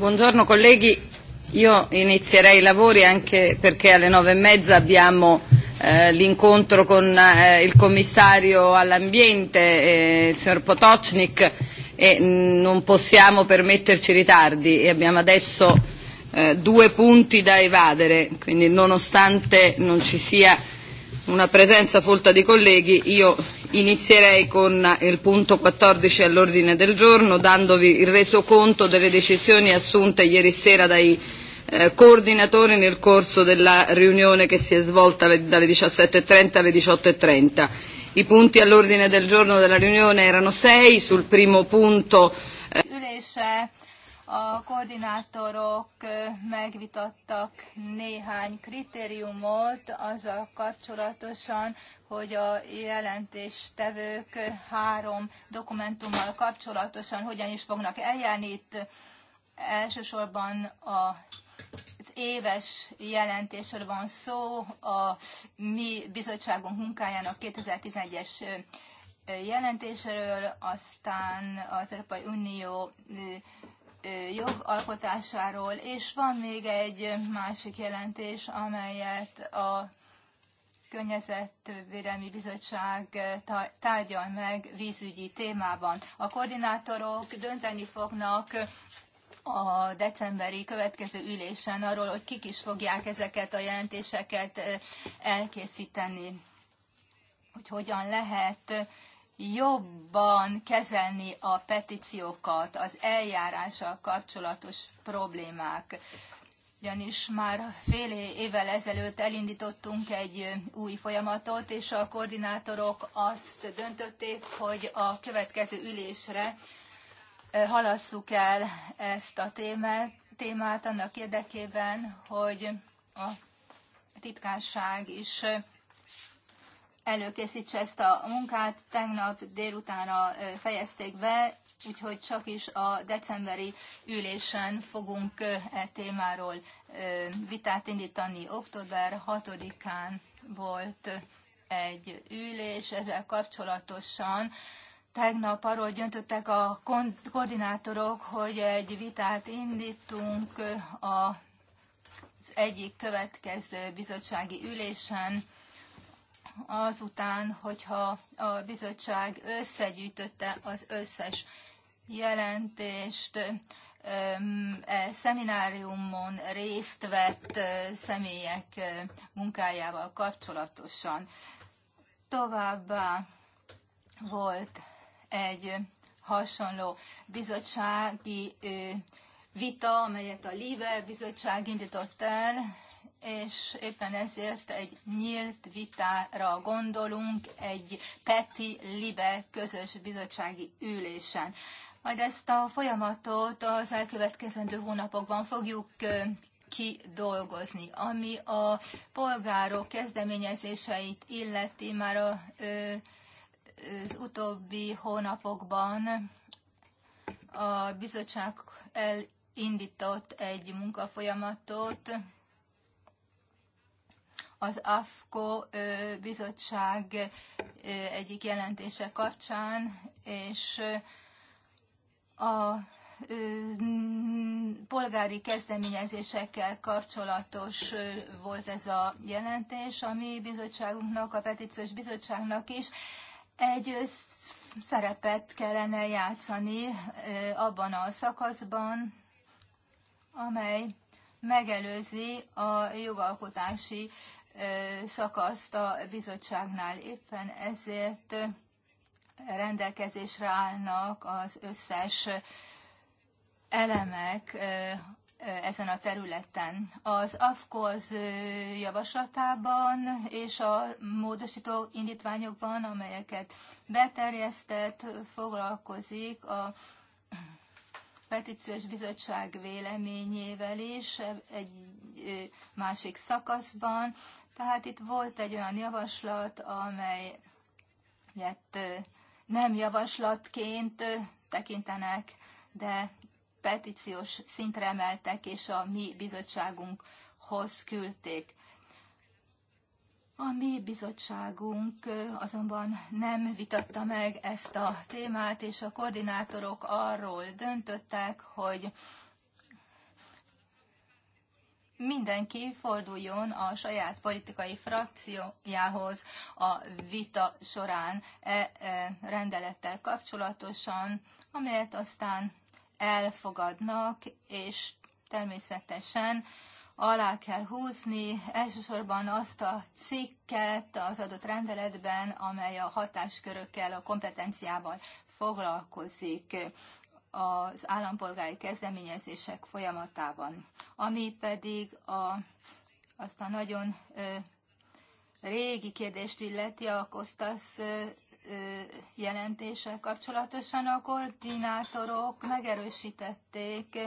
Buongiorno colleghi, io inizierei i lavori anche perché alle nove e mezza abbiamo eh, l'incontro con eh, il commissario all'ambiente, eh, il signor Potocnik, e mm, non possiamo permetterci ritardi e abbiamo adesso eh, due punti da evadere, quindi nonostante non ci sia una presenza folta di colleghi, io inizierei con il punto 14 all'ordine del giorno, dandovi il resoconto delle decisioni assunte ieri sera dai eh, coordinatori nel corso della riunione che si è svolta le, dalle 17.30 e alle 18.30. E I punti all'ordine del giorno della riunione erano sei, sul primo punto... Eh, a koordinátorok megvitattak néhány kritériumot azzal kapcsolatosan, hogy a jelentéstevők három dokumentummal kapcsolatosan hogyan is fognak eljárni. Itt elsősorban a az éves jelentésről van szó, a mi bizottságunk munkájának 2011-es jelentéséről, aztán az Európai Unió jogalkotásáról, és van még egy másik jelentés, amelyet a Környezetvédelmi Bizottság tárgyal meg vízügyi témában. A koordinátorok dönteni fognak a decemberi következő ülésen arról, hogy kik is fogják ezeket a jelentéseket elkészíteni, hogy hogyan lehet jobban kezelni a petíciókat, az eljárással kapcsolatos problémák. Ugyanis már fél évvel ezelőtt elindítottunk egy új folyamatot, és a koordinátorok azt döntötték, hogy a következő ülésre eh, halasszuk el ezt a témát, témát annak érdekében, hogy a titkárság is eh, előkészítse ezt a munkát. Tegnap délutánra fejezték be, úgyhogy csak is a decemberi ülésen fogunk e témáról vitát indítani. Október 6-án volt egy ülés ezzel kapcsolatosan. Tegnap arról döntöttek a koordinátorok, hogy egy vitát indítunk az egyik következő bizottsági ülésen azután, hogyha a bizottság összegyűjtötte az összes jelentést, e szemináriumon részt vett személyek munkájával kapcsolatosan. Továbbá volt egy hasonló bizottsági vita, amelyet a LIBE bizottság indított el és éppen ezért egy nyílt vitára gondolunk egy Peti Libe közös bizottsági ülésen. Majd ezt a folyamatot az elkövetkezendő hónapokban fogjuk kidolgozni. Ami a polgárok kezdeményezéseit illeti már a, az utóbbi hónapokban a bizottság elindított egy munkafolyamatot, az AFKO bizottság egyik jelentése kapcsán, és a polgári kezdeményezésekkel kapcsolatos volt ez a jelentés, ami bizottságunknak, a petíciós bizottságnak is egy szerepet kellene játszani abban a szakaszban, amely megelőzi a jogalkotási szakaszt a bizottságnál. Éppen ezért rendelkezésre állnak az összes elemek ezen a területen. Az AFKOZ javaslatában és a módosító indítványokban, amelyeket beterjesztett, foglalkozik a petíciós bizottság véleményével is egy másik szakaszban. Tehát itt volt egy olyan javaslat, amelyet hát, nem javaslatként tekintenek, de petíciós szintre emeltek, és a mi bizottságunkhoz küldték. A mi bizottságunk azonban nem vitatta meg ezt a témát, és a koordinátorok arról döntöttek, hogy mindenki forduljon a saját politikai frakciójához a vita során e, e, rendelettel kapcsolatosan, amelyet aztán elfogadnak, és természetesen alá kell húzni elsősorban azt a cikket az adott rendeletben, amely a hatáskörökkel, a kompetenciával foglalkozik az állampolgári kezdeményezések folyamatában, ami pedig a, azt a nagyon ö, régi kérdést illeti a Kostasz jelentése kapcsolatosan a koordinátorok megerősítették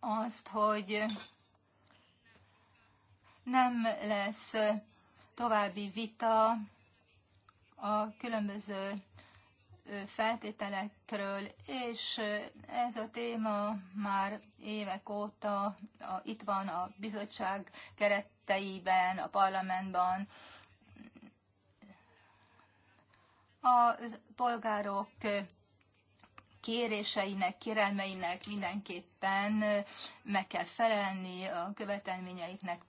azt, hogy nem lesz további vita a különböző feltételekről, és ez a téma már évek óta a, itt van a bizottság kereteiben, a parlamentben. A polgárok kéréseinek, kérelmeinek mindenképpen meg kell felelni, a követelményeiknek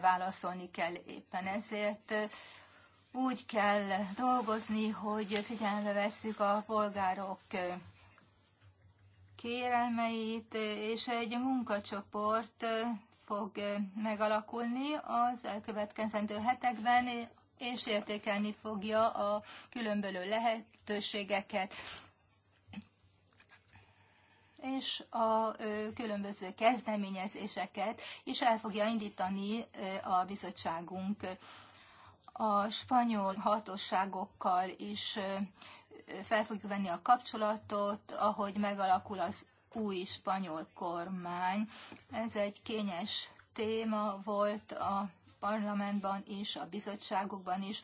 válaszolni kell éppen ezért úgy kell dolgozni, hogy figyelembe vesszük a polgárok kérelmeit, és egy munkacsoport fog megalakulni az elkövetkezendő hetekben, és értékelni fogja a különböző lehetőségeket és a különböző kezdeményezéseket, és el fogja indítani a bizottságunk a spanyol hatóságokkal is fel fogjuk venni a kapcsolatot, ahogy megalakul az új spanyol kormány. Ez egy kényes téma volt a parlamentban is, a bizottságokban is,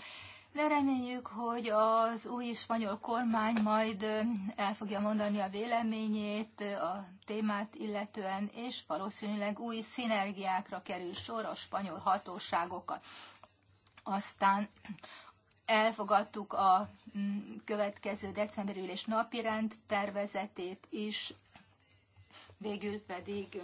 de reméljük, hogy az új spanyol kormány majd el fogja mondani a véleményét a témát illetően, és valószínűleg új szinergiákra kerül sor a spanyol hatóságokat. Aztán elfogadtuk a mm, következő decemberi ülés napirend tervezetét is, végül pedig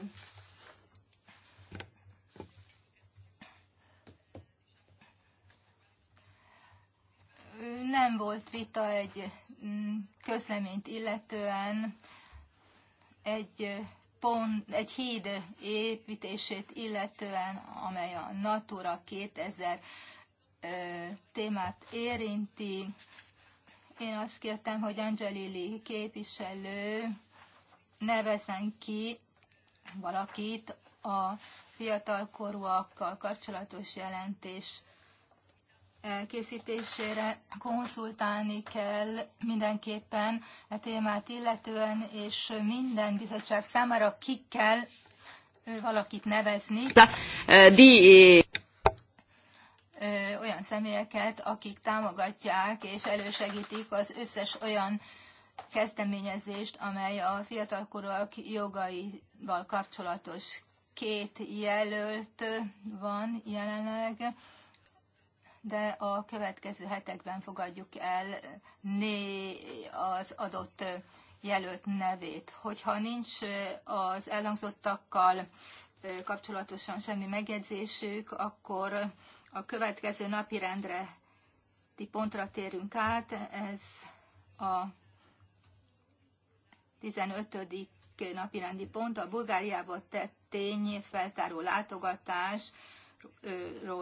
nem volt vita egy mm, közleményt illetően, egy pont, egy híd építését illetően, amely a Natura 2000 témát érinti. Én azt kértem, hogy Angelili képviselő nevezzen ki valakit a fiatalkorúakkal kapcsolatos jelentés készítésére konzultálni kell mindenképpen a e témát illetően, és minden bizottság számára ki kell valakit nevezni. Di olyan személyeket, akik támogatják és elősegítik az összes olyan kezdeményezést, amely a fiatalkorúak jogaival kapcsolatos. Két jelölt van jelenleg, de a következő hetekben fogadjuk el né az adott jelölt nevét. Hogyha nincs az elhangzottakkal kapcsolatosan semmi megjegyzésük, akkor a következő napi rendre pontra térünk át, ez a 15. napi rendi pont, a Bulgáriába tett feltáró látogatásról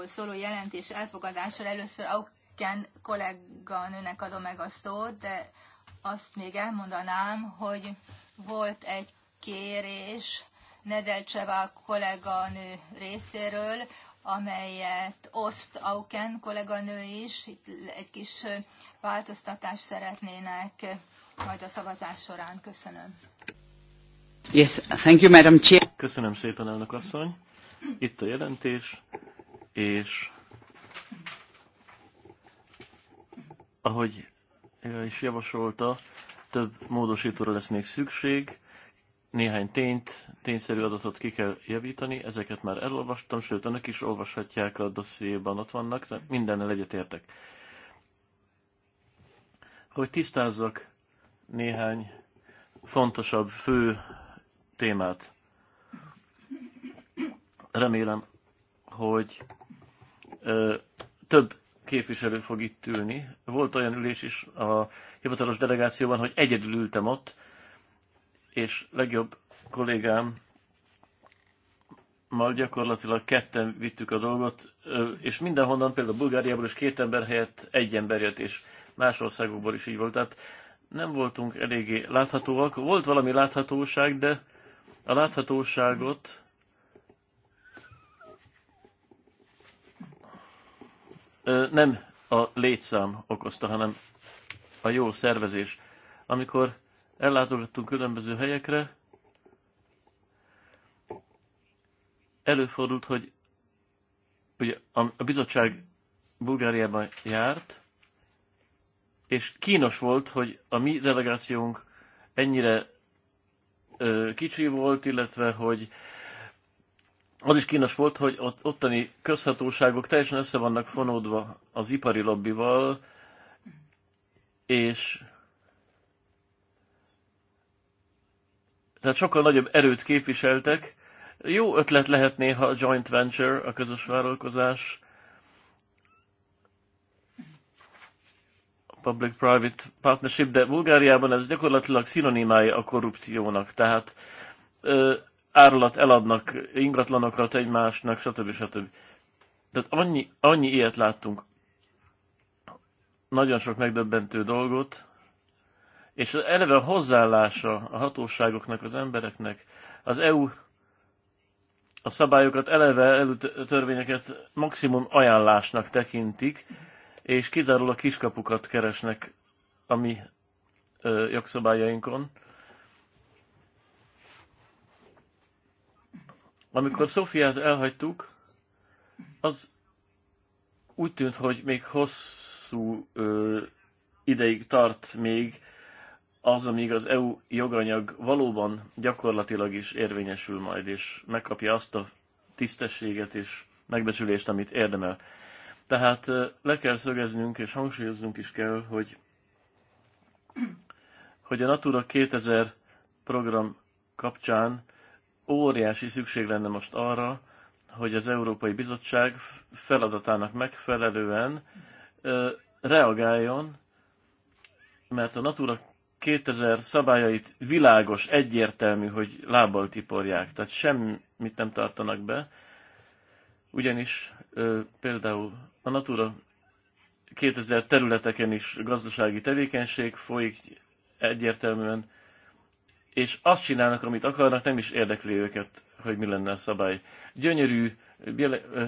szóló jelentés elfogadásról. Először Auken kolléganőnek adom meg a szót, de azt még elmondanám, hogy volt egy kérés Nedelcseva kolléganő részéről amelyet oszt Auken kolléganő is. Itt egy kis változtatást szeretnének majd a szavazás során. Köszönöm. Yes, thank you, Madam Chair. Köszönöm szépen, elnök asszony. Itt a jelentés, és ahogy is javasolta, több módosítóra lesz még szükség, néhány tényt, tényszerű adatot ki kell javítani, ezeket már elolvastam, sőt, önök is olvashatják a dossziéban, ott vannak, tehát mindennel egyetértek. Hogy tisztázzak néhány fontosabb fő témát. Remélem, hogy ö, több képviselő fog itt ülni. Volt olyan ülés is a hivatalos delegációban, hogy egyedül ültem ott, és legjobb kollégámmal gyakorlatilag ketten vittük a dolgot, és mindenhonnan, például Bulgáriából is két ember helyett egy ember jött, és más országokból is így volt. Tehát nem voltunk eléggé láthatóak. Volt valami láthatóság, de a láthatóságot nem a létszám okozta, hanem a jó szervezés. Amikor ellátogattunk különböző helyekre, előfordult, hogy ugye a bizottság Bulgáriában járt, és kínos volt, hogy a mi delegációnk ennyire ö, kicsi volt, illetve hogy az is kínos volt, hogy ott, ottani közhatóságok teljesen össze vannak fonódva az ipari lobbival, és tehát sokkal nagyobb erőt képviseltek. Jó ötlet lehet néha a joint venture, a közös vállalkozás, public-private partnership, de Bulgáriában ez gyakorlatilag szinonimája a korrupciónak, tehát ö, árulat eladnak ingatlanokat egymásnak, stb. stb. Tehát annyi, annyi ilyet láttunk. Nagyon sok megdöbbentő dolgot, és az eleve a hozzáállása a hatóságoknak, az embereknek, az EU a szabályokat eleve előtörvényeket maximum ajánlásnak tekintik, és kizárólag kiskapukat keresnek a mi ö, jogszabályainkon. Amikor Szofiát elhagytuk, az úgy tűnt, hogy még hosszú ö, ideig tart még az, amíg az EU joganyag valóban gyakorlatilag is érvényesül majd, és megkapja azt a tisztességet és megbecsülést, amit érdemel. Tehát le kell szögeznünk és hangsúlyoznunk is kell, hogy, hogy a Natura 2000 program kapcsán óriási szükség lenne most arra, hogy az Európai Bizottság feladatának megfelelően reagáljon, mert a Natura 2000 szabályait világos, egyértelmű, hogy lábbal tiporják, tehát semmit nem tartanak be, ugyanis ö, például a Natura 2000 területeken is gazdasági tevékenység folyik egyértelműen, és azt csinálnak, amit akarnak, nem is érdekli őket, hogy mi lenne a szabály. Gyönyörű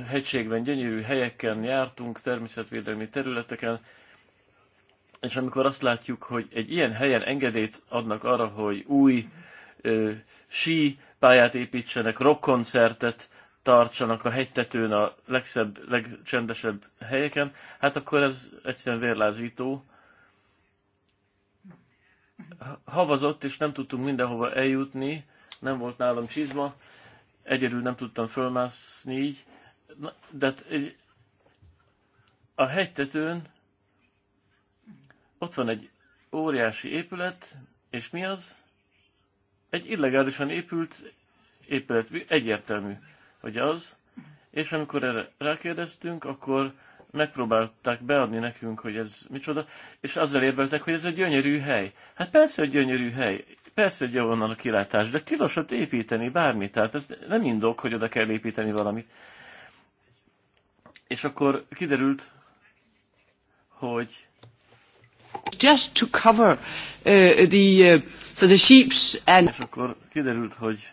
hegységben, gyönyörű helyeken jártunk, természetvédelmi területeken, és amikor azt látjuk, hogy egy ilyen helyen engedélyt adnak arra, hogy új ö, sí pályát építsenek, rockkoncertet tartsanak a hegytetőn a legszebb, legcsendesebb helyeken, hát akkor ez egyszerűen vérlázító. Havazott, és nem tudtunk mindenhova eljutni, nem volt nálam csizma, egyedül nem tudtam fölmászni így, de hát a hegytetőn ott van egy óriási épület, és mi az? Egy illegálisan épült épület, egyértelmű, hogy az. És amikor erre rákérdeztünk, akkor megpróbálták beadni nekünk, hogy ez micsoda, és azzal érveltek, hogy ez egy gyönyörű hely. Hát persze, hogy gyönyörű hely, persze, hogy jó onnan a kilátás, de tilos ott építeni bármit, tehát ez nem indok, hogy oda kell építeni valamit. És akkor kiderült, hogy Just to cover uh, the, uh, for the sheeps and... És akkor kiderült, hogy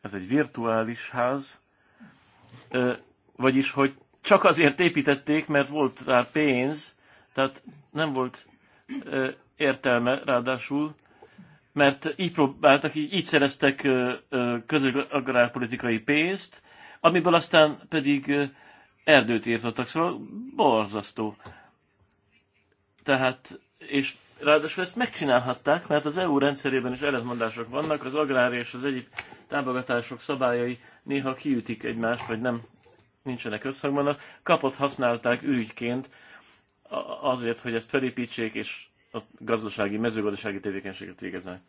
ez egy virtuális ház, uh, vagyis, hogy csak azért építették, mert volt rá pénz, tehát nem volt uh, értelme ráadásul, mert így próbáltak, így, így szereztek közös agrárpolitikai pénzt, amiből aztán pedig erdőt írtottak, szóval borzasztó tehát, és ráadásul ezt megcsinálhatták, mert az EU rendszerében is ellentmondások vannak, az agrár és az egyéb támogatások szabályai néha kiütik egymást, vagy nem nincsenek összhangban. A kapot használták ügyként azért, hogy ezt felépítsék, és a gazdasági, mezőgazdasági tevékenységet végezzenek.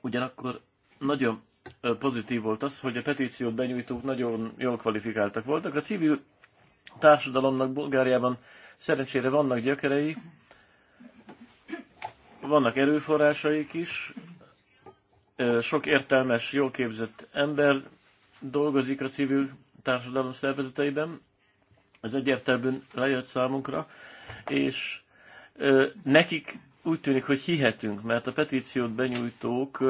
Ugyanakkor nagyon pozitív volt az, hogy a petíciót benyújtók nagyon jól kvalifikáltak voltak. A civil társadalomnak Bulgáriában szerencsére vannak gyökerei, vannak erőforrásaik is, sok értelmes, jól képzett ember dolgozik a civil társadalom szervezeteiben, ez egyértelműen lejött számunkra, és nekik úgy tűnik, hogy hihetünk, mert a petíciót benyújtók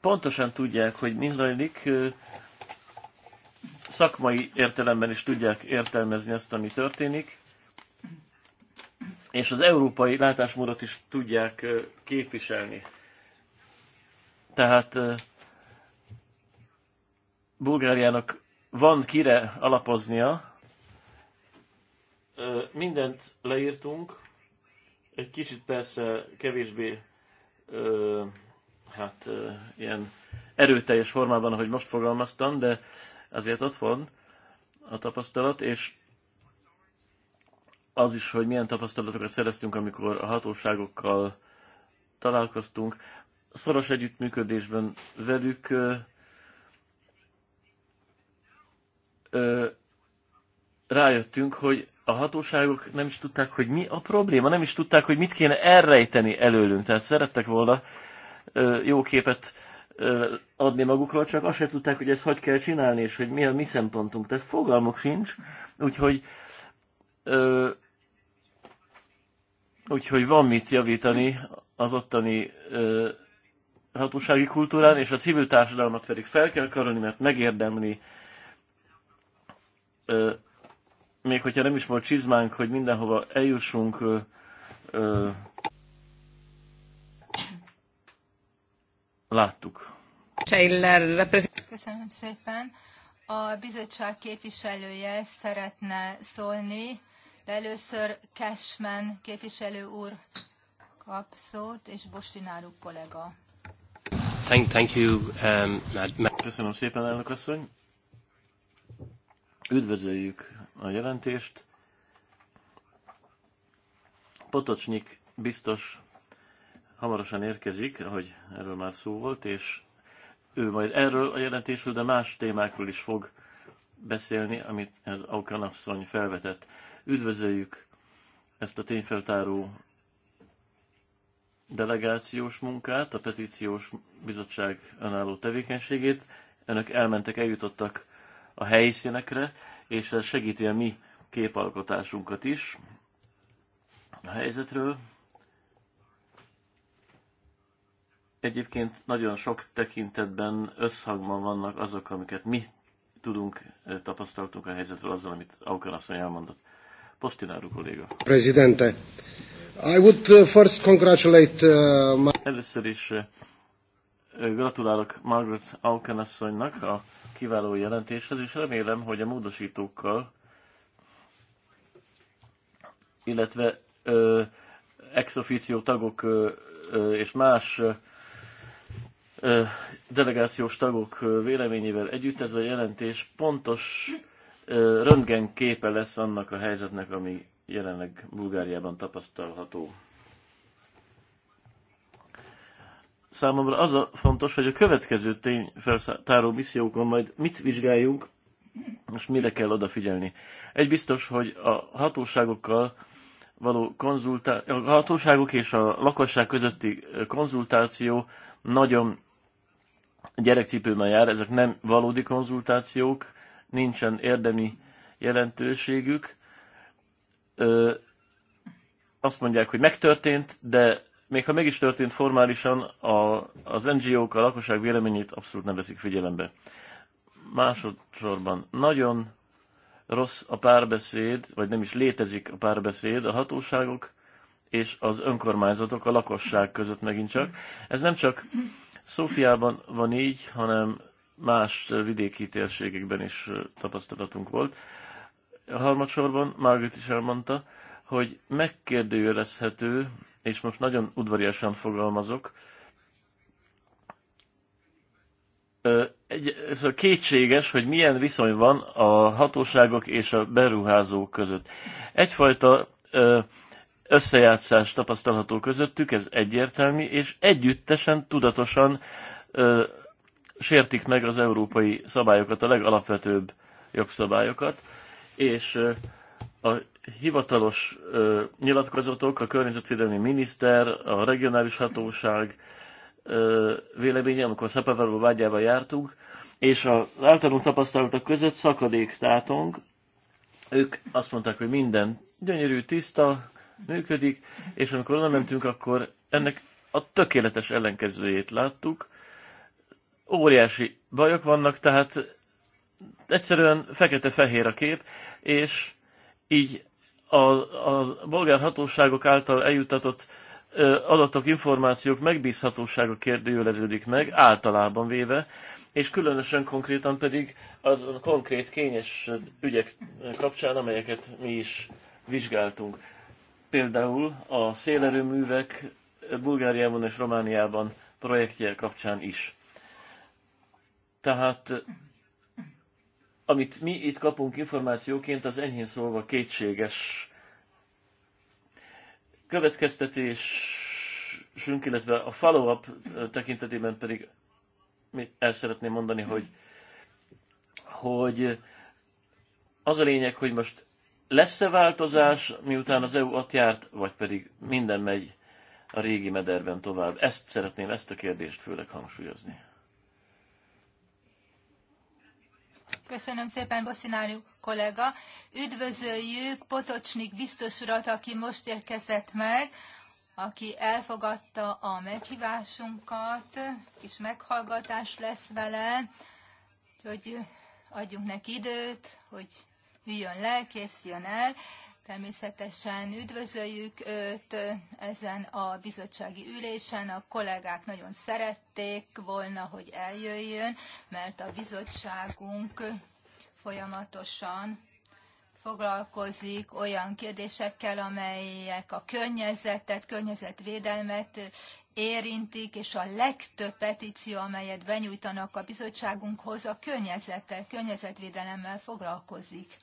pontosan tudják, hogy mi zajlik, szakmai értelemben is tudják értelmezni azt, ami történik, és az európai látásmódot is tudják képviselni. Tehát Bulgáriának van kire alapoznia, mindent leírtunk, egy kicsit persze kevésbé hát ilyen erőteljes formában, ahogy most fogalmaztam, de azért ott van a tapasztalat, és az is, hogy milyen tapasztalatokat szereztünk, amikor a hatóságokkal találkoztunk. Szoros együttműködésben velük ö, ö, rájöttünk, hogy a hatóságok nem is tudták, hogy mi a probléma, nem is tudták, hogy mit kéne elrejteni előlünk. Tehát szerettek volna ö, jó képet adni magukról, csak azt se tudták, hogy ezt hogy kell csinálni, és hogy mi a mi szempontunk. Tehát fogalmuk sincs, úgyhogy, ö, úgyhogy van mit javítani az ottani ö, hatósági kultúrán, és a civil társadalmat pedig fel kell karolni, mert megérdemli, ö, még hogyha nem is volt csizmánk, hogy mindenhova eljussunk, ö, ö, láttuk. Köszönöm szépen. A bizottság képviselője szeretne szólni, de először Cashman képviselő úr kap szót, és Bostináru kollega. Thank, thank you, um, Köszönöm szépen, elnök asszony. Üdvözöljük a jelentést. Potocsnik biztos hamarosan érkezik, ahogy erről már szó volt, és ő majd erről a jelentésről, de más témákról is fog beszélni, amit az Aukanasszony felvetett. Üdvözöljük ezt a tényfeltáró delegációs munkát, a petíciós bizottság önálló tevékenységét. Önök elmentek, eljutottak a helyszínekre, és ez segíti a mi képalkotásunkat is a helyzetről. egyébként nagyon sok tekintetben összhangban vannak azok, amiket mi tudunk, eh, tapasztaltunk a helyzetről azzal, amit Auken asszony elmondott. Posztináru kolléga. Prezidente, I would eh, first congratulate uh, my... Először is gratulálok Margaret Auken asszonynak a kiváló jelentéshez, és remélem, hogy a módosítókkal, illetve uh, ex officio tagok uh, és más delegációs tagok véleményével együtt ez a jelentés pontos röntgenképe lesz annak a helyzetnek, ami jelenleg Bulgáriában tapasztalható. Számomra az a fontos, hogy a következő tényfeltáró missziókon majd mit vizsgáljunk, és mire kell odafigyelni. Egy biztos, hogy a hatóságokkal való konzultá- a hatóságok és a lakosság közötti konzultáció nagyon gyerekcipőben jár, ezek nem valódi konzultációk, nincsen érdemi jelentőségük. Ö, azt mondják, hogy megtörtént, de még ha meg is történt formálisan, a, az NGO-k a lakosság véleményét abszolút nem veszik figyelembe. Másodszorban nagyon rossz a párbeszéd, vagy nem is létezik a párbeszéd a hatóságok és az önkormányzatok, a lakosság között megint csak. Ez nem csak Szófiában van így, hanem más vidéki térségekben is tapasztalatunk volt. A Harmadsorban Margaret is elmondta, hogy megkérdőjelezhető, és most nagyon udvariasan fogalmazok, egy, ez a kétséges, hogy milyen viszony van a hatóságok és a beruházók között. Egyfajta ö, összejátszás tapasztalható közöttük, ez egyértelmű, és együttesen, tudatosan ö, sértik meg az európai szabályokat, a legalapvetőbb jogszabályokat, és ö, a hivatalos ö, nyilatkozatok, a környezetvédelmi miniszter, a regionális hatóság ö, véleménye, amikor Szapavaró vágyába jártunk, és az általunk tapasztalatok között szakadék tátong, ők azt mondták, hogy minden gyönyörű, tiszta, működik, és amikor onnan mentünk, akkor ennek a tökéletes ellenkezőjét láttuk. Óriási bajok vannak, tehát egyszerűen fekete-fehér a kép, és így a, a bolgár hatóságok által eljutatott adatok, információk megbízhatósága kérdőjeleződik meg, általában véve, és különösen konkrétan pedig azon konkrét kényes ügyek kapcsán, amelyeket mi is vizsgáltunk például a szélerőművek Bulgáriában és Romániában projektje kapcsán is. Tehát amit mi itt kapunk információként, az enyhén szólva kétséges következtetésünk, illetve a follow-up tekintetében pedig el szeretném mondani, hogy, hogy az a lényeg, hogy most lesz-e változás, miután az EU ott járt, vagy pedig minden megy a régi mederben tovább? Ezt szeretném, ezt a kérdést főleg hangsúlyozni. Köszönöm szépen, Bosszináriu kollega. Üdvözöljük Potocsnik biztos urat, aki most érkezett meg, aki elfogadta a meghívásunkat, és meghallgatás lesz vele, hogy adjunk neki időt, hogy műjön le, készüljön el. Természetesen üdvözöljük őt ezen a bizottsági ülésen. A kollégák nagyon szerették volna, hogy eljöjjön, mert a bizottságunk folyamatosan foglalkozik olyan kérdésekkel, amelyek a környezetet, környezetvédelmet érintik, és a legtöbb petíció, amelyet benyújtanak a bizottságunkhoz, a környezettel, környezetvédelemmel foglalkozik.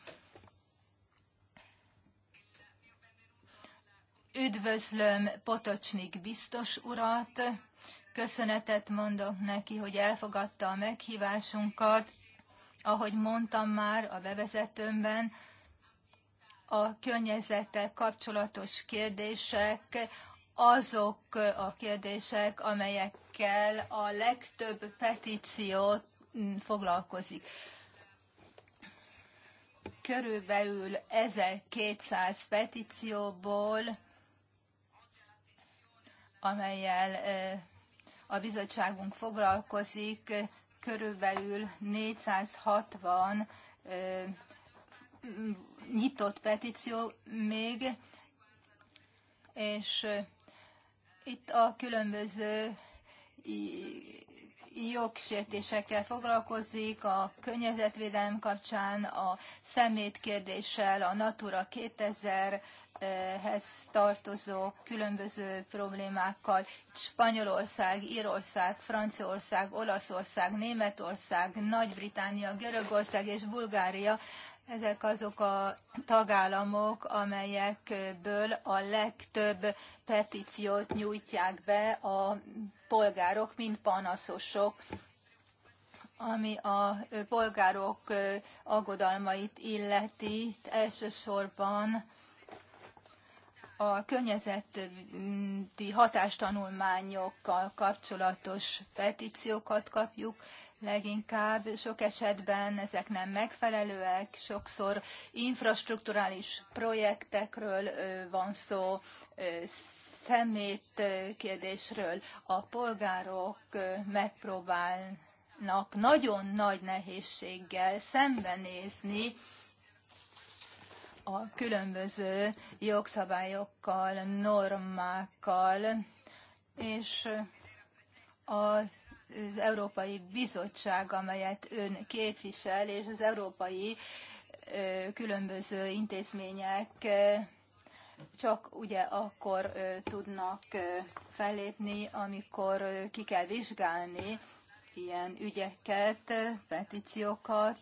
Üdvözlöm Potocsnik biztos urat, köszönetet mondok neki, hogy elfogadta a meghívásunkat. Ahogy mondtam már a bevezetőmben, a környezettel kapcsolatos kérdések azok a kérdések, amelyekkel a legtöbb petíció foglalkozik. Körülbelül 1200 petícióból, amelyel a bizottságunk foglalkozik, körülbelül 460 nyitott petíció még, és itt a különböző jogsértésekkel foglalkozik, a környezetvédelem kapcsán, a szemét kérdéssel, a Natura 2000-hez tartozó különböző problémákkal, Spanyolország, Írország, Franciaország, Olaszország, Németország, Nagy-Britannia, Görögország és Bulgária ezek azok a tagállamok, amelyekből a legtöbb petíciót nyújtják be a polgárok, mint panaszosok, ami a polgárok aggodalmait illeti, elsősorban a környezeti hatástanulmányokkal kapcsolatos petíciókat kapjuk, leginkább. Sok esetben ezek nem megfelelőek, sokszor infrastruktúrális projektekről van szó, szemét kérdésről. A polgárok megpróbálnak nagyon nagy nehézséggel szembenézni a különböző jogszabályokkal, normákkal, és a az Európai Bizottság, amelyet ön képvisel, és az európai különböző intézmények csak ugye akkor tudnak fellépni, amikor ki kell vizsgálni ilyen ügyeket, petíciókat,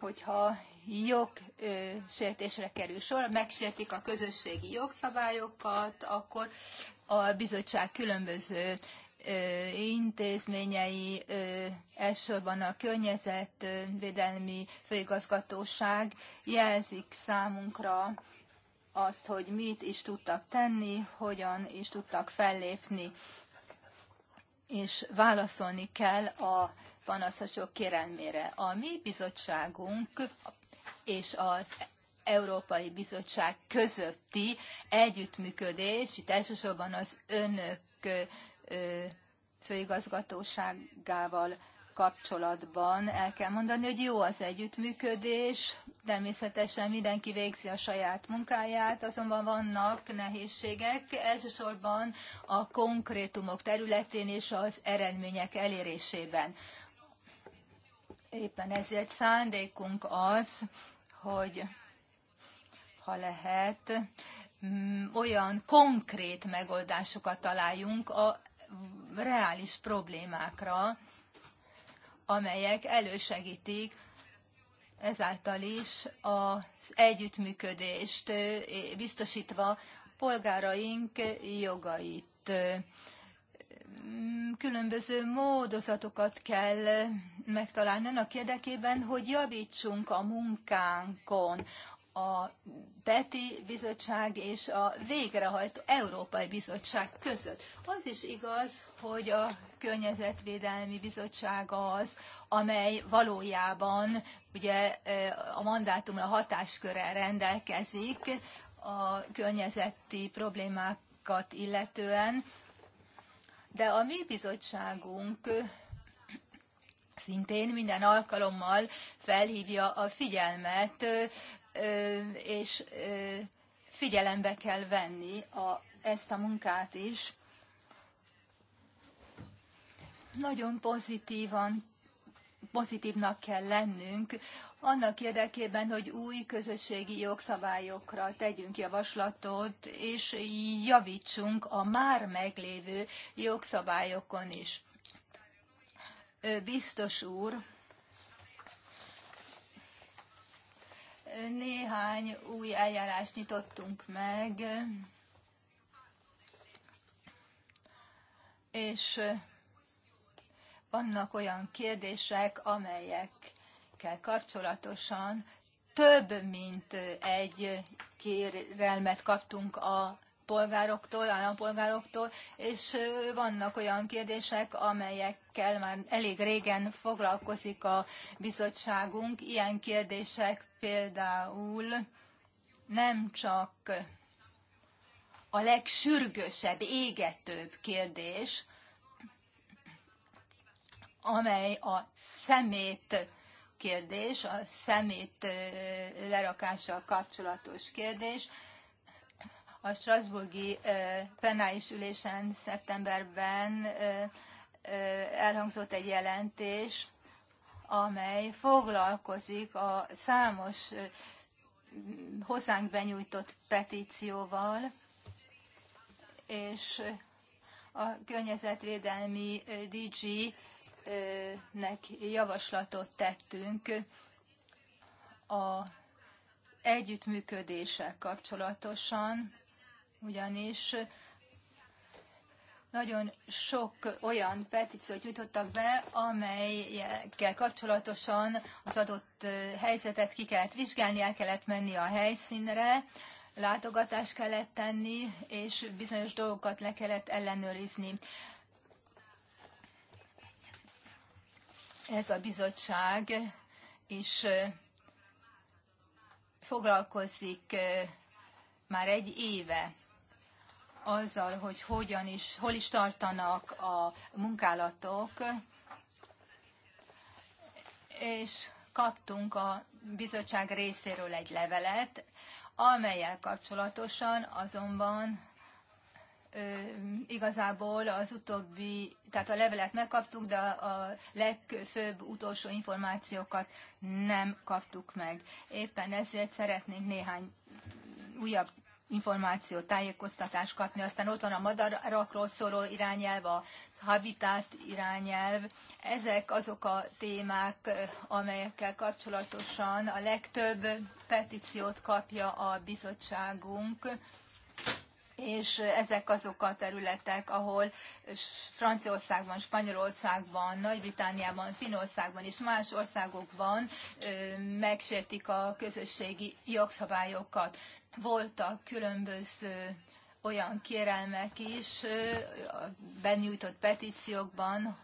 hogyha jogsértésre kerül sor, megsértik a közösségi jogszabályokat, akkor a bizottság különböző intézményei, elsősorban a környezetvédelmi főigazgatóság jelzik számunkra azt, hogy mit is tudtak tenni, hogyan is tudtak fellépni, és válaszolni kell a panaszosok kérelmére. A mi bizottságunk és az Európai Bizottság közötti együttműködés, itt elsősorban az önök főigazgatóságával kapcsolatban el kell mondani, hogy jó az együttműködés, természetesen mindenki végzi a saját munkáját, azonban vannak nehézségek, elsősorban a konkrétumok területén és az eredmények elérésében. Éppen ezért szándékunk az, hogy ha lehet, mm, olyan konkrét megoldásokat találjunk a reális problémákra, amelyek elősegítik ezáltal is az együttműködést, biztosítva polgáraink jogait. Mm, különböző módozatokat kell megtalálni annak érdekében, hogy javítsunk a munkánkon, a PETI bizottság és a végrehajtó Európai Bizottság között. Az is igaz, hogy a Környezetvédelmi Bizottság az, amely valójában ugye e, a mandátumra hatáskörrel rendelkezik a környezeti problémákat illetően, de a mi bizottságunk szintén minden alkalommal felhívja a figyelmet és figyelembe kell venni a, ezt a munkát is. Nagyon pozitívan, pozitívnak kell lennünk annak érdekében, hogy új közösségi jogszabályokra tegyünk javaslatot, és javítsunk a már meglévő jogszabályokon is. Biztos úr, néhány új eljárást nyitottunk meg, és vannak olyan kérdések, amelyekkel kapcsolatosan több mint egy kérelmet kaptunk a polgároktól, állampolgároktól, és vannak olyan kérdések, amelyekkel már elég régen foglalkozik a bizottságunk. Ilyen kérdések például nem csak a legsürgősebb, égetőbb kérdés, amely a szemét kérdés, a szemét lerakással kapcsolatos kérdés, a Strasburgi penális ülésen szeptemberben elhangzott egy jelentés, amely foglalkozik a számos hozzánk benyújtott petícióval, és a környezetvédelmi DG-nek javaslatot tettünk a együttműködéssel kapcsolatosan ugyanis nagyon sok olyan petíciót jutottak be, amelyekkel kapcsolatosan az adott helyzetet ki kellett vizsgálni, el kellett menni a helyszínre, látogatást kellett tenni, és bizonyos dolgokat le kellett ellenőrizni. Ez a bizottság is foglalkozik már egy éve azzal, hogy hogyan is, hol is tartanak a munkálatok, és kaptunk a bizottság részéről egy levelet, amelyel kapcsolatosan azonban ö, igazából az utóbbi, tehát a levelet megkaptuk, de a legfőbb utolsó információkat nem kaptuk meg. Éppen ezért szeretnénk néhány újabb információ tájékoztatást kapni. Aztán ott van a madarakról szóló irányelv, a habitat irányelv. Ezek azok a témák, amelyekkel kapcsolatosan a legtöbb petíciót kapja a bizottságunk és ezek azok a területek, ahol Franciaországban, Spanyolországban, Nagy-Britániában, Finországban és más országokban megsértik a közösségi jogszabályokat. Voltak különböző olyan kérelmek is a benyújtott petíciókban,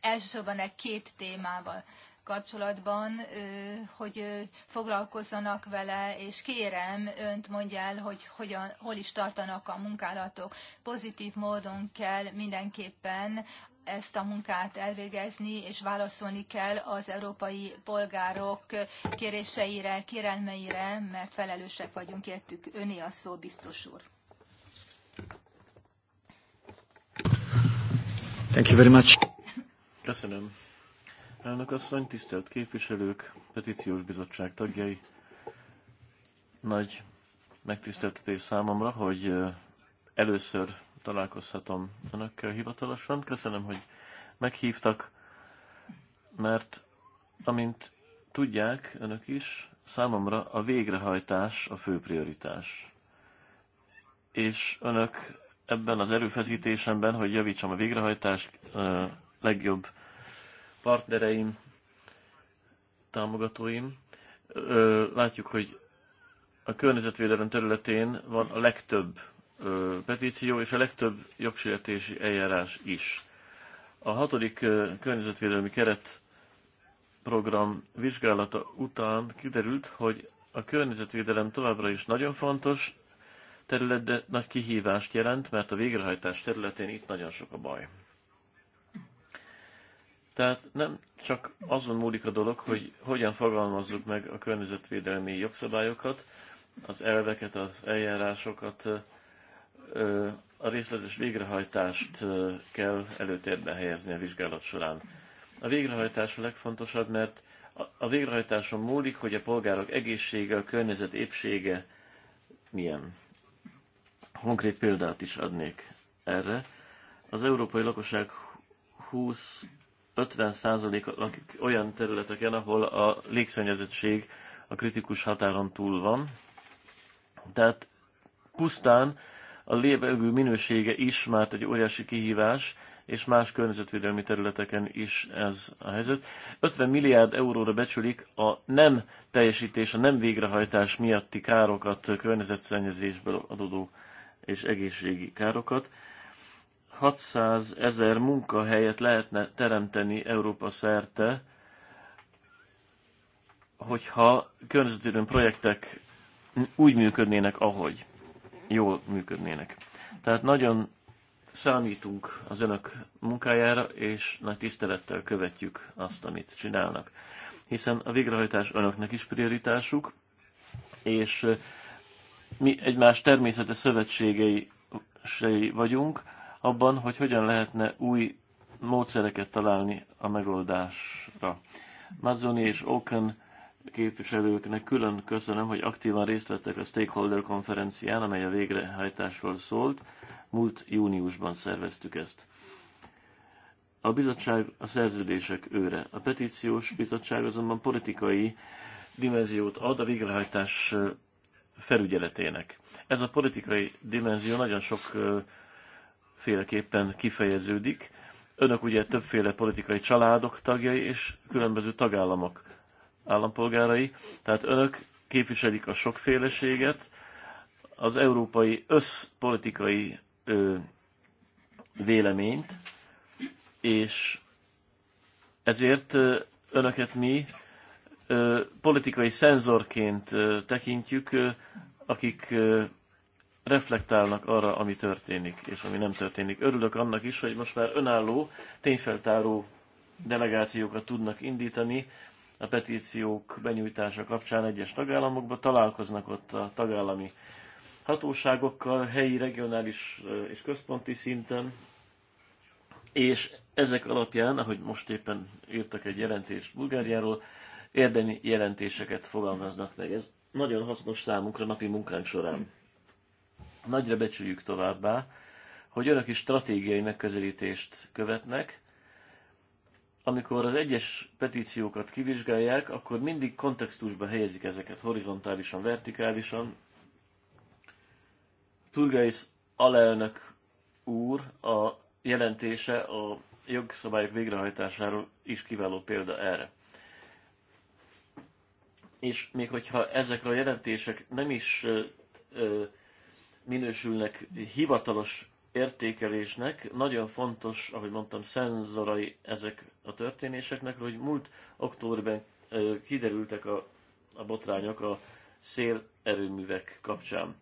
elsősorban egy két témával kapcsolatban, hogy foglalkozzanak vele, és kérem, önt mondja el, hogy hogyan, hol is tartanak a munkálatok. Pozitív módon kell mindenképpen ezt a munkát elvégezni, és válaszolni kell az európai polgárok kéréseire, kérelmeire, mert felelősek vagyunk értük. Öné a szó, biztos úr. Thank you very much. Köszönöm Elnök asszony, tisztelt képviselők, petíciós bizottság tagjai, nagy megtiszteltetés számomra, hogy először találkozhatom önökkel hivatalosan. Köszönöm, hogy meghívtak, mert amint tudják önök is, számomra a végrehajtás a fő prioritás. És önök ebben az erőfeszítésemben, hogy javítsam a végrehajtást, legjobb partnereim, támogatóim. Látjuk, hogy a környezetvédelem területén van a legtöbb petíció és a legtöbb jogsértési eljárás is. A hatodik környezetvédelmi keret program vizsgálata után kiderült, hogy a környezetvédelem továbbra is nagyon fontos terület, de nagy kihívást jelent, mert a végrehajtás területén itt nagyon sok a baj. Tehát nem csak azon múlik a dolog, hogy hogyan fogalmazzuk meg a környezetvédelmi jogszabályokat, az elveket, az eljárásokat, a részletes végrehajtást kell előtérbe helyezni a vizsgálat során. A végrehajtás a legfontosabb, mert a végrehajtáson múlik, hogy a polgárok egészsége, a környezet épsége milyen. Konkrét példát is adnék erre. Az európai lakosság 20 50% akik olyan területeken, ahol a légszennyezettség a kritikus határon túl van. Tehát pusztán a lévegő minősége is már egy óriási kihívás, és más környezetvédelmi területeken is ez a helyzet. 50 milliárd euróra becsülik a nem teljesítés, a nem végrehajtás miatti károkat, környezetszennyezésből adódó és egészségi károkat. 600 ezer munkahelyet lehetne teremteni Európa szerte, hogyha környezetvédelmi projektek úgy működnének, ahogy jól működnének. Tehát nagyon számítunk az önök munkájára, és nagy tisztelettel követjük azt, amit csinálnak. Hiszen a végrehajtás önöknek is prioritásuk, és mi egymás természetes szövetségei vagyunk, abban, hogy hogyan lehetne új módszereket találni a megoldásra. Mazzoni és Oken képviselőknek külön köszönöm, hogy aktívan részt vettek a stakeholder konferencián, amely a végrehajtásról szólt. Múlt júniusban szerveztük ezt. A bizottság a szerződések őre. A petíciós bizottság azonban politikai dimenziót ad a végrehajtás felügyeletének. Ez a politikai dimenzió nagyon sok féleképpen kifejeződik. Önök ugye többféle politikai családok tagjai és különböző tagállamok állampolgárai, tehát önök képviselik a sokféleséget, az európai összpolitikai ö, véleményt, és ezért ö, önöket mi ö, politikai szenzorként ö, tekintjük, ö, akik ö, reflektálnak arra, ami történik, és ami nem történik. Örülök annak is, hogy most már önálló, tényfeltáró delegációkat tudnak indítani a petíciók benyújtása kapcsán egyes tagállamokba, találkoznak ott a tagállami hatóságokkal, helyi, regionális és központi szinten, és ezek alapján, ahogy most éppen írtak egy jelentést Bulgáriáról, érdemi jelentéseket fogalmaznak meg. Ez nagyon hasznos számunkra napi munkánk során. Nagyra becsüljük továbbá, hogy önök is stratégiai megközelítést követnek. Amikor az egyes petíciókat kivizsgálják, akkor mindig kontextusba helyezik ezeket horizontálisan, vertikálisan. Turgais alelnök úr a jelentése a jogszabályok végrehajtásáról is kiváló példa erre. És még hogyha ezek a jelentések nem is ö, ö, minősülnek hivatalos értékelésnek. Nagyon fontos, ahogy mondtam, szenzorai ezek a történéseknek, hogy múlt októberben kiderültek a, a botrányok a szélerőművek kapcsán.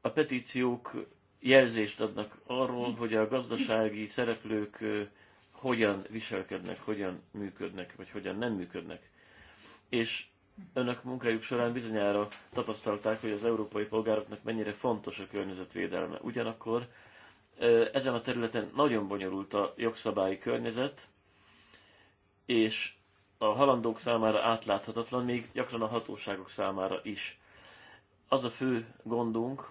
A petíciók jelzést adnak arról, hogy a gazdasági szereplők hogyan viselkednek, hogyan működnek, vagy hogyan nem működnek. És önök munkájuk során bizonyára tapasztalták, hogy az európai polgároknak mennyire fontos a környezetvédelme. Ugyanakkor ezen a területen nagyon bonyolult a jogszabályi környezet, és a halandók számára átláthatatlan, még gyakran a hatóságok számára is. Az a fő gondunk,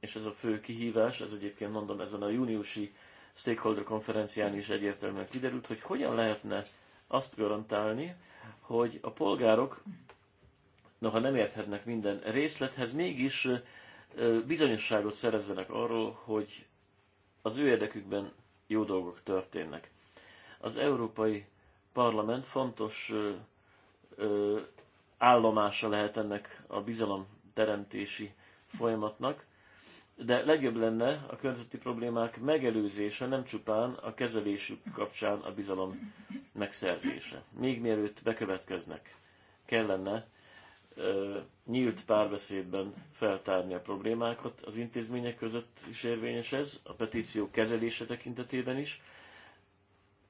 és ez a fő kihívás, ez egyébként mondom, ezen a júniusi stakeholder konferencián is egyértelműen kiderült, hogy hogyan lehetne azt garantálni, hogy a polgárok, noha nem érthetnek minden részlethez, mégis bizonyosságot szerezzenek arról, hogy az ő érdekükben jó dolgok történnek. Az Európai Parlament fontos állomása lehet ennek a bizalomteremtési folyamatnak, de legjobb lenne a környezeti problémák megelőzése, nem csupán a kezelésük kapcsán a bizalom megszerzése. Még mielőtt bekövetkeznek, kellene ö, nyílt párbeszédben feltárni a problémákat. Az intézmények között is érvényes ez, a petíció kezelése tekintetében is,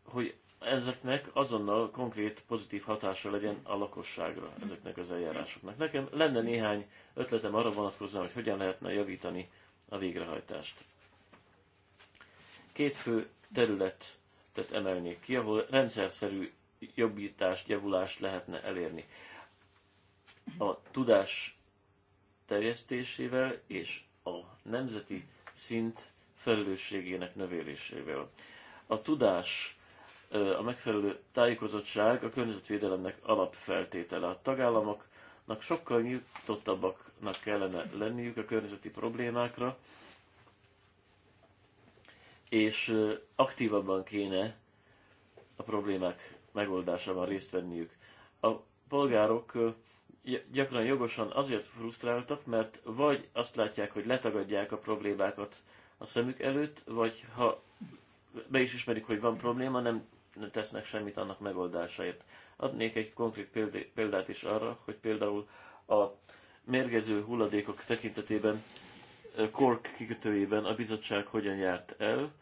hogy ezeknek azonnal konkrét pozitív hatása legyen a lakosságra, ezeknek az eljárásoknak. Nekem lenne néhány ötletem arra vonatkozóan, hogy hogyan lehetne javítani a végrehajtást. Két fő területet emelnék ki, ahol rendszerszerű jobbítást, javulást lehetne elérni. A tudás terjesztésével és a nemzeti szint felelősségének növelésével. A tudás, a megfelelő tájékozottság a környezetvédelemnek alapfeltétele. A tagállamok Nak sokkal nyitottabbaknak kellene lenniük a környezeti problémákra, és aktívabban kéne a problémák megoldásában részt venniük. A polgárok gyakran jogosan azért frusztráltak, mert vagy azt látják, hogy letagadják a problémákat a szemük előtt, vagy ha be is ismerik, hogy van probléma, nem tesznek semmit annak megoldásáért. Adnék egy konkrét példát is arra, hogy például a mérgező hulladékok tekintetében KORK kikötőjében a bizottság hogyan járt el.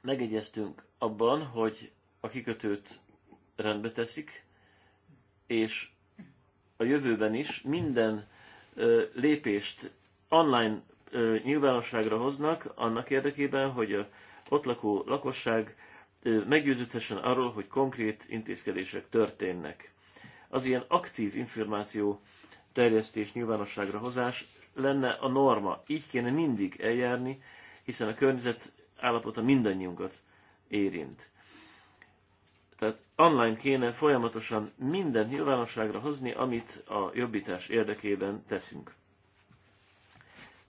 Megegyeztünk abban, hogy a kikötőt rendbe teszik, és a jövőben is minden lépést online nyilvánosságra hoznak, annak érdekében, hogy a ott lakó lakosság meggyőződhessen arról, hogy konkrét intézkedések történnek. Az ilyen aktív információ terjesztés, nyilvánosságra hozás lenne a norma. Így kéne mindig eljárni, hiszen a környezet állapota mindannyiunkat érint. Tehát online kéne folyamatosan mindent nyilvánosságra hozni, amit a jobbítás érdekében teszünk.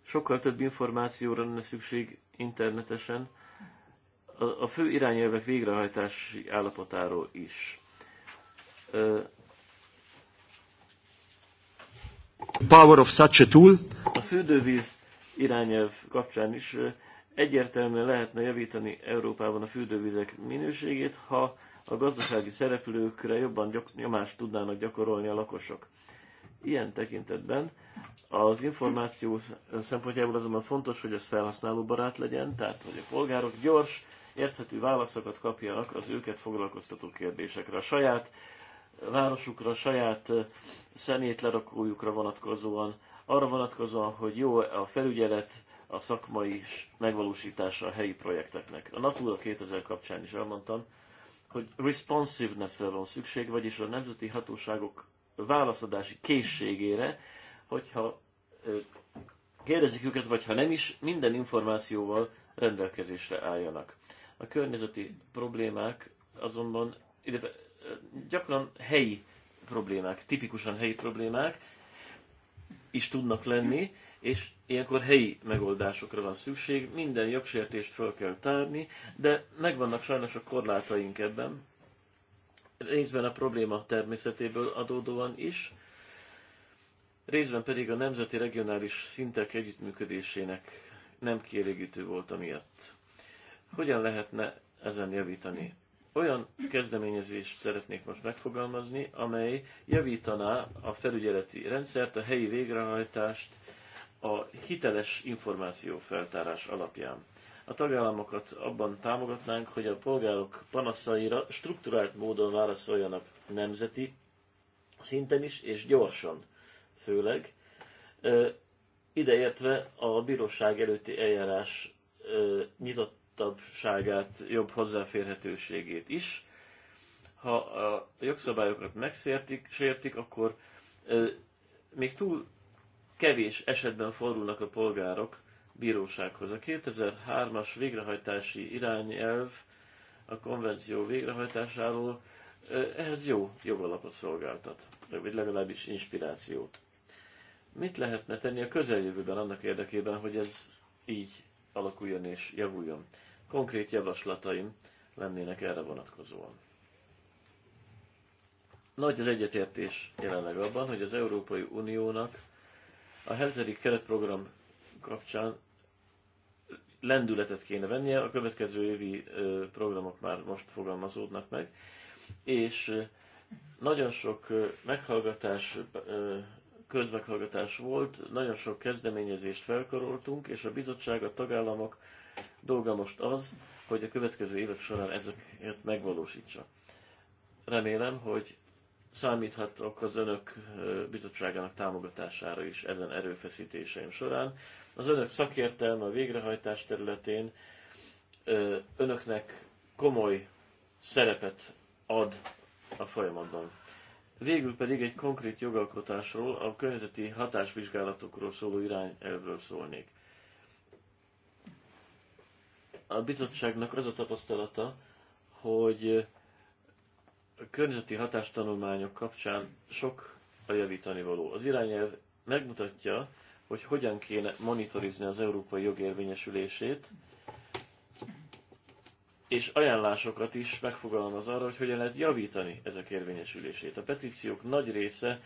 Sokkal több információra lenne szükség internetesen, a fő irányelvek végrehajtási állapotáról is. Power of such a tool. A fürdővíz irányelv kapcsán is egyértelműen lehetne javítani Európában a fürdővizek minőségét, ha a gazdasági szereplőkre jobban gyak, nyomást tudnának gyakorolni a lakosok. Ilyen tekintetben az információ szempontjából azonban fontos, hogy ez felhasználóbarát legyen, tehát hogy a polgárok gyors, érthető válaszokat kapjanak az őket foglalkoztató kérdésekre. A saját városukra, a saját szemétlerakójukra vonatkozóan, arra vonatkozóan, hogy jó a felügyelet, a szakmai megvalósítása a helyi projekteknek. A Natura 2000 kapcsán is elmondtam, hogy responsiveness van szükség, vagyis a nemzeti hatóságok válaszadási készségére, hogyha kérdezik őket, vagy ha nem is, minden információval rendelkezésre álljanak. A környezeti problémák azonban, illetve gyakran helyi problémák, tipikusan helyi problémák is tudnak lenni, és ilyenkor helyi megoldásokra van szükség, minden jogsértést fel kell tárni, de megvannak sajnos a korlátaink ebben, részben a probléma természetéből adódóan is, részben pedig a nemzeti regionális szintek együttműködésének nem kielégítő volt amiatt. Hogyan lehetne ezen javítani? Olyan kezdeményezést szeretnék most megfogalmazni, amely javítaná a felügyeleti rendszert, a helyi végrehajtást a hiteles információ feltárás alapján. A tagállamokat abban támogatnánk, hogy a polgárok panaszaira strukturált módon válaszoljanak nemzeti szinten is, és gyorsan főleg, ideértve a bíróság előtti eljárás nyitott nyitottabbságát, jobb hozzáférhetőségét is. Ha a jogszabályokat megsértik, sértik, akkor még túl kevés esetben fordulnak a polgárok bírósághoz. A 2003-as végrehajtási irányelv a konvenció végrehajtásáról ehhez jó jogalapot szolgáltat, vagy legalábbis inspirációt. Mit lehetne tenni a közeljövőben annak érdekében, hogy ez így alakuljon és javuljon. Konkrét javaslataim lennének erre vonatkozóan. Nagy az egyetértés jelenleg abban, hogy az Európai Uniónak a hetedik keretprogram kapcsán lendületet kéne vennie, a következő évi programok már most fogalmazódnak meg, és nagyon sok meghallgatás, közmeghallgatás volt, nagyon sok kezdeményezést felkaroltunk, és a bizottság, a tagállamok dolga most az, hogy a következő évek során ezeket megvalósítsa. Remélem, hogy számíthatok az önök bizottságának támogatására is ezen erőfeszítéseim során. Az önök szakértelme a végrehajtás területén önöknek komoly szerepet ad a folyamatban. Végül pedig egy konkrét jogalkotásról, a környezeti hatásvizsgálatokról szóló irányelvről szólnék. A bizottságnak az a tapasztalata, hogy a környezeti hatástanulmányok kapcsán sok a javítani való. Az irányelv megmutatja, hogy hogyan kéne monitorizni az európai jog érvényesülését, és ajánlásokat is megfogalmaz arra, hogy hogyan lehet javítani ezek érvényesülését. A petíciók nagy része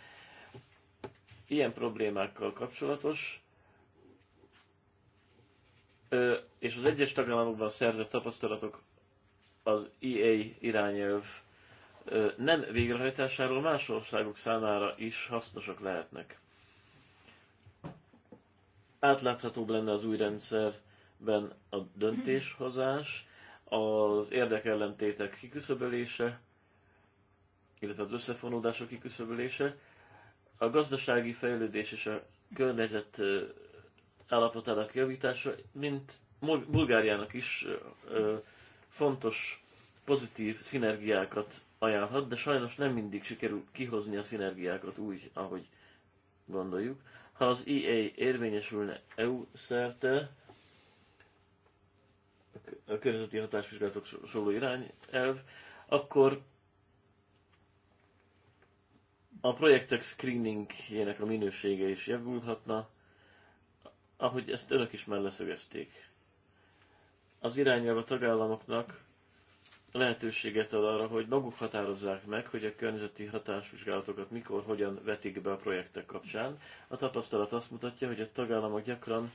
ilyen problémákkal kapcsolatos, és az egyes tagállamokban szerzett tapasztalatok az EA irányelv nem végrehajtásáról más országok számára is hasznosak lehetnek. Átláthatóbb lenne az új rendszerben a döntéshozás, az érdekellentétek kiküszöbölése, illetve az összefonódások kiküszöbölése, a gazdasági fejlődés és a környezet állapotának javítása, mint Bulgáriának is fontos pozitív szinergiákat ajánlhat, de sajnos nem mindig sikerül kihozni a szinergiákat úgy, ahogy gondoljuk. Ha az EA érvényesülne EU szerte, a környezeti hatásvizsgálatok szóló irányelv, akkor a projektek screeningjének a minősége is javulhatna, ahogy ezt önök is már leszögezték. Az irányelv a tagállamoknak lehetőséget ad arra, hogy maguk határozzák meg, hogy a környezeti hatásvizsgálatokat mikor, hogyan vetik be a projektek kapcsán. A tapasztalat azt mutatja, hogy a tagállamok gyakran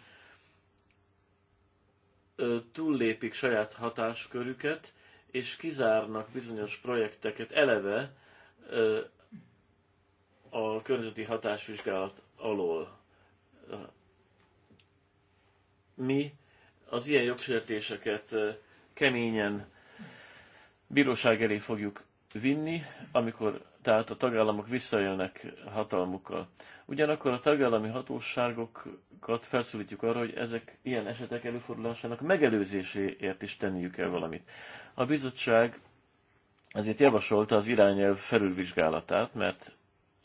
túllépik saját hatáskörüket, és kizárnak bizonyos projekteket eleve a környezeti hatásvizsgálat alól. Mi az ilyen jogsértéseket keményen bíróság elé fogjuk vinni, amikor tehát a tagállamok visszajönnek hatalmukkal. Ugyanakkor a tagállami hatóságokat felszólítjuk arra, hogy ezek ilyen esetek előfordulásának megelőzéséért is tenniük el valamit. A bizottság ezért javasolta az irányelv felülvizsgálatát, mert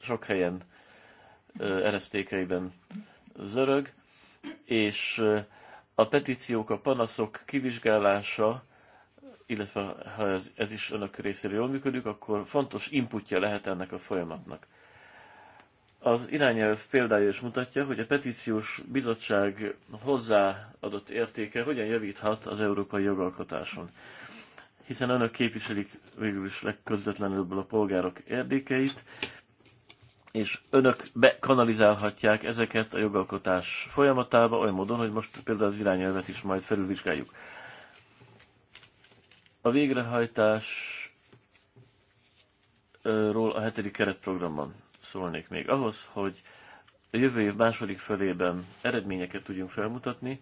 sok helyen eresztékeiben zörög, és a petíciók, a panaszok kivizsgálása illetve ha ez, ez is önök részéről jól működik, akkor fontos inputja lehet ennek a folyamatnak. Az irányelv példája is mutatja, hogy a petíciós bizottság hozzáadott értéke hogyan javíthat az európai jogalkotáson. Hiszen önök képviselik végül is legközvetlenül a polgárok érdékeit, és önök bekanalizálhatják ezeket a jogalkotás folyamatába olyan módon, hogy most például az irányelvet is majd felülvizsgáljuk. A végrehajtásról a hetedik keretprogramban szólnék még. Ahhoz, hogy a jövő év második felében eredményeket tudjunk felmutatni,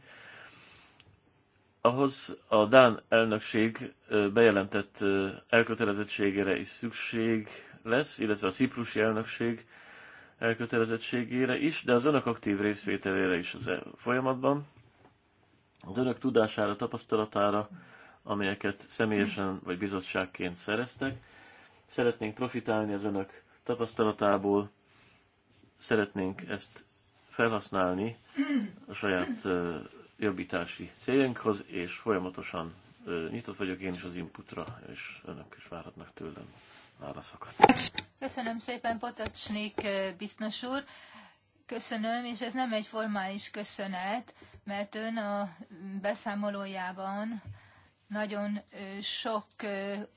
ahhoz a Dán elnökség bejelentett elkötelezettségére is szükség lesz, illetve a ciprusi elnökség elkötelezettségére is, de az önök aktív részvételére is az e folyamatban, az önök tudására, tapasztalatára, amelyeket személyesen vagy bizottságként szereztek. Szeretnénk profitálni az önök tapasztalatából, szeretnénk ezt felhasználni a saját jobbítási céljainkhoz, és folyamatosan nyitott vagyok én is az inputra, és önök is várhatnak tőlem válaszokat. Köszönöm szépen, Potocsnik biztos úr. Köszönöm, és ez nem egy formális köszönet, mert ön a beszámolójában nagyon sok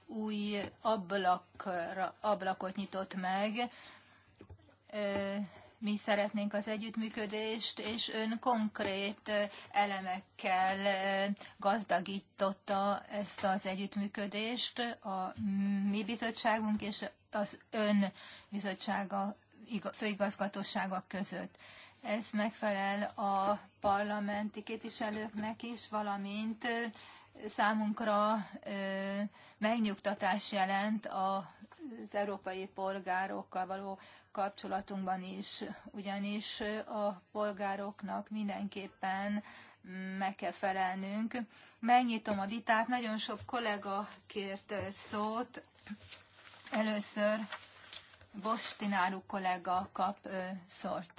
új ablakra, ablakot nyitott meg. Mi szeretnénk az együttműködést, és ön konkrét elemekkel gazdagította ezt az együttműködést a mi bizottságunk és az ön bizottsága, főigazgatósága között. Ez megfelel a parlamenti képviselőknek is, valamint számunkra megnyugtatás jelent az európai polgárokkal való kapcsolatunkban is, ugyanis a polgároknak mindenképpen meg kell felelnünk. Megnyitom a vitát, nagyon sok kollega kért szót. Először Bostináru kollega kap szót.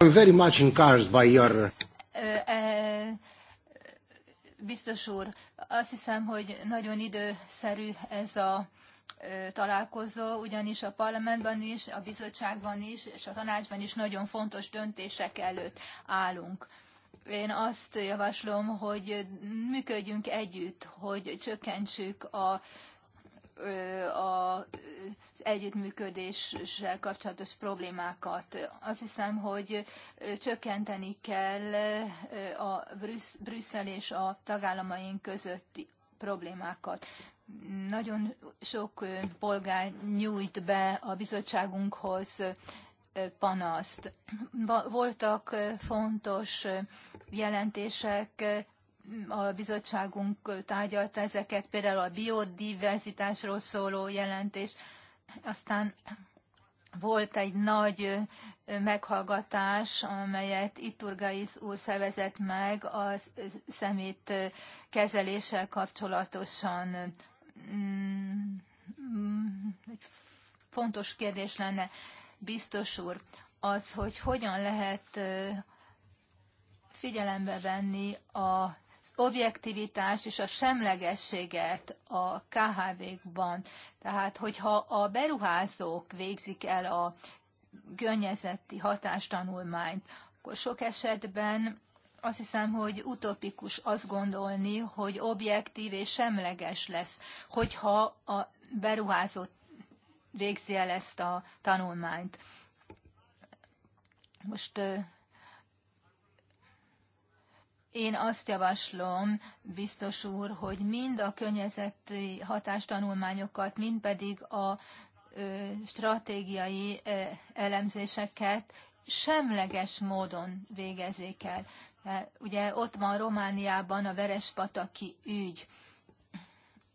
I'm very much encouraged by your... E, Biztos úr, azt hiszem, hogy nagyon időszerű ez a találkozó, ugyanis a parlamentben is, a bizottságban is, és a tanácsban is nagyon fontos döntések előtt állunk. Én azt javaslom, hogy működjünk együtt, hogy csökkentsük a az együttműködéssel kapcsolatos problémákat. Azt hiszem, hogy csökkenteni kell a Brüsszel és a tagállamaink közötti problémákat. Nagyon sok polgár nyújt be a bizottságunkhoz panaszt. Voltak fontos jelentések a bizottságunk tárgyalta ezeket, például a biodiverzitásról szóló jelentés. Aztán volt egy nagy meghallgatás, amelyet Iturgais úr szervezett meg a szemét kezeléssel kapcsolatosan. Mm, fontos kérdés lenne, biztos úr, az, hogy hogyan lehet figyelembe venni a objektivitást és a semlegességet a KHV-kban. Tehát, hogyha a beruházók végzik el a környezeti hatástanulmányt, akkor sok esetben azt hiszem, hogy utopikus azt gondolni, hogy objektív és semleges lesz, hogyha a beruházó végzi el ezt a tanulmányt. Most én azt javaslom, biztos úr, hogy mind a környezeti hatástanulmányokat, mind pedig a stratégiai elemzéseket semleges módon végezzék el. Ugye ott van Romániában a Verespataki ügy,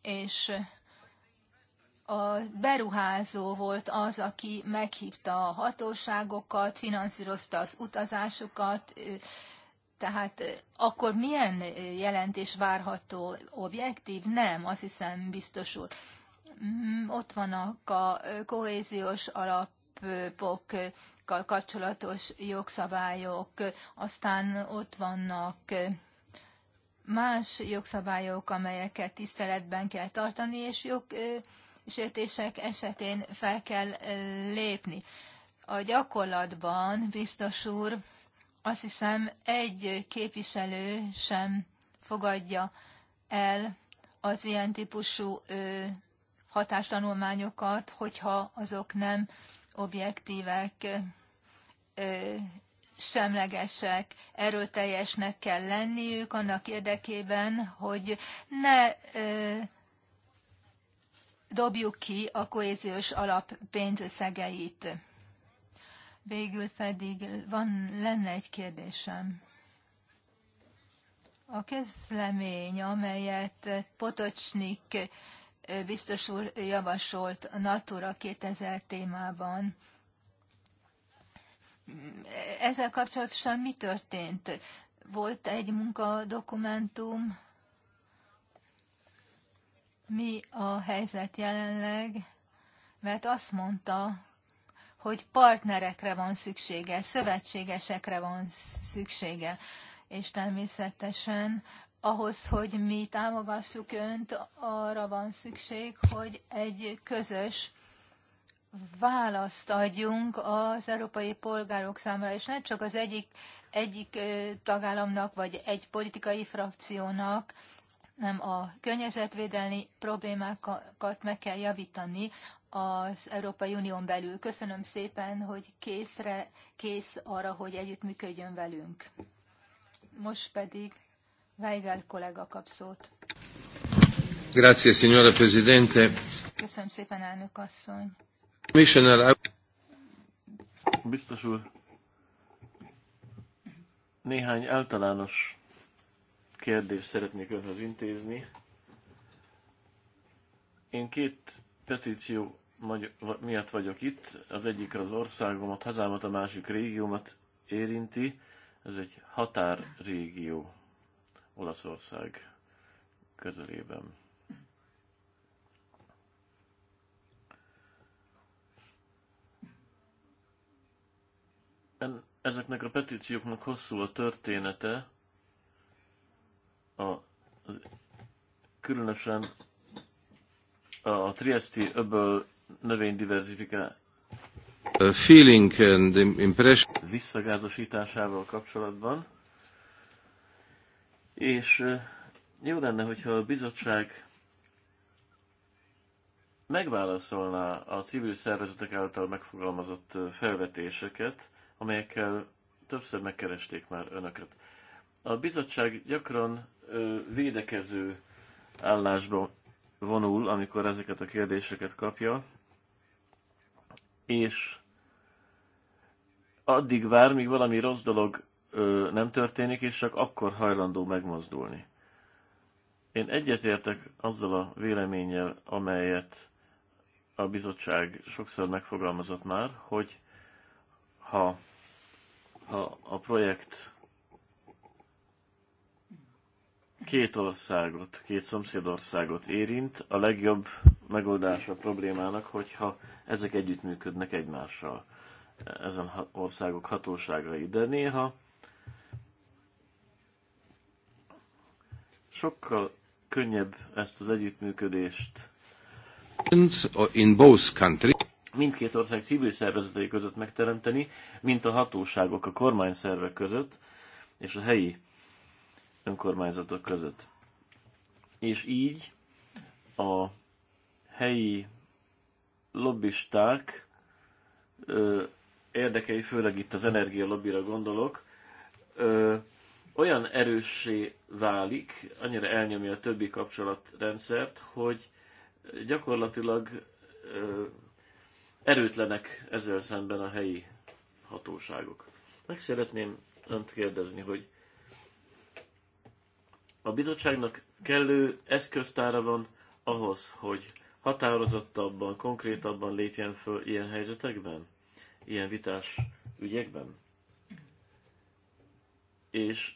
és a beruházó volt az, aki meghívta a hatóságokat, finanszírozta az utazásukat, tehát akkor milyen jelentés várható? Objektív? Nem, azt hiszem biztosul. Mm, ott vannak a kohéziós alapok, kapcsolatos jogszabályok, aztán ott vannak más jogszabályok, amelyeket tiszteletben kell tartani, és jogsértések esetén fel kell lépni. A gyakorlatban, biztos úr, azt hiszem egy képviselő sem fogadja el az ilyen típusú hatástanulmányokat, hogyha azok nem objektívek, semlegesek, erőteljesnek kell lenniük annak érdekében, hogy ne dobjuk ki a kohéziós alap pénzösszegeit. Végül pedig van, lenne egy kérdésem. A közlemény, amelyet Potocsnik biztos úr javasolt a Natura 2000 témában, ezzel kapcsolatosan mi történt? Volt egy munkadokumentum? Mi a helyzet jelenleg? Mert azt mondta, hogy partnerekre van szüksége, szövetségesekre van szüksége. És természetesen ahhoz, hogy mi támogassuk önt, arra van szükség, hogy egy közös választ adjunk az európai polgárok számára, és nem csak az egyik, egyik tagállamnak, vagy egy politikai frakciónak, nem a környezetvédelmi problémákat meg kell javítani az Európai Unión belül. Köszönöm szépen, hogy készre, kész arra, hogy együttműködjön velünk. Most pedig Weigel kollega kap szót. Grazie, signora Presidente. Köszönöm szépen, elnök asszony. Biztos úr, néhány általános kérdést szeretnék önhöz intézni. Én két petíció miatt vagyok itt. Az egyik az országomat, hazámat, a másik régiómat érinti. Ez egy határrégió Olaszország közelében. En, ezeknek a petícióknak hosszú a története, a, az, különösen a Triesti öböl növénydiverzifiká feeling and impression visszagázosításával kapcsolatban, és jó lenne, hogyha a bizottság megválaszolná a civil szervezetek által megfogalmazott felvetéseket, amelyekkel többször megkeresték már önöket. A bizottság gyakran védekező állásban vonul, amikor ezeket a kérdéseket kapja, és addig vár, míg valami rossz dolog ö, nem történik, és csak akkor hajlandó megmozdulni. Én egyetértek azzal a véleménnyel, amelyet a bizottság sokszor megfogalmazott már, hogy ha, ha a projekt két országot, két szomszédországot érint. A legjobb megoldása a problémának, hogyha ezek együttműködnek egymással, ezen országok hatóságai. De néha sokkal könnyebb ezt az együttműködést in both country. mindkét ország civil szervezetei között megteremteni, mint a hatóságok a kormányszervek között és a helyi önkormányzatok között. És így a helyi lobbisták ö, érdekei, főleg itt az energialobbira gondolok, ö, olyan erőssé válik, annyira elnyomja a többi kapcsolatrendszert, hogy gyakorlatilag ö, erőtlenek ezzel szemben a helyi hatóságok. Meg szeretném önt kérdezni, hogy a bizottságnak kellő eszköztára van ahhoz, hogy határozottabban, konkrétabban lépjen föl ilyen helyzetekben, ilyen vitás ügyekben? És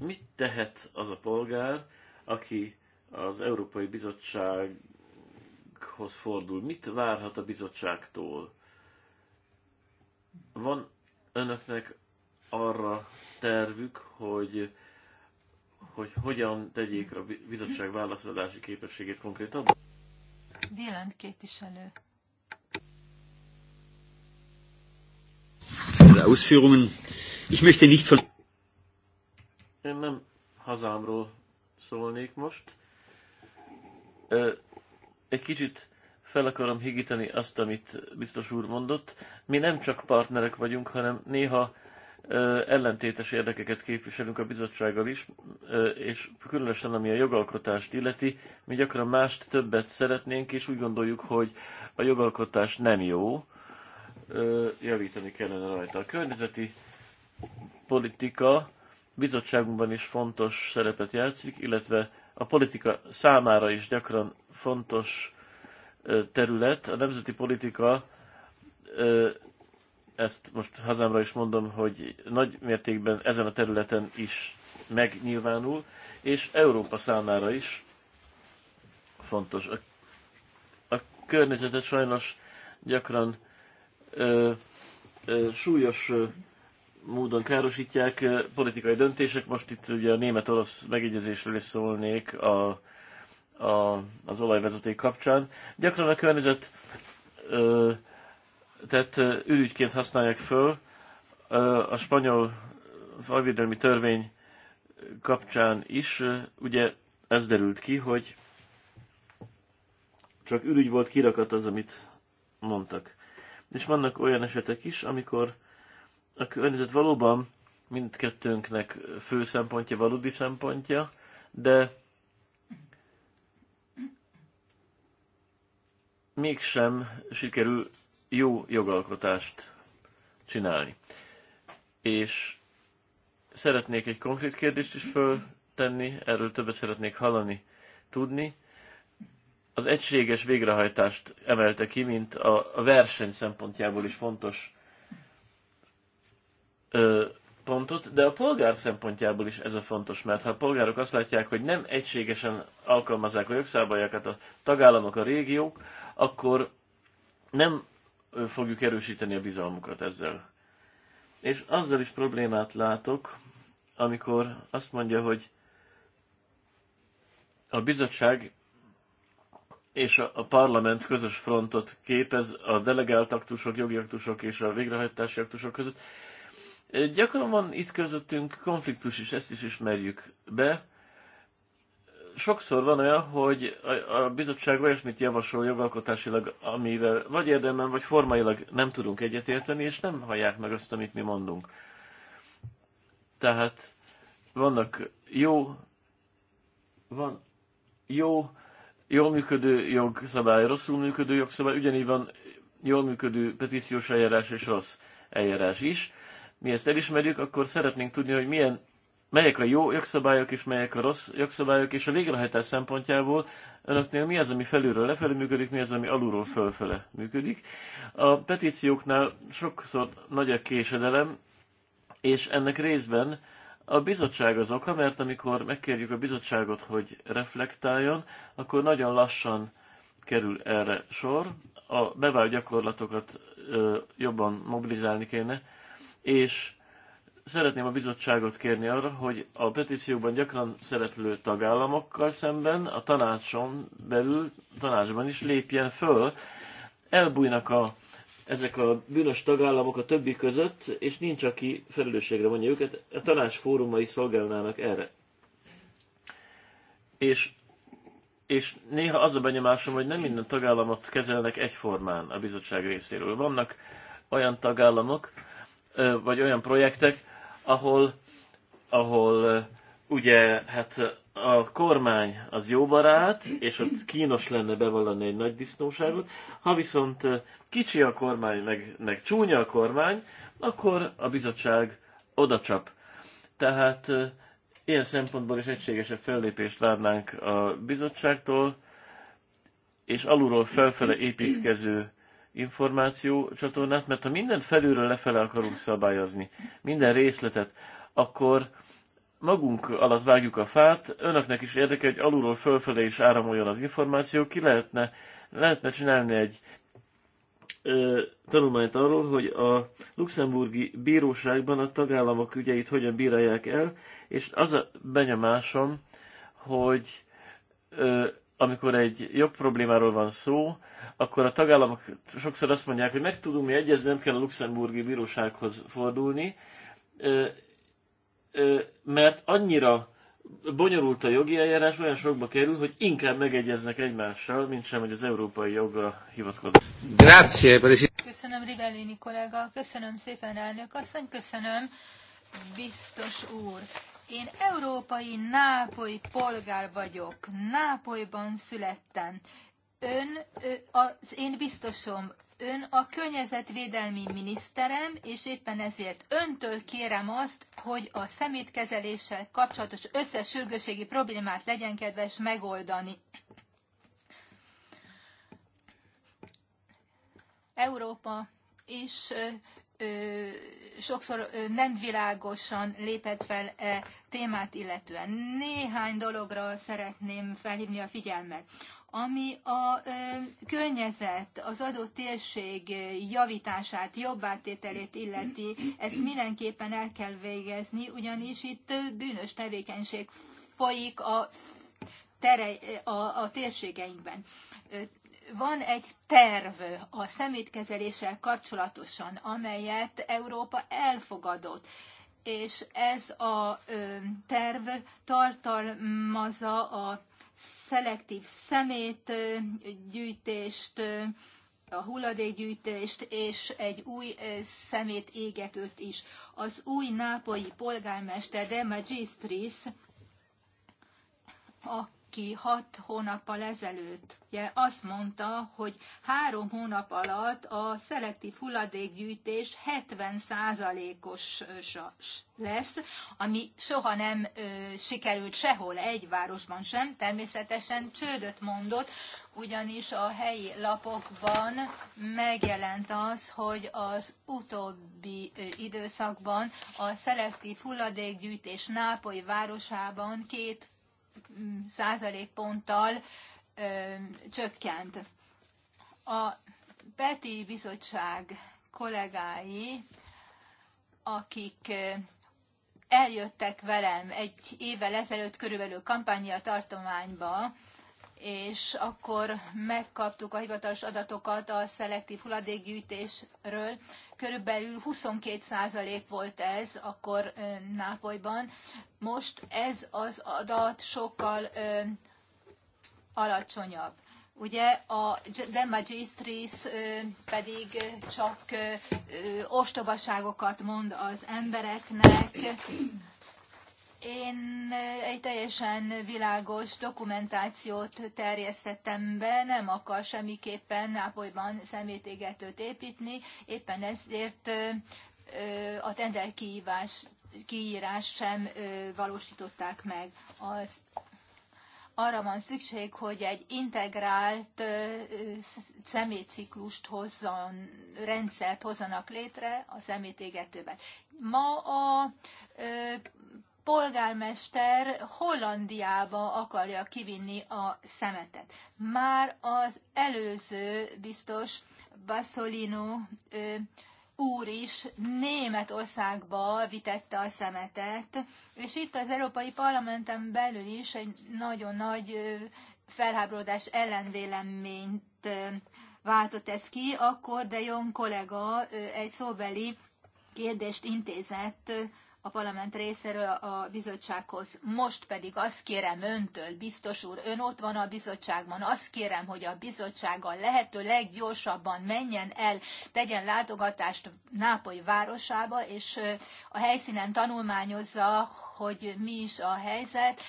mit tehet az a polgár, aki az Európai Bizottsághoz fordul? Mit várhat a bizottságtól? Van önöknek arra tervük, hogy hogy hogyan tegyék a bizottság válaszadási képességét konkrétan? Véland képviselő. Ausführungen. Ich möchte nicht von... Én nem hazámról szólnék most. Egy kicsit fel akarom higítani azt, amit biztos úr mondott. Mi nem csak partnerek vagyunk, hanem néha ellentétes érdekeket képviselünk a bizottsággal is, és különösen ami a jogalkotást illeti, mi gyakran mást többet szeretnénk, és úgy gondoljuk, hogy a jogalkotás nem jó, javítani kellene rajta. A környezeti politika bizottságunkban is fontos szerepet játszik, illetve a politika számára is gyakran fontos terület. A nemzeti politika ezt most hazámra is mondom, hogy nagy mértékben ezen a területen is megnyilvánul, és Európa számára is fontos. A, a környezetet sajnos gyakran ö, ö, súlyos ö, módon károsítják ö, politikai döntések. Most itt ugye a német-orosz megegyezésről is szólnék a, a, az olajvezeték kapcsán. Gyakran a környezet ö, tett ürügyként használják föl a spanyol fajvédelmi törvény kapcsán is. Ugye ez derült ki, hogy csak ürügy volt kirakat az, amit mondtak. És vannak olyan esetek is, amikor a környezet valóban mindkettőnknek fő szempontja, valódi szempontja, de mégsem sikerül jó jogalkotást csinálni. És szeretnék egy konkrét kérdést is föltenni, erről többet szeretnék hallani, tudni. Az egységes végrehajtást emelte ki, mint a, a verseny szempontjából is fontos ö, pontot, de a polgár szempontjából is ez a fontos, mert ha a polgárok azt látják, hogy nem egységesen alkalmazzák a jogszabályokat a tagállamok, a régiók, akkor nem fogjuk erősíteni a bizalmukat ezzel. És azzal is problémát látok, amikor azt mondja, hogy a bizottság és a parlament közös frontot képez a delegált aktusok, jogi aktusok és a végrehajtási aktusok között. Gyakran van itt közöttünk konfliktus is, ezt is ismerjük be, sokszor van olyan, hogy a bizottság olyasmit javasol jogalkotásilag, amivel vagy érdemben, vagy formailag nem tudunk egyetérteni, és nem hallják meg azt, amit mi mondunk. Tehát vannak jó, van jó, jól működő jogszabály, rosszul működő jogszabály, ugyanígy van jól működő petíciós eljárás és rossz eljárás is. Mi ezt elismerjük, akkor szeretnénk tudni, hogy milyen melyek a jó jogszabályok és melyek a rossz jogszabályok, és a végrehajtás szempontjából önöknél mi az, ami felülről lefelé működik, mi az, ami alulról fölfele működik. A petícióknál sokszor nagy a késedelem, és ennek részben a bizottság az oka, mert amikor megkérjük a bizottságot, hogy reflektáljon, akkor nagyon lassan kerül erre sor. A bevált gyakorlatokat ö, jobban mobilizálni kéne, és szeretném a bizottságot kérni arra, hogy a petícióban gyakran szereplő tagállamokkal szemben a tanácson belül, tanácsban is lépjen föl. Elbújnak a, ezek a bűnös tagállamok a többi között, és nincs, aki felelősségre mondja őket. A tanács fórumai szolgálnának erre. És, és néha az a benyomásom, hogy nem minden tagállamot kezelnek egyformán a bizottság részéről. Vannak olyan tagállamok, vagy olyan projektek, ahol, ahol ugye hát a kormány az jó barát, és ott kínos lenne bevallani egy nagy disznóságot, ha viszont kicsi a kormány, meg, meg csúnya a kormány, akkor a bizottság odacsap. Tehát ilyen szempontból is egységesebb fellépést várnánk a bizottságtól, és alulról felfele építkező információ csatornát, mert ha mindent felülről lefele akarunk szabályozni, minden részletet, akkor magunk alatt vágjuk a fát, önöknek is érdeke, hogy alulról fölfele is áramoljon az információ, ki lehetne, lehetne csinálni egy ö, tanulmányt arról, hogy a luxemburgi bíróságban a tagállamok ügyeit hogyan bírálják el, és az a benyomásom, hogy ö, amikor egy jobb problémáról van szó, akkor a tagállamok sokszor azt mondják, hogy meg tudunk mi egyezni, nem kell a luxemburgi bírósághoz fordulni, mert annyira bonyolult a jogi eljárás, olyan sokba kerül, hogy inkább megegyeznek egymással, mint sem, hogy az európai jogra hivatkoznak. Grazie, Köszönöm, Rivellini kollega, köszönöm szépen, elnök asszony, köszönöm, biztos úr. Én európai nápoly polgár vagyok. Nápolyban születtem. Ön az én biztosom, ön a környezetvédelmi miniszterem, és éppen ezért öntől kérem azt, hogy a szemétkezeléssel kapcsolatos összes sürgőségi problémát legyen kedves megoldani. Európa és sokszor nem világosan lépett fel e témát illetően. Néhány dologra szeretném felhívni a figyelmet. Ami a ö, környezet, az adott térség javítását, jobbátételét illeti, ezt mindenképpen el kell végezni, ugyanis itt bűnös tevékenység folyik a, tere, a, a térségeinkben van egy terv a szemétkezeléssel kapcsolatosan, amelyet Európa elfogadott, és ez a terv tartalmazza a szelektív szemétgyűjtést, a hulladékgyűjtést és egy új szemét égetőt is. Az új nápolyi polgármester de Magistris a ki hat hónappal ezelőtt. Ugye azt mondta, hogy három hónap alatt a szelektív hulladékgyűjtés 70%-os lesz, ami soha nem ö, sikerült sehol, egy városban sem. Természetesen csődöt mondott, ugyanis a helyi lapokban megjelent az, hogy az utóbbi időszakban a szelektív hulladékgyűjtés Nápoly városában két százalékponttal csökkent. A Peti Bizottság kollégái, akik eljöttek velem egy évvel ezelőtt körülbelül kampánya tartományba, és akkor megkaptuk a hivatalos adatokat a szelektív hulladékgyűjtésről. Körülbelül 22% volt ez akkor Nápolyban. Most ez az adat sokkal ö, alacsonyabb. Ugye a De Magistris pedig csak ostobaságokat mond az embereknek, én egy teljesen világos dokumentációt terjesztettem be, nem akar semmiképpen Nápolyban szemétégetőt építni, éppen ezért a tender kihívás, kiírás sem valósították meg. Az arra van szükség, hogy egy integrált szemétciklust hozzon, rendszert hozzanak létre a szemétégetőben. Ma a polgármester Hollandiába akarja kivinni a szemetet. Már az előző biztos Basolino ö, úr is Németországba vitette a szemetet, és itt az Európai Parlamenten belül is egy nagyon nagy felháborodás ellenvéleményt váltott ez ki, akkor de Jon kollega egy szóbeli kérdést intézett a parlament részéről a bizottsághoz. Most pedig azt kérem öntől, biztos úr, ön ott van a bizottságban, azt kérem, hogy a bizottsága lehető leggyorsabban menjen el, tegyen látogatást Nápoly városába, és a helyszínen tanulmányozza, hogy mi is a helyzet.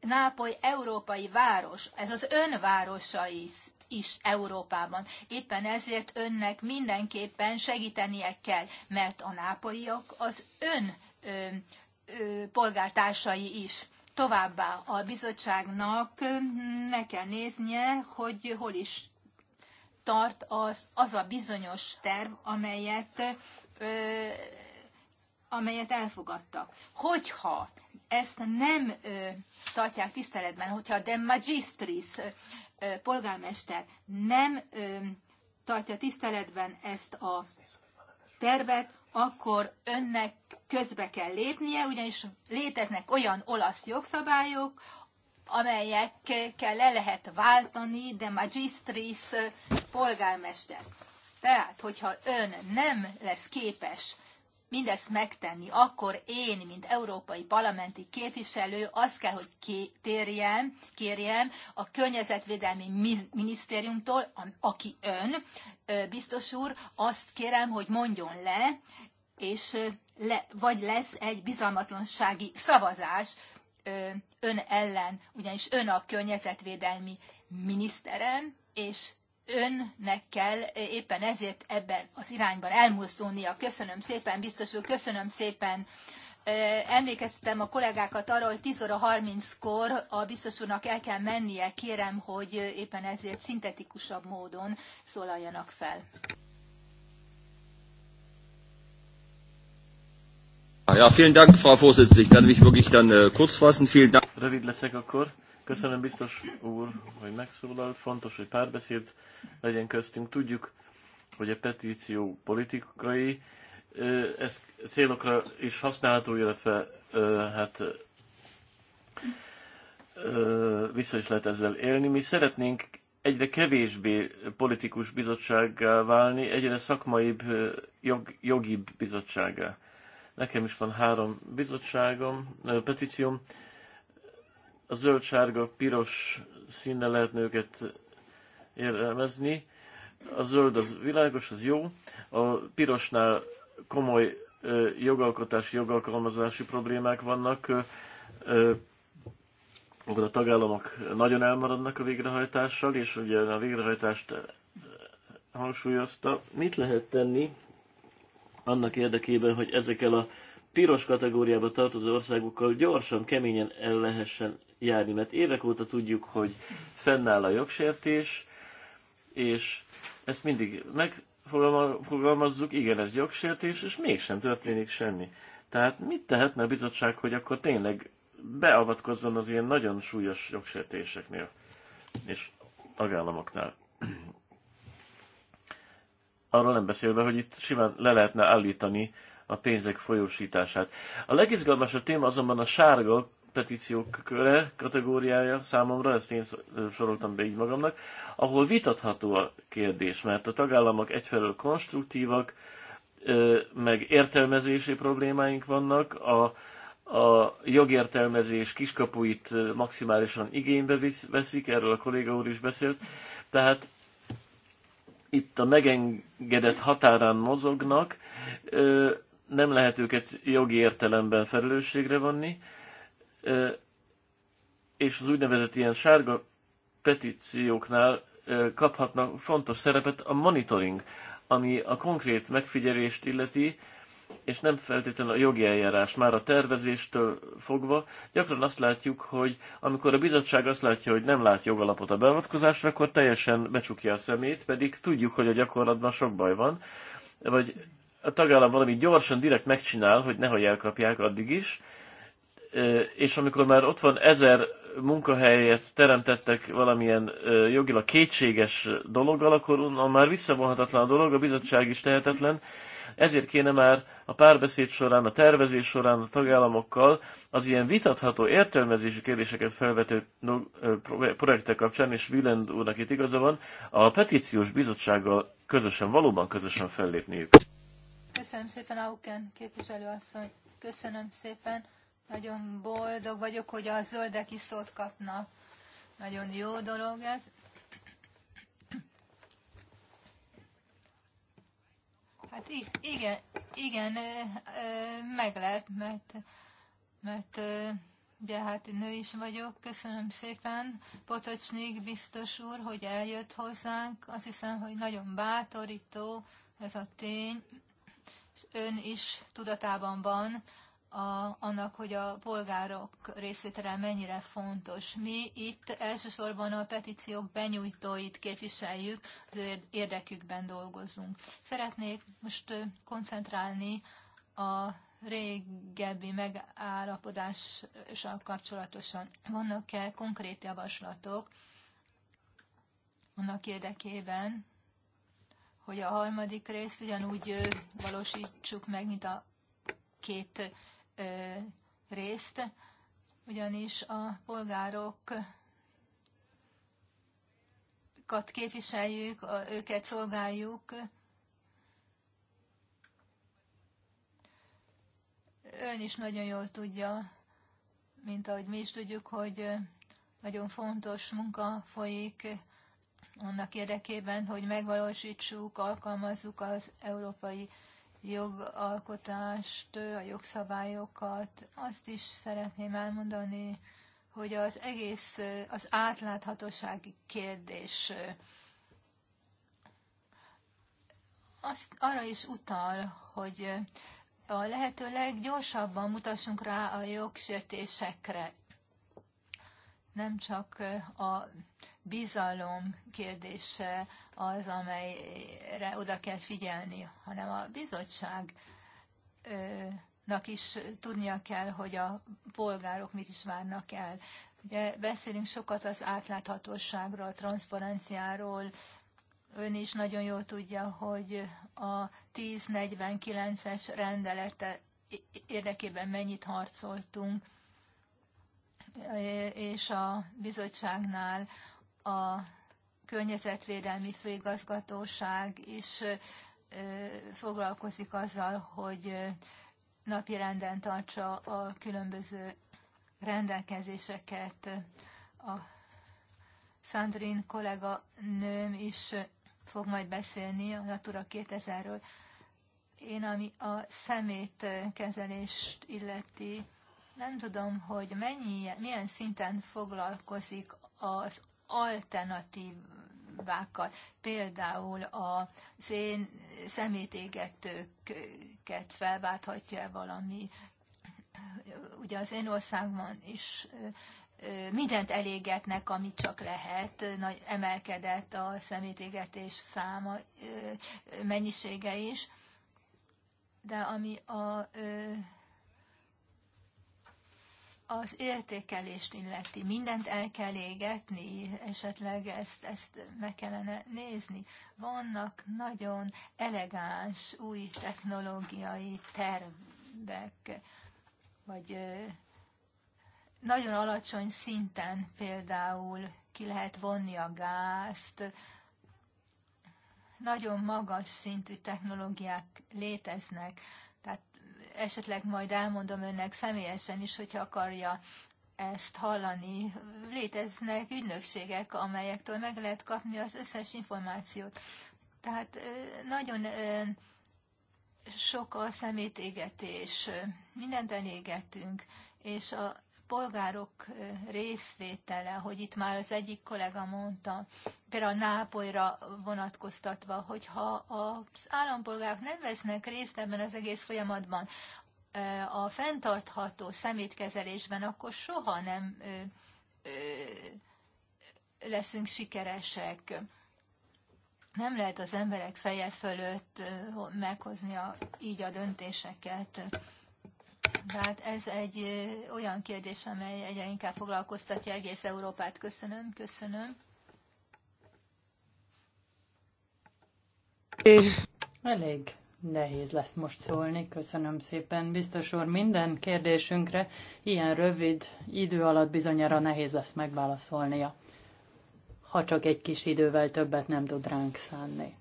Nápoly európai város, ez az ön városa is, is Európában. Éppen ezért önnek mindenképpen segítenie kell, mert a nápolyiak az ön ö, ö, polgártársai is. Továbbá a bizottságnak meg kell néznie, hogy hol is tart az, az a bizonyos terv, amelyet, ö, amelyet elfogadta. Hogyha ezt nem ö, tartják tiszteletben, hogyha de magistris polgármester nem tartja tiszteletben ezt a tervet, akkor önnek közbe kell lépnie, ugyanis léteznek olyan olasz jogszabályok, amelyekkel le lehet váltani de magistris polgármester. Tehát, hogyha ön nem lesz képes mindezt megtenni, akkor én, mint európai parlamenti képviselő, azt kell, hogy kérjem, kérjem a környezetvédelmi minisztériumtól, aki ön, biztos úr, azt kérem, hogy mondjon le, és le, vagy lesz egy bizalmatlansági szavazás ön ellen, ugyanis ön a környezetvédelmi miniszterem, és önnek kell éppen ezért ebben az irányban elmozdulnia. Köszönöm szépen, biztos úr, köszönöm szépen. Emlékeztem a kollégákat arra, hogy 10 óra 30-kor a biztos úrnak el kell mennie, kérem, hogy éppen ezért szintetikusabb módon szólaljanak fel. Ah ja, vielen Dank, Frau Vorsitzende. Ich kann mich wirklich dann äh, kurz fassen. Vielen Dank. Rövid leszek akkor. Köszönöm biztos úr, hogy megszólalt. Fontos, hogy párbeszéd legyen köztünk. Tudjuk, hogy a petíció politikai, ez célokra is használható, illetve hát vissza is lehet ezzel élni. Mi szeretnénk egyre kevésbé politikus bizottsággá válni, egyre szakmaibb, jog, jogibb bizottsággá. Nekem is van három bizottságom, petícióm, a zöld-sárga, piros színnel lehetne őket értelmezni. A zöld az világos, az jó. A pirosnál komoly jogalkotási, jogalkalmazási problémák vannak. Akkor a tagállamok nagyon elmaradnak a végrehajtással, és ugye a végrehajtást hangsúlyozta. Mit lehet tenni annak érdekében, hogy ezekkel a piros kategóriába tartozó országokkal gyorsan, keményen el lehessen járni, mert évek óta tudjuk, hogy fennáll a jogsértés, és ezt mindig megfogalmazzuk, igen, ez jogsértés, és mégsem történik semmi. Tehát mit tehetne a bizottság, hogy akkor tényleg beavatkozzon az ilyen nagyon súlyos jogsértéseknél és tagállamoknál? Arról nem beszélve, hogy itt simán le lehetne állítani a pénzek folyósítását. A legizgalmasabb téma azonban a sárga petíciók köre, kategóriája számomra, ezt én soroltam be így magamnak, ahol vitatható a kérdés, mert a tagállamok egyfelől konstruktívak, meg értelmezési problémáink vannak, a, a jogértelmezés kiskapuit maximálisan igénybe veszik, erről a kolléga úr is beszélt, tehát itt a megengedett határán mozognak, nem lehet őket jogi értelemben felelősségre vonni, és az úgynevezett ilyen sárga petícióknál kaphatnak fontos szerepet a monitoring, ami a konkrét megfigyelést illeti, és nem feltétlenül a jogi eljárás, már a tervezéstől fogva. Gyakran azt látjuk, hogy amikor a bizottság azt látja, hogy nem lát jogalapot a beavatkozásra, akkor teljesen becsukja a szemét, pedig tudjuk, hogy a gyakorlatban sok baj van, vagy a tagállam valami gyorsan, direkt megcsinál, hogy nehogy elkapják addig is, és amikor már ott van ezer munkahelyet teremtettek valamilyen jogilag kétséges dologgal, akkor onnan már visszavonhatatlan a dolog, a bizottság is tehetetlen. Ezért kéne már a párbeszéd során, a tervezés során a tagállamokkal az ilyen vitatható értelmezési kérdéseket felvető projektek kapcsán, és Willend úrnak itt igaza van, a petíciós bizottsággal közösen, valóban közösen fellépniük. Köszönöm szépen, Auken képviselőasszony. Köszönöm szépen. Nagyon boldog vagyok, hogy a zöldek is szót kapnak. Nagyon jó dolog ez. Hát igen, igen, meglep, mert, mert ugye hát nő is vagyok. Köszönöm szépen Potocsnik biztos úr, hogy eljött hozzánk. Azt hiszem, hogy nagyon bátorító ez a tény. És ön is tudatában van a, annak, hogy a polgárok részvétele mennyire fontos. Mi itt elsősorban a petíciók benyújtóit képviseljük, az érdekükben dolgozunk. Szeretnék most koncentrálni a régebbi megállapodással kapcsolatosan. Vannak-e konkrét javaslatok annak érdekében, hogy a harmadik részt ugyanúgy valósítsuk meg, mint a két részt, ugyanis a polgárok képviseljük, őket szolgáljuk. Ön is nagyon jól tudja, mint ahogy mi is tudjuk, hogy nagyon fontos munka folyik annak érdekében, hogy megvalósítsuk, alkalmazzuk az európai jogalkotást, a jogszabályokat. Azt is szeretném elmondani, hogy az egész az átláthatósági kérdés azt arra is utal, hogy a lehető leggyorsabban mutassunk rá a jogsértésekre. Nem csak a bizalom kérdése az, amelyre oda kell figyelni, hanem a bizottságnak is tudnia kell, hogy a polgárok mit is várnak el. Ugye beszélünk sokat az átláthatóságról, a transzparenciáról, ön is nagyon jól tudja, hogy a 1049-es rendelete érdekében mennyit harcoltunk, és a bizottságnál a környezetvédelmi főigazgatóság is foglalkozik azzal, hogy napirenden tartsa a különböző rendelkezéseket. A Sandrin kollega nőm is fog majd beszélni a Natura 2000-ről. Én, ami a szemét kezelést illeti, nem tudom, hogy mennyi, milyen szinten foglalkozik az alternatívákkal, például a szén szemétégetőket felválthatja valami. Ugye az én országban is mindent elégetnek, amit csak lehet. Nagy emelkedett a szemétégetés száma, mennyisége is. De ami a az értékelést illeti. Mindent el kell égetni, esetleg ezt, ezt meg kellene nézni. Vannak nagyon elegáns új technológiai tervek, vagy nagyon alacsony szinten például ki lehet vonni a gázt, nagyon magas szintű technológiák léteznek, esetleg majd elmondom önnek személyesen is, hogyha akarja ezt hallani. Léteznek ügynökségek, amelyektől meg lehet kapni az összes információt. Tehát nagyon sok a szemétégetés, mindent elégetünk, és a polgárok részvétele, hogy itt már az egyik kollega mondta, például Nápolyra vonatkoztatva, hogyha az állampolgárok nem vesznek részt ebben az egész folyamatban, a fenntartható szemétkezelésben, akkor soha nem leszünk sikeresek. Nem lehet az emberek feje fölött meghozni a, így a döntéseket. Tehát ez egy olyan kérdés, amely egyre inkább foglalkoztatja egész Európát. Köszönöm, köszönöm. Elég nehéz lesz most szólni, köszönöm szépen. Biztos úr, minden kérdésünkre ilyen rövid idő alatt bizonyára nehéz lesz megválaszolnia, ha csak egy kis idővel többet nem tud ránk szánni.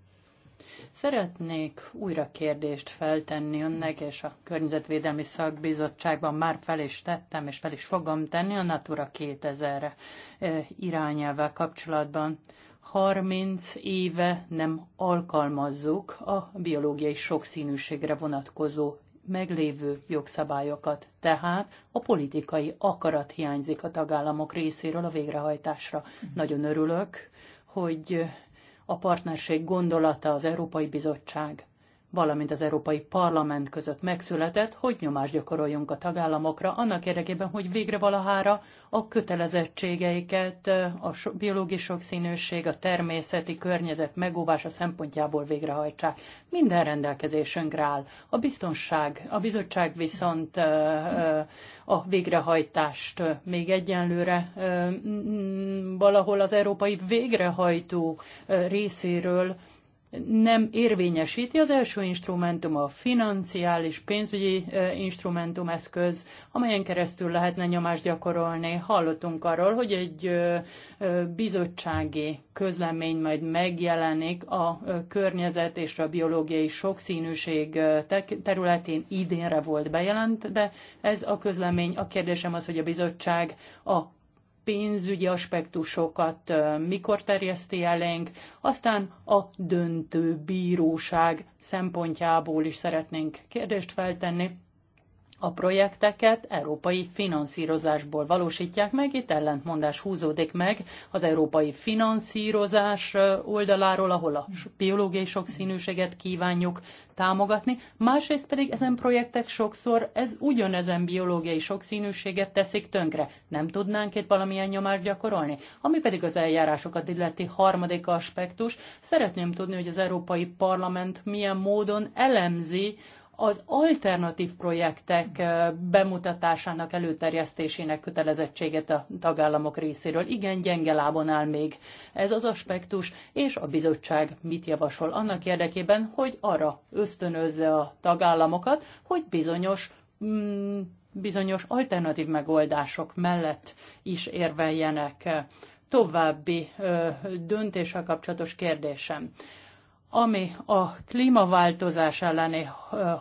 Szeretnék újra kérdést feltenni önnek, és a Környezetvédelmi Szakbizottságban már fel is tettem, és fel is fogom tenni a Natura 2000 eh, irányával kapcsolatban. 30 éve nem alkalmazzuk a biológiai sokszínűségre vonatkozó meglévő jogszabályokat, tehát a politikai akarat hiányzik a tagállamok részéről a végrehajtásra. Mhm. Nagyon örülök, hogy a partnerség gondolata az Európai Bizottság valamint az Európai Parlament között megszületett, hogy nyomást gyakoroljunk a tagállamokra annak érdekében, hogy végre valahára a kötelezettségeiket a biológiai sokszínűség, a természeti környezet megóvása szempontjából végrehajtsák. Minden rendelkezésünkre áll. A biztonság, a bizottság viszont a végrehajtást még egyenlőre valahol az európai végrehajtó részéről nem érvényesíti. Az első instrumentum a financiális, pénzügyi instrumentum eszköz, amelyen keresztül lehetne nyomást gyakorolni. Hallottunk arról, hogy egy bizottsági közlemény majd megjelenik a környezet és a biológiai sokszínűség területén idénre volt bejelent, de ez a közlemény, a kérdésem az, hogy a bizottság a pénzügyi aspektusokat mikor terjeszti elénk, aztán a döntő bíróság szempontjából is szeretnénk kérdést feltenni, a projekteket európai finanszírozásból valósítják meg, itt ellentmondás húzódik meg az európai finanszírozás oldaláról, ahol a biológiai sokszínűséget kívánjuk támogatni, másrészt pedig ezen projektek sokszor ez ugyanezen biológiai sokszínűséget teszik tönkre. Nem tudnánk itt valamilyen nyomást gyakorolni? Ami pedig az eljárásokat illeti harmadik aspektus, szeretném tudni, hogy az Európai Parlament milyen módon elemzi az alternatív projektek bemutatásának, előterjesztésének kötelezettséget a tagállamok részéről. Igen, gyenge lábon áll még ez az aspektus, és a bizottság mit javasol annak érdekében, hogy arra ösztönözze a tagállamokat, hogy bizonyos mm, bizonyos alternatív megoldások mellett is érveljenek. További döntéssel kapcsolatos kérdésem ami a klímaváltozás elleni eh,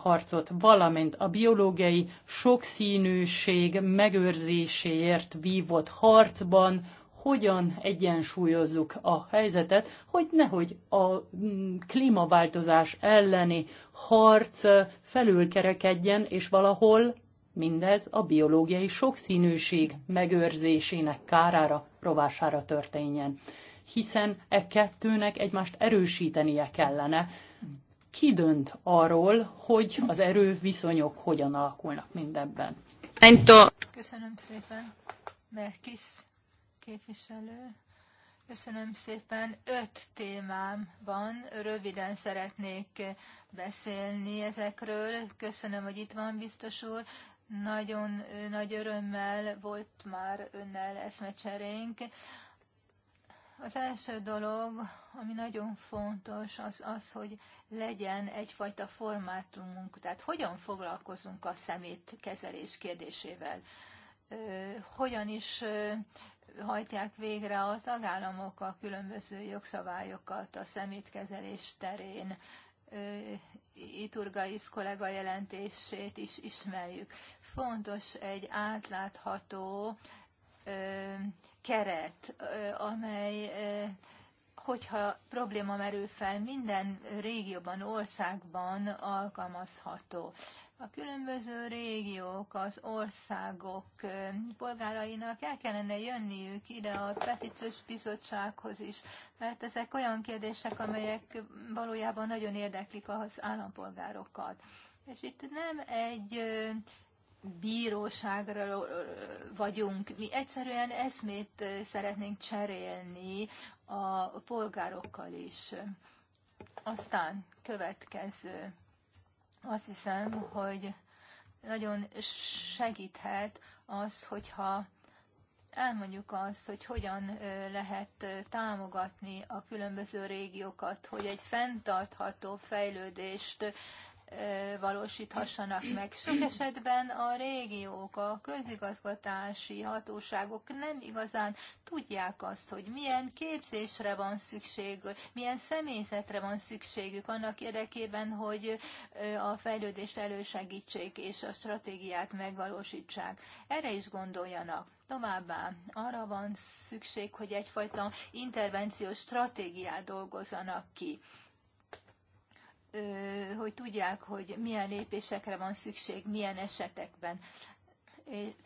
harcot, valamint a biológiai sokszínűség megőrzéséért vívott harcban hogyan egyensúlyozzuk a helyzetet, hogy nehogy a mm, klímaváltozás elleni harc eh, felülkerekedjen, és valahol mindez a biológiai sokszínűség megőrzésének kárára, rovására történjen hiszen e kettőnek egymást erősítenie kellene. Ki dönt arról, hogy az erőviszonyok hogyan alakulnak mindebben? Köszönöm szépen, Merkis képviselő. Köszönöm szépen. Öt témám van, röviden szeretnék beszélni ezekről. Köszönöm, hogy itt van, biztos úr. Nagyon nagy örömmel volt már önnel eszmecserénk. Az első dolog, ami nagyon fontos, az az, hogy legyen egyfajta formátumunk, tehát hogyan foglalkozunk a szemétkezelés kérdésével, hogyan is hajtják végre a tagállamok a különböző jogszabályokat a szemétkezelés terén. Iturgaiz kollega jelentését is ismerjük. Fontos egy átlátható keret, amely hogyha probléma merül fel, minden régióban, országban alkalmazható. A különböző régiók, az országok polgárainak el kellene jönniük ide a petíciós bizottsághoz is, mert ezek olyan kérdések, amelyek valójában nagyon érdeklik az állampolgárokat. És itt nem egy bíróságra vagyunk. Mi egyszerűen eszmét szeretnénk cserélni a polgárokkal is. Aztán következő. Azt hiszem, hogy nagyon segíthet az, hogyha elmondjuk azt, hogy hogyan lehet támogatni a különböző régiókat, hogy egy fenntartható fejlődést valósíthassanak meg. Sok esetben a régiók, a közigazgatási hatóságok nem igazán tudják azt, hogy milyen képzésre van szükség, milyen személyzetre van szükségük annak érdekében, hogy a fejlődést elősegítsék és a stratégiát megvalósítsák. Erre is gondoljanak. Továbbá arra van szükség, hogy egyfajta intervenciós stratégiát dolgozzanak ki hogy tudják, hogy milyen lépésekre van szükség, milyen esetekben.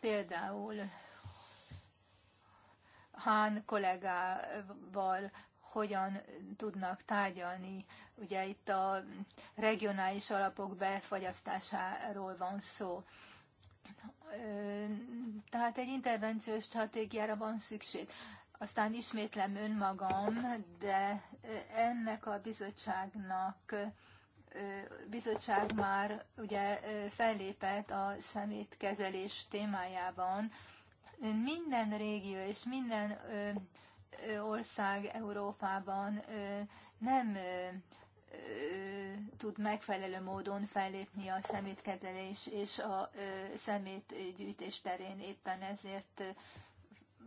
Például Hán kollégával hogyan tudnak tárgyalni. Ugye itt a regionális alapok befagyasztásáról van szó. Tehát egy intervenciós stratégiára van szükség. Aztán ismétlem önmagam, de ennek a bizottságnak bizottság már ugye fellépett a szemétkezelés témájában. Minden régió és minden ország Európában nem tud megfelelő módon fellépni a szemétkezelés és a szemétgyűjtés terén éppen ezért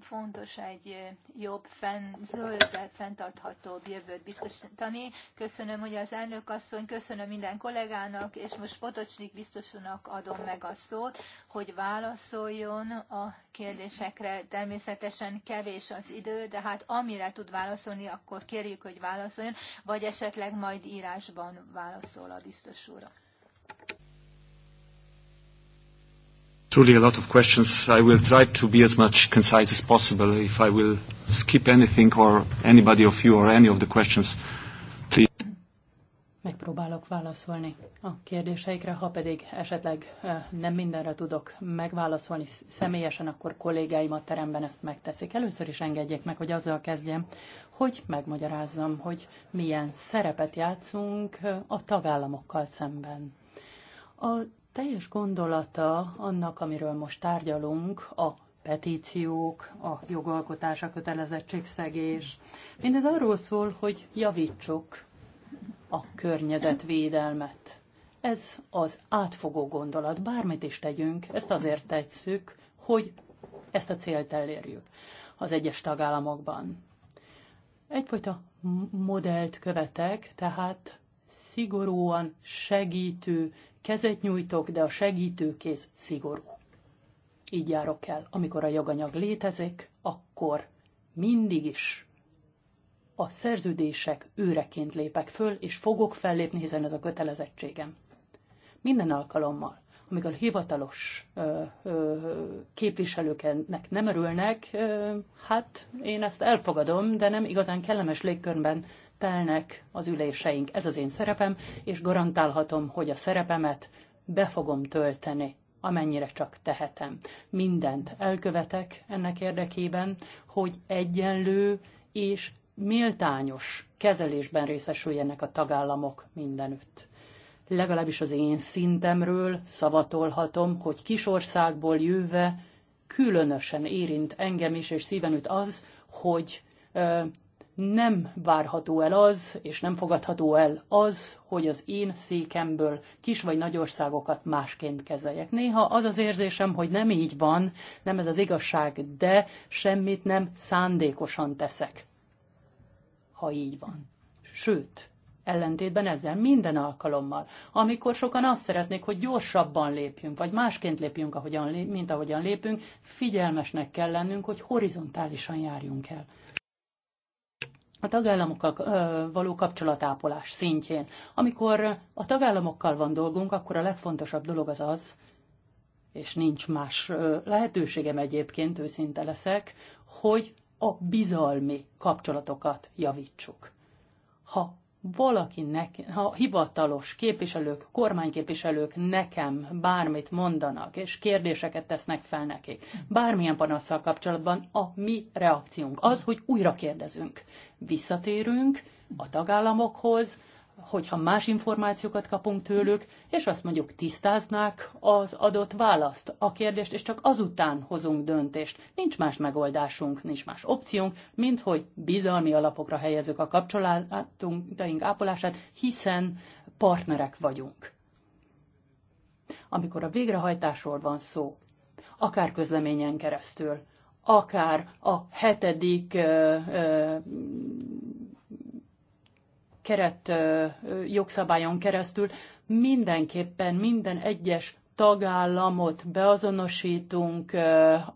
fontos egy jobb, fenn, zöldebb, fenntarthatóbb jövőt biztosítani. Köszönöm, hogy az elnök asszony, köszönöm minden kollégának, és most Potocsnik biztosúnak adom meg a szót, hogy válaszoljon a kérdésekre. Természetesen kevés az idő, de hát amire tud válaszolni, akkor kérjük, hogy válaszoljon, vagy esetleg majd írásban válaszol a biztos úr. truly a lot of questions. I will try to be as much concise as possible. If I will skip anything or anybody of you or any of the questions, please. Megpróbálok válaszolni a kérdéseikre, ha pedig esetleg nem mindenre tudok megválaszolni személyesen, akkor kollégáim a teremben ezt megteszik. Először is engedjék meg, hogy azzal kezdjem, hogy megmagyarázzam, hogy milyen szerepet játszunk a tagállamokkal szemben. A teljes gondolata annak, amiről most tárgyalunk, a petíciók, a jogalkotás, a kötelezettségszegés. Mindez arról szól, hogy javítsuk a környezetvédelmet. Ez az átfogó gondolat, bármit is tegyünk, ezt azért tetszük, hogy ezt a célt elérjük az egyes tagállamokban. Egyfajta modellt követek, tehát szigorúan segítő kezet nyújtok, de a segítő kéz szigorú. Így járok el. Amikor a joganyag létezik, akkor mindig is a szerződések őreként lépek föl, és fogok fellépni, hiszen ez a kötelezettségem. Minden alkalommal, amikor hivatalos ö, ö, képviselőknek nem örülnek, ö, hát én ezt elfogadom, de nem igazán kellemes légkörben telnek az üléseink. Ez az én szerepem, és garantálhatom, hogy a szerepemet be fogom tölteni amennyire csak tehetem. Mindent elkövetek ennek érdekében, hogy egyenlő és méltányos kezelésben részesüljenek a tagállamok mindenütt. Legalábbis az én szintemről szavatolhatom, hogy kisországból jöve különösen érint engem is, és szíven üt az, hogy nem várható el az, és nem fogadható el az, hogy az én székemből kis vagy nagy országokat másként kezeljek. Néha az az érzésem, hogy nem így van, nem ez az igazság, de semmit nem szándékosan teszek, ha így van. Sőt, ellentétben ezzel minden alkalommal, amikor sokan azt szeretnék, hogy gyorsabban lépjünk, vagy másként lépjünk, ahogyan, mint ahogyan lépünk, figyelmesnek kell lennünk, hogy horizontálisan járjunk el a tagállamokkal való kapcsolatápolás szintjén. Amikor a tagállamokkal van dolgunk, akkor a legfontosabb dolog az az, és nincs más lehetőségem egyébként, őszinte leszek, hogy a bizalmi kapcsolatokat javítsuk. Ha valaki nekem, ha hivatalos képviselők, kormányképviselők nekem bármit mondanak, és kérdéseket tesznek fel nekik, bármilyen panaszsal kapcsolatban a mi reakciónk az, hogy újra kérdezünk. Visszatérünk a tagállamokhoz, hogyha más információkat kapunk tőlük, és azt mondjuk tisztáznák az adott választ, a kérdést, és csak azután hozunk döntést. Nincs más megoldásunk, nincs más opciónk, mint hogy bizalmi alapokra helyezzük a kapcsolatunk ápolását, hiszen partnerek vagyunk. Amikor a végrehajtásról van szó, akár közleményen keresztül, akár a hetedik ö, ö, keret jogszabályon keresztül mindenképpen minden egyes tagállamot beazonosítunk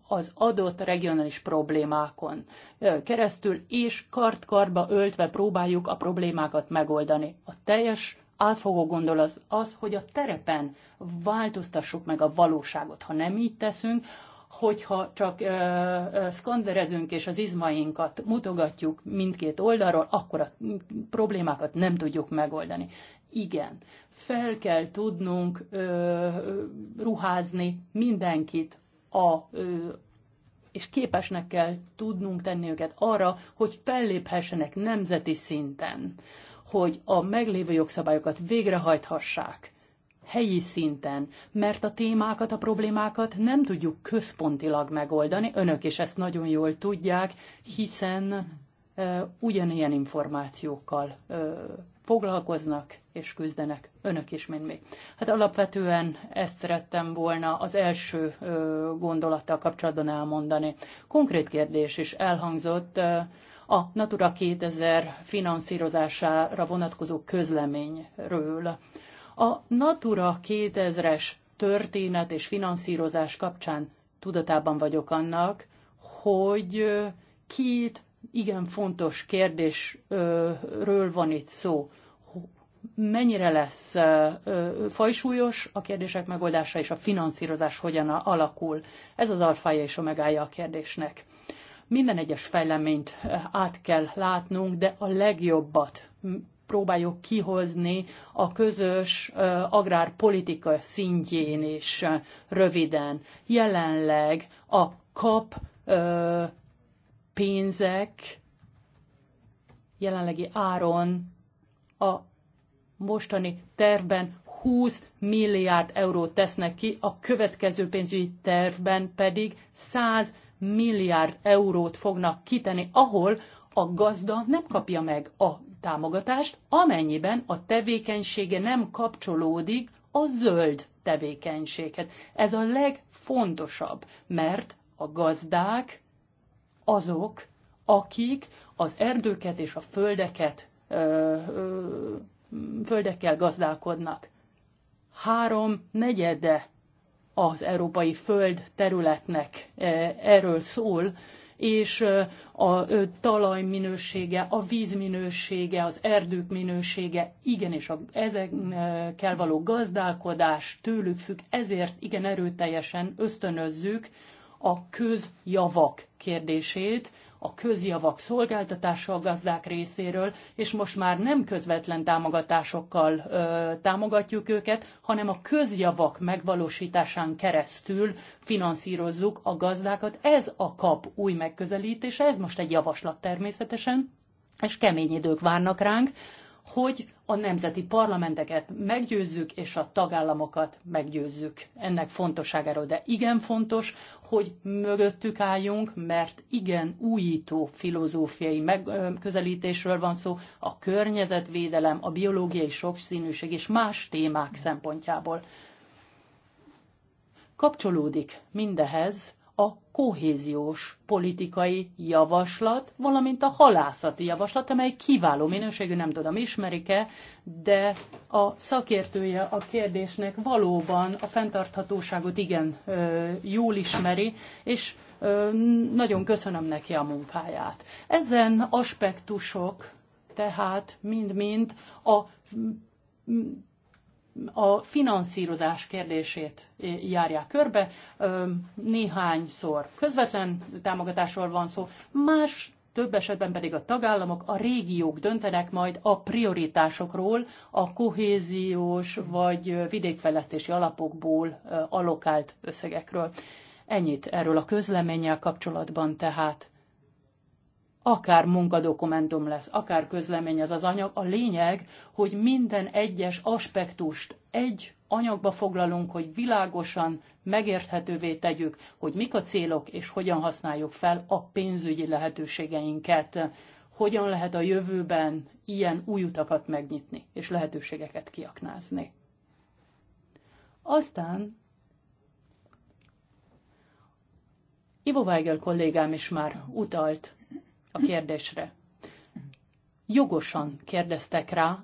az adott regionális problémákon keresztül, és kart-karba öltve próbáljuk a problémákat megoldani. A teljes átfogó gondol az, az, hogy a terepen változtassuk meg a valóságot. Ha nem így teszünk, hogyha csak ö, ö, szkonderezünk és az izmainkat mutogatjuk mindkét oldalról, akkor a problémákat nem tudjuk megoldani. Igen, fel kell tudnunk ö, ruházni mindenkit a ö, és képesnek kell tudnunk tenni őket arra, hogy felléphessenek nemzeti szinten, hogy a meglévő jogszabályokat végrehajthassák, helyi szinten, mert a témákat, a problémákat nem tudjuk központilag megoldani. Önök is ezt nagyon jól tudják, hiszen e, ugyanilyen információkkal e, foglalkoznak és küzdenek önök is, mint mi. Hát alapvetően ezt szerettem volna az első e, gondolattal kapcsolatban elmondani. Konkrét kérdés is elhangzott E, a Natura 2000 finanszírozására vonatkozó közleményről. A Natura 2000-es történet és finanszírozás kapcsán tudatában vagyok annak, hogy két igen fontos kérdésről van itt szó. Mennyire lesz fajsúlyos a kérdések megoldása, és a finanszírozás hogyan alakul? Ez az alfája és omegája a kérdésnek. Minden egyes fejleményt át kell látnunk, de a legjobbat próbáljuk kihozni a közös agrárpolitika szintjén is röviden. Jelenleg a kap pénzek jelenlegi áron a mostani tervben 20 milliárd eurót tesznek ki, a következő pénzügyi tervben pedig 100 milliárd eurót fognak kiteni, ahol a gazda nem kapja meg a támogatást, amennyiben a tevékenysége nem kapcsolódik a zöld tevékenységhez. Ez a legfontosabb, mert a gazdák azok, akik az erdőket és a földeket, ö, ö, földekkel gazdálkodnak. Három negyede az európai föld területnek e, erről szól, és e, a talaj minősége, a víz minősége, az erdők minősége, igen, és a, ezekkel való gazdálkodás tőlük függ, ezért igen erőteljesen ösztönözzük a közjavak kérdését, a közjavak szolgáltatása a gazdák részéről, és most már nem közvetlen támogatásokkal ö, támogatjuk őket, hanem a közjavak megvalósításán keresztül finanszírozzuk a gazdákat. Ez a kap új megközelítése, ez most egy javaslat természetesen, és kemény idők várnak ránk, hogy a nemzeti parlamenteket meggyőzzük, és a tagállamokat meggyőzzük ennek fontosságáról. De igen fontos, hogy mögöttük álljunk, mert igen újító filozófiai megközelítésről van szó a környezetvédelem, a biológiai sokszínűség és más témák szempontjából. Kapcsolódik mindehez a kohéziós politikai javaslat, valamint a halászati javaslat, amely kiváló minőségű, nem tudom, ismerik-e, de a szakértője a kérdésnek valóban a fenntarthatóságot igen jól ismeri, és nagyon köszönöm neki a munkáját. Ezen aspektusok tehát mind-mind a a finanszírozás kérdését eh, járják körbe. Néhányszor közvetlen támogatásról van szó, más több esetben pedig a tagállamok, a régiók döntenek majd a prioritásokról, a kohéziós vagy vidékfejlesztési alapokból alokált összegekről. Ennyit erről a közleménnyel kapcsolatban tehát akár munkadokumentum lesz, akár közlemény az az anyag, a lényeg, hogy minden egyes aspektust egy anyagba foglalunk, hogy világosan megérthetővé tegyük, hogy mik a célok, és hogyan használjuk fel a pénzügyi lehetőségeinket, hogyan lehet a jövőben ilyen új utakat megnyitni, és lehetőségeket kiaknázni. Aztán Ivo Weigel kollégám is már utalt a kérdésre. Jogosan kérdeztek rá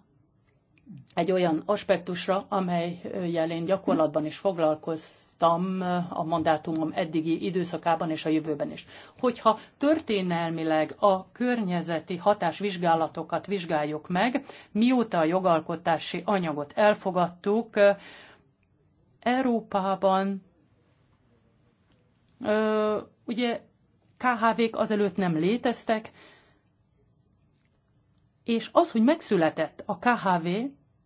egy olyan aspektusra, amely jelén gyakorlatban is foglalkoztam a mandátumom eddigi időszakában és a jövőben is. Hogyha történelmileg a környezeti hatásvizsgálatokat vizsgáljuk meg, mióta a jogalkotási anyagot elfogadtuk, Európában ö, ugye KHV-k azelőtt nem léteztek, és az, hogy megszületett a KHV,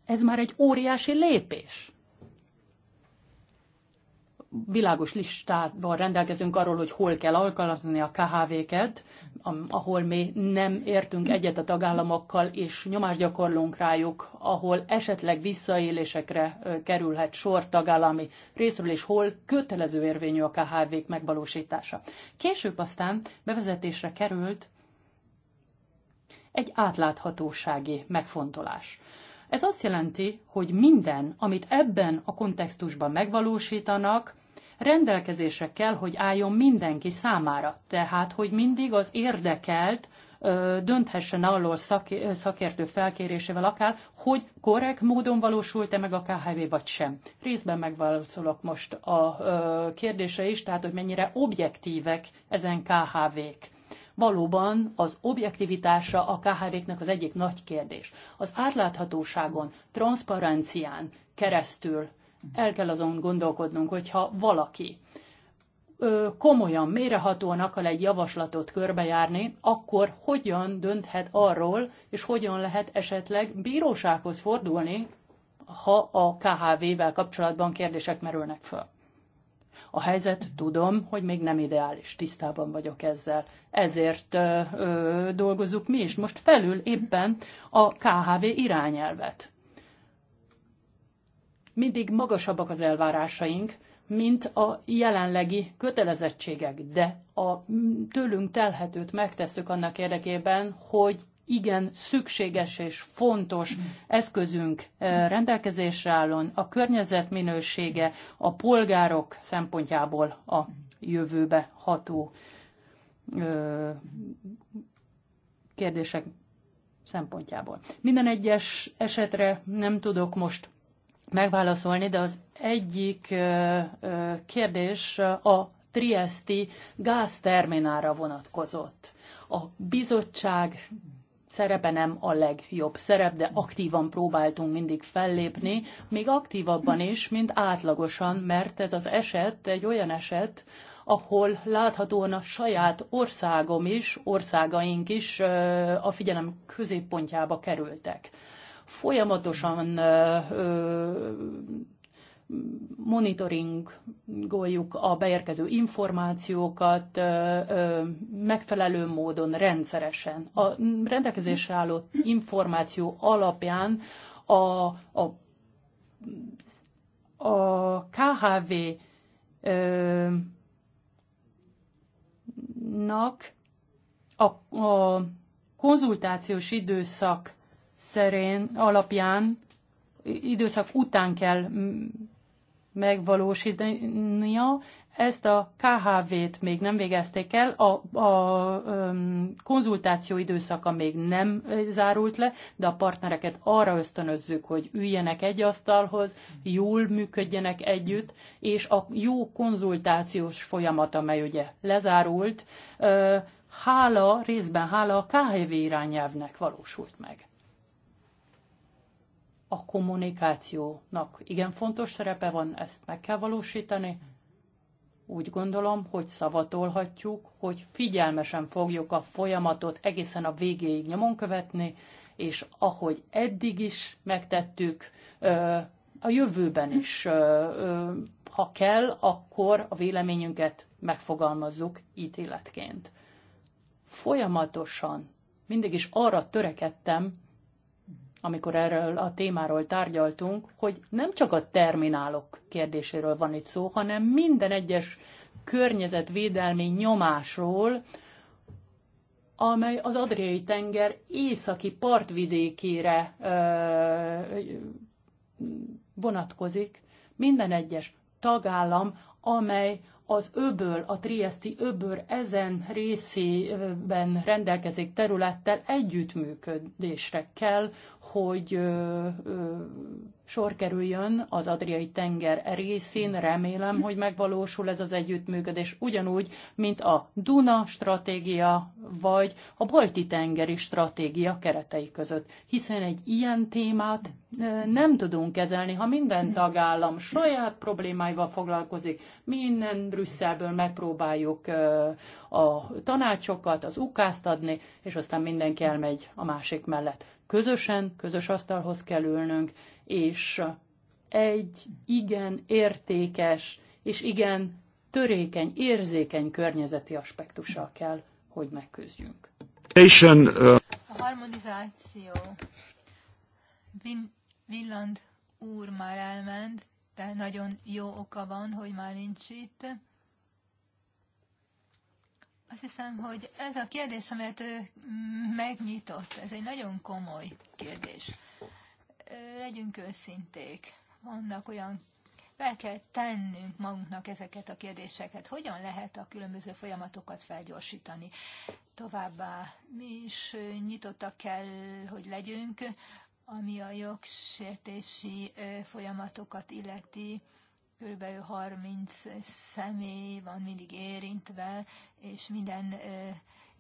ez már egy óriási lépés világos listával rendelkezünk arról, hogy hol kell alkalmazni a KHV-ket, ahol mi nem értünk egyet a tagállamokkal, és nyomást gyakorlunk rájuk, ahol esetleg visszaélésekre kerülhet sor tagállami részről, és hol kötelező érvényű a KHV-k megvalósítása. Később aztán bevezetésre került egy átláthatósági megfontolás. Ez azt jelenti, hogy minden, amit ebben a kontextusban megvalósítanak, rendelkezésre kell, hogy álljon mindenki számára. Tehát, hogy mindig az érdekelt dönthessen arról szakértő felkérésével akár, hogy korrekt módon valósult-e meg a KHV vagy sem. Részben megválaszolok most a kérdése is, tehát hogy mennyire objektívek ezen KHV-k. Valóban az objektivitása a KHV-knek az egyik nagy kérdés. Az átláthatóságon, transzparencián keresztül el kell azon gondolkodnunk, hogyha valaki komolyan, mérehatóan akar egy javaslatot körbejárni, akkor hogyan dönthet arról, és hogyan lehet esetleg bírósághoz fordulni, ha a KHV-vel kapcsolatban kérdések merülnek föl. A helyzet, tudom, hogy még nem ideális, tisztában vagyok ezzel. Ezért ö, ö, dolgozunk mi is most felül éppen a KHV irányelvet mindig magasabbak az elvárásaink, mint a jelenlegi kötelezettségek, de a tőlünk telhetőt megtesszük annak érdekében, hogy igen szükséges és fontos eszközünk e, rendelkezésre állon a környezet minősége, a polgárok szempontjából a jövőbe ható kérdések szempontjából. Minden egyes esetre nem tudok most megválaszolni, de az egyik kérdés a Triesti gázterminára vonatkozott. A bizottság szerepe nem a legjobb szerep, de aktívan próbáltunk mindig fellépni, még aktívabban is, mint átlagosan, mert ez az eset egy olyan eset, ahol láthatóan a saját országom is, országaink is a figyelem középpontjába kerültek folyamatosan monitoringoljuk a beérkező információkat megfelelő módon, rendszeresen. A rendelkezésre álló információ alapján a, a, a KHV nak a, a konzultációs időszak szerén alapján időszak után kell megvalósítania. Ezt a KHV-t még nem végezték el, a, a um, konzultáció időszaka még nem zárult le, de a partnereket arra ösztönözzük, hogy üljenek egy asztalhoz, jól működjenek együtt, és a jó konzultációs folyamat, amely ugye lezárult, hála, részben hála a KHV irányelvnek valósult meg a kommunikációnak igen fontos szerepe van, ezt meg kell valósítani. Úgy gondolom, hogy szavatolhatjuk, hogy figyelmesen fogjuk a folyamatot egészen a végéig nyomon követni, és ahogy eddig is megtettük, a jövőben is, ha kell, akkor a véleményünket megfogalmazzuk ítéletként. Folyamatosan mindig is arra törekedtem, amikor erről a témáról tárgyaltunk, hogy nem csak a terminálok kérdéséről van itt szó, hanem minden egyes környezetvédelmi nyomásról, amely az Adriai tenger északi partvidékére ö, vonatkozik. Minden egyes tagállam, amely az öböl, a trieszti öböl ezen részében rendelkezik területtel együttműködésre kell, hogy sor kerüljön az Adriai tenger részén, remélem, hogy megvalósul ez az együttműködés, ugyanúgy, mint a Duna stratégia, vagy a Balti tengeri stratégia keretei között. Hiszen egy ilyen témát nem tudunk kezelni, ha minden tagállam saját problémáival foglalkozik, minden Brüsszelből megpróbáljuk a tanácsokat, az ukázt adni, és aztán mindenki elmegy a másik mellett közösen, közös asztalhoz kell ülnünk, és egy igen értékes és igen törékeny, érzékeny környezeti aspektussal kell, hogy megküzdjünk. Uh, A harmonizáció. Vin Villand úr már elment, de nagyon jó oka van, hogy már nincs itt. Azt hiszem, hogy ez a kérdés, amelyet ő mm, megnyitott, ez egy nagyon komoly kérdés. Legyünk őszinték. Vannak olyan fel kell tennünk magunknak ezeket a kérdéseket. Hogyan lehet a különböző folyamatokat felgyorsítani? Továbbá mi is nyitottak kell, hogy legyünk, ami a jogsértési folyamatokat illeti körülbelül 30 személy van mindig érintve, és minden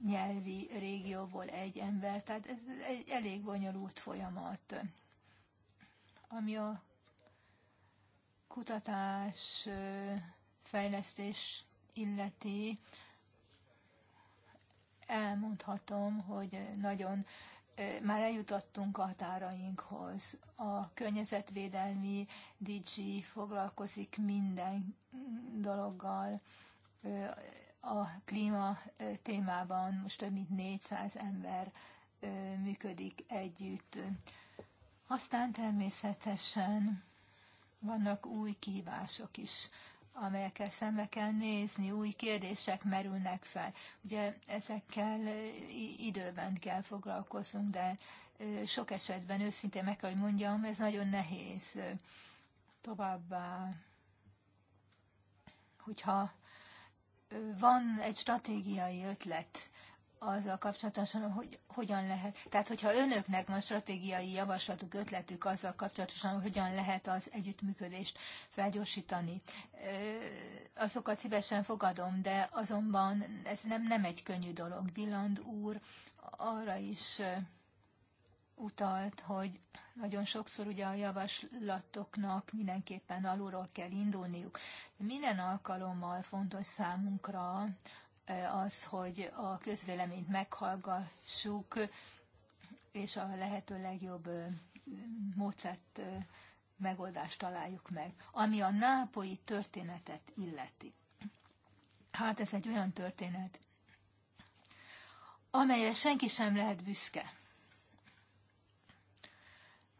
nyelvi régióból egy ember, tehát ez egy elég bonyolult folyamat. Ami a kutatás, fejlesztés illeti, elmondhatom, hogy nagyon már eljutottunk a határainkhoz. A környezetvédelmi DG foglalkozik minden dologgal. A klíma témában most több mint 400 ember működik együtt. Aztán természetesen vannak új kihívások is amelyekkel szembe kell nézni, új kérdések merülnek fel. Ugye ezekkel időben kell foglalkozunk, de sok esetben őszintén meg kell, hogy mondjam, ez nagyon nehéz. Továbbá, hogyha van egy stratégiai ötlet, azzal kapcsolatosan, hogy hogyan lehet. Tehát, hogyha önöknek van stratégiai javaslatuk, ötletük azzal kapcsolatosan, hogy hogyan lehet az együttműködést felgyorsítani, azokat szívesen fogadom, de azonban ez nem, nem egy könnyű dolog. Billand úr arra is utalt, hogy nagyon sokszor ugye a javaslatoknak mindenképpen alulról kell indulniuk. Minden alkalommal fontos számunkra az, hogy a közvéleményt meghallgassuk, és a lehető legjobb módszert megoldást találjuk meg, ami a nápolyi történetet illeti. Hát ez egy olyan történet, amelyre senki sem lehet büszke.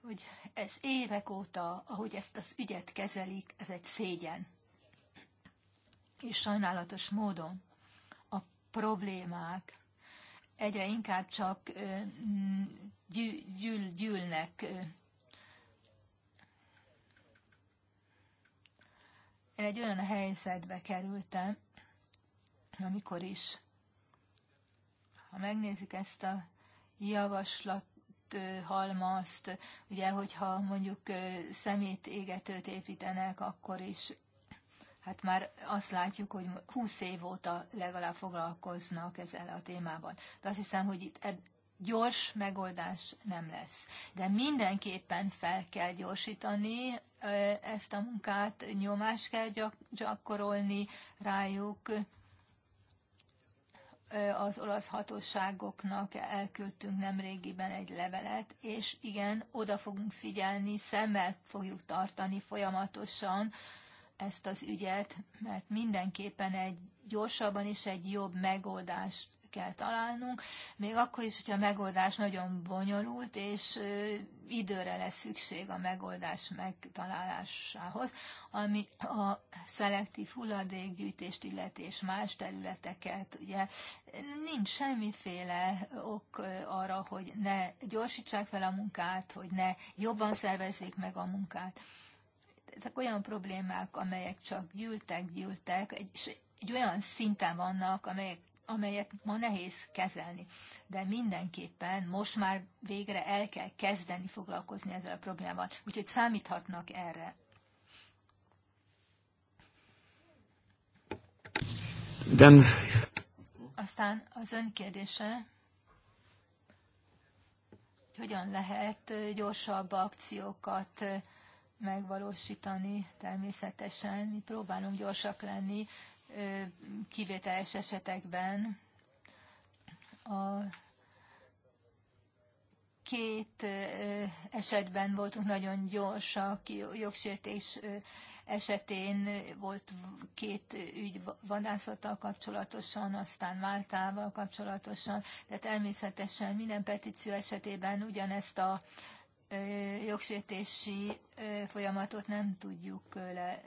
Hogy ez évek óta, ahogy ezt az ügyet kezelik, ez egy szégyen. És sajnálatos módon problémák egyre inkább csak mm, gyűl, gyűlnek. Én egy olyan helyzetbe kerültem, amikor is, ha megnézzük ezt a javaslat, halmazt, ugye, hogyha mondjuk szemét égetőt építenek, akkor is hát már azt látjuk, hogy 20 év óta legalább foglalkoznak ezzel a témában. De azt hiszem, hogy itt gyors megoldás nem lesz. De mindenképpen fel kell gyorsítani ezt a munkát, nyomást kell gyakorolni rájuk, az olasz hatóságoknak elküldtünk nemrégiben egy levelet, és igen, oda fogunk figyelni, szemmel fogjuk tartani folyamatosan ezt az ügyet, mert mindenképpen egy gyorsabban és egy jobb megoldást kell találnunk, még akkor is, hogyha a megoldás nagyon bonyolult, és időre lesz szükség a megoldás megtalálásához, ami a szelektív hulladékgyűjtést illeti és más területeket, ugye nincs semmiféle ok arra, hogy ne gyorsítsák fel a munkát, hogy ne jobban szervezzék meg a munkát ezek olyan problémák, amelyek csak gyűltek, gyűltek, és egy olyan szinten vannak, amelyek, amelyet ma nehéz kezelni. De mindenképpen most már végre el kell kezdeni foglalkozni ezzel a problémával, úgyhogy számíthatnak erre. Then... Aztán az ön kérdése, hogy hogyan lehet gyorsabb akciókat megvalósítani természetesen. Mi próbálunk gyorsak lenni kivételes esetekben. A két esetben voltunk nagyon gyorsak, jogsértés esetén volt két ügy vadászattal kapcsolatosan, aztán Máltával kapcsolatosan, de természetesen minden petíció esetében ugyanezt a jogsértési folyamatot nem tudjuk le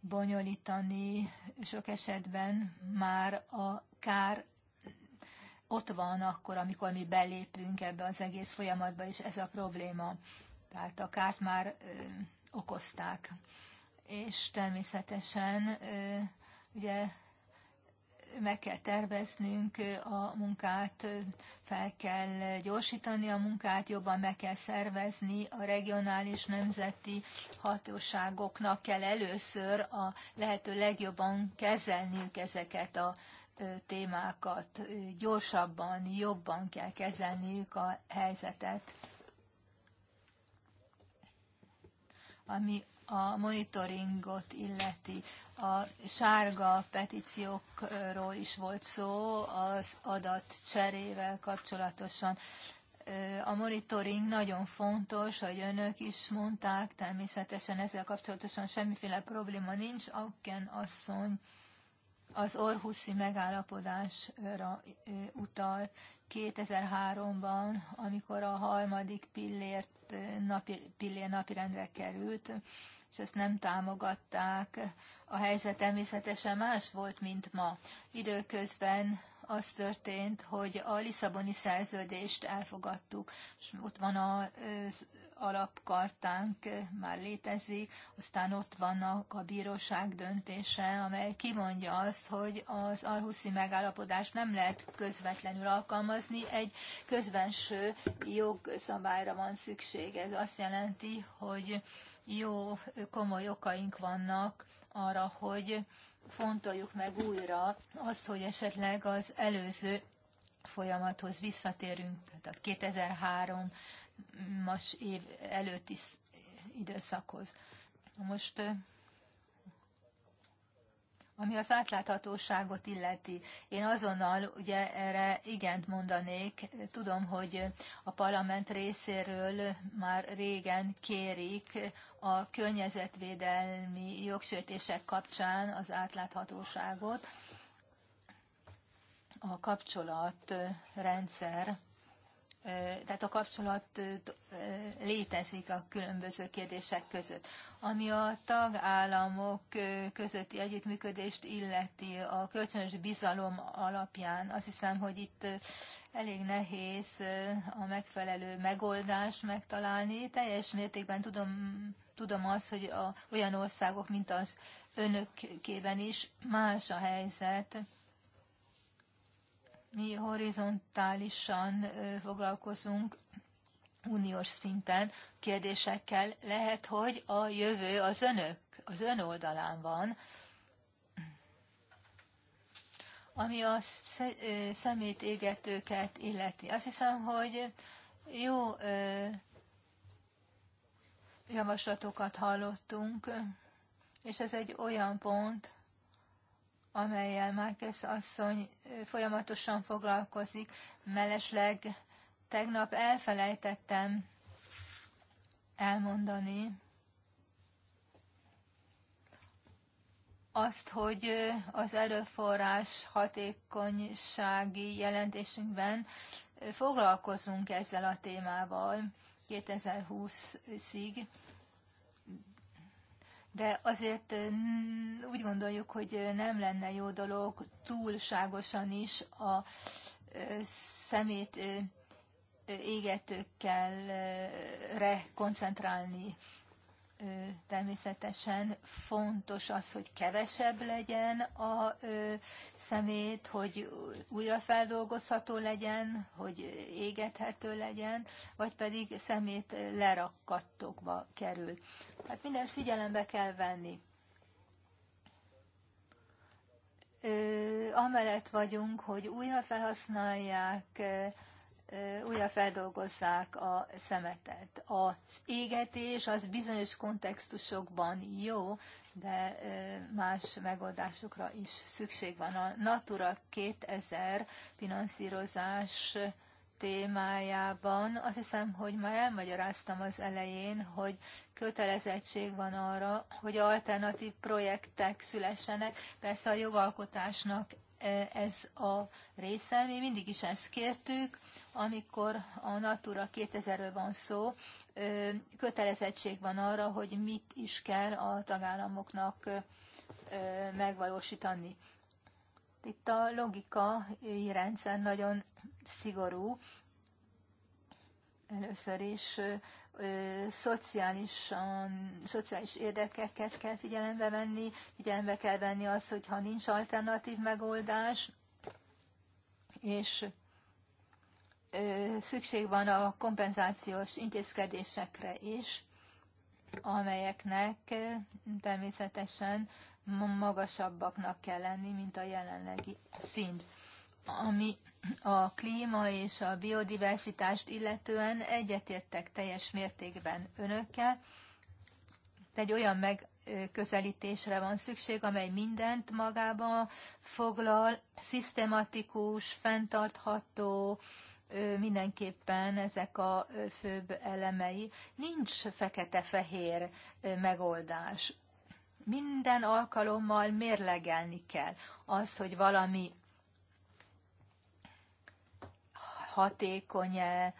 bonyolítani. Sok esetben már a kár ott van akkor, amikor mi belépünk ebbe az egész folyamatba, és ez a probléma. Tehát a kárt már ö, okozták. És természetesen ö, ugye meg kell terveznünk a munkát, fel kell gyorsítani a munkát, jobban meg kell szervezni, a regionális nemzeti hatóságoknak kell először a lehető legjobban kezelniük ezeket a témákat, gyorsabban, jobban kell kezelniük a helyzetet. Ami a monitoringot illeti. A sárga petíciókról is volt szó az cserével kapcsolatosan. A monitoring nagyon fontos, hogy önök is mondták, természetesen ezzel kapcsolatosan semmiféle probléma nincs. Auken asszony az Orhuszi megállapodásra utalt 2003-ban, amikor a harmadik pillért, napi, pillér napirendre került és ezt nem támogatták. A helyzet természetesen más volt, mint ma. Időközben az történt, hogy a Lisszaboni szerződést elfogadtuk, és ott van az alapkartánk, már létezik, aztán ott vannak a bíróság döntése, amely kimondja azt, hogy az alhuszi megállapodást nem lehet közvetlenül alkalmazni, egy közbenső jogszabályra van szükség. Ez azt jelenti, hogy jó, komoly okaink vannak arra, hogy fontoljuk meg újra azt, hogy esetleg az előző folyamathoz visszatérünk, tehát 2003-as év előtti időszakhoz. Most ami az átláthatóságot illeti, én azonnal ugye erre igent mondanék. Tudom, hogy a parlament részéről már régen kérik a környezetvédelmi jogsértések kapcsán az átláthatóságot. A kapcsolatrendszer tehát a kapcsolat létezik a különböző kérdések között. Ami a tagállamok közötti együttműködést illeti a kölcsönös bizalom alapján, azt hiszem, hogy itt elég nehéz a megfelelő megoldást megtalálni. Teljes mértékben tudom, tudom azt, hogy a, olyan országok, mint az önökében is más a helyzet, mi horizontálisan foglalkozunk uniós szinten kérdésekkel. Lehet, hogy a jövő az önök, az ön oldalán van, ami a szemét égetőket illeti. Azt hiszem, hogy jó javaslatokat hallottunk, és ez egy olyan pont, amelyel Márkesz asszony folyamatosan foglalkozik. Mellesleg tegnap elfelejtettem elmondani azt, hogy az erőforrás hatékonysági jelentésünkben foglalkozunk ezzel a témával 2020-ig de azért úgy gondoljuk, hogy nem lenne jó dolog túlságosan is a szemét re koncentrálni természetesen fontos az, hogy kevesebb legyen a szemét, hogy újrafeldolgozható legyen, hogy égethető legyen, vagy pedig szemét lerakkattokba kerül. Tehát mindezt figyelembe kell venni. Amellett vagyunk, hogy újra felhasználják újra feldolgozzák a szemetet. Az égetés az bizonyos kontextusokban jó, de más megoldásokra is szükség van. A Natura 2000 finanszírozás témájában azt hiszem, hogy már elmagyaráztam az elején, hogy kötelezettség van arra, hogy alternatív projektek szülessenek. Persze a jogalkotásnak ez a része, mi mindig is ezt kértük, amikor a Natura 2000-ről van szó, kötelezettség van arra, hogy mit is kell a tagállamoknak megvalósítani. Itt a logikai rendszer nagyon szigorú. Először is ö, szociálisan, szociális érdekeket kell figyelembe venni, figyelembe kell venni az, hogyha nincs alternatív megoldás, és szükség van a kompenzációs intézkedésekre is, amelyeknek természetesen magasabbaknak kell lenni, mint a jelenlegi szint. Ami a klíma és a biodiversitást illetően egyetértek teljes mértékben önökkel. Egy olyan megközelítésre van szükség, amely mindent magába foglal, szisztematikus, fenntartható, mindenképpen ezek a főbb elemei. Nincs fekete-fehér megoldás. Minden alkalommal mérlegelni kell az, hogy valami hatékony -e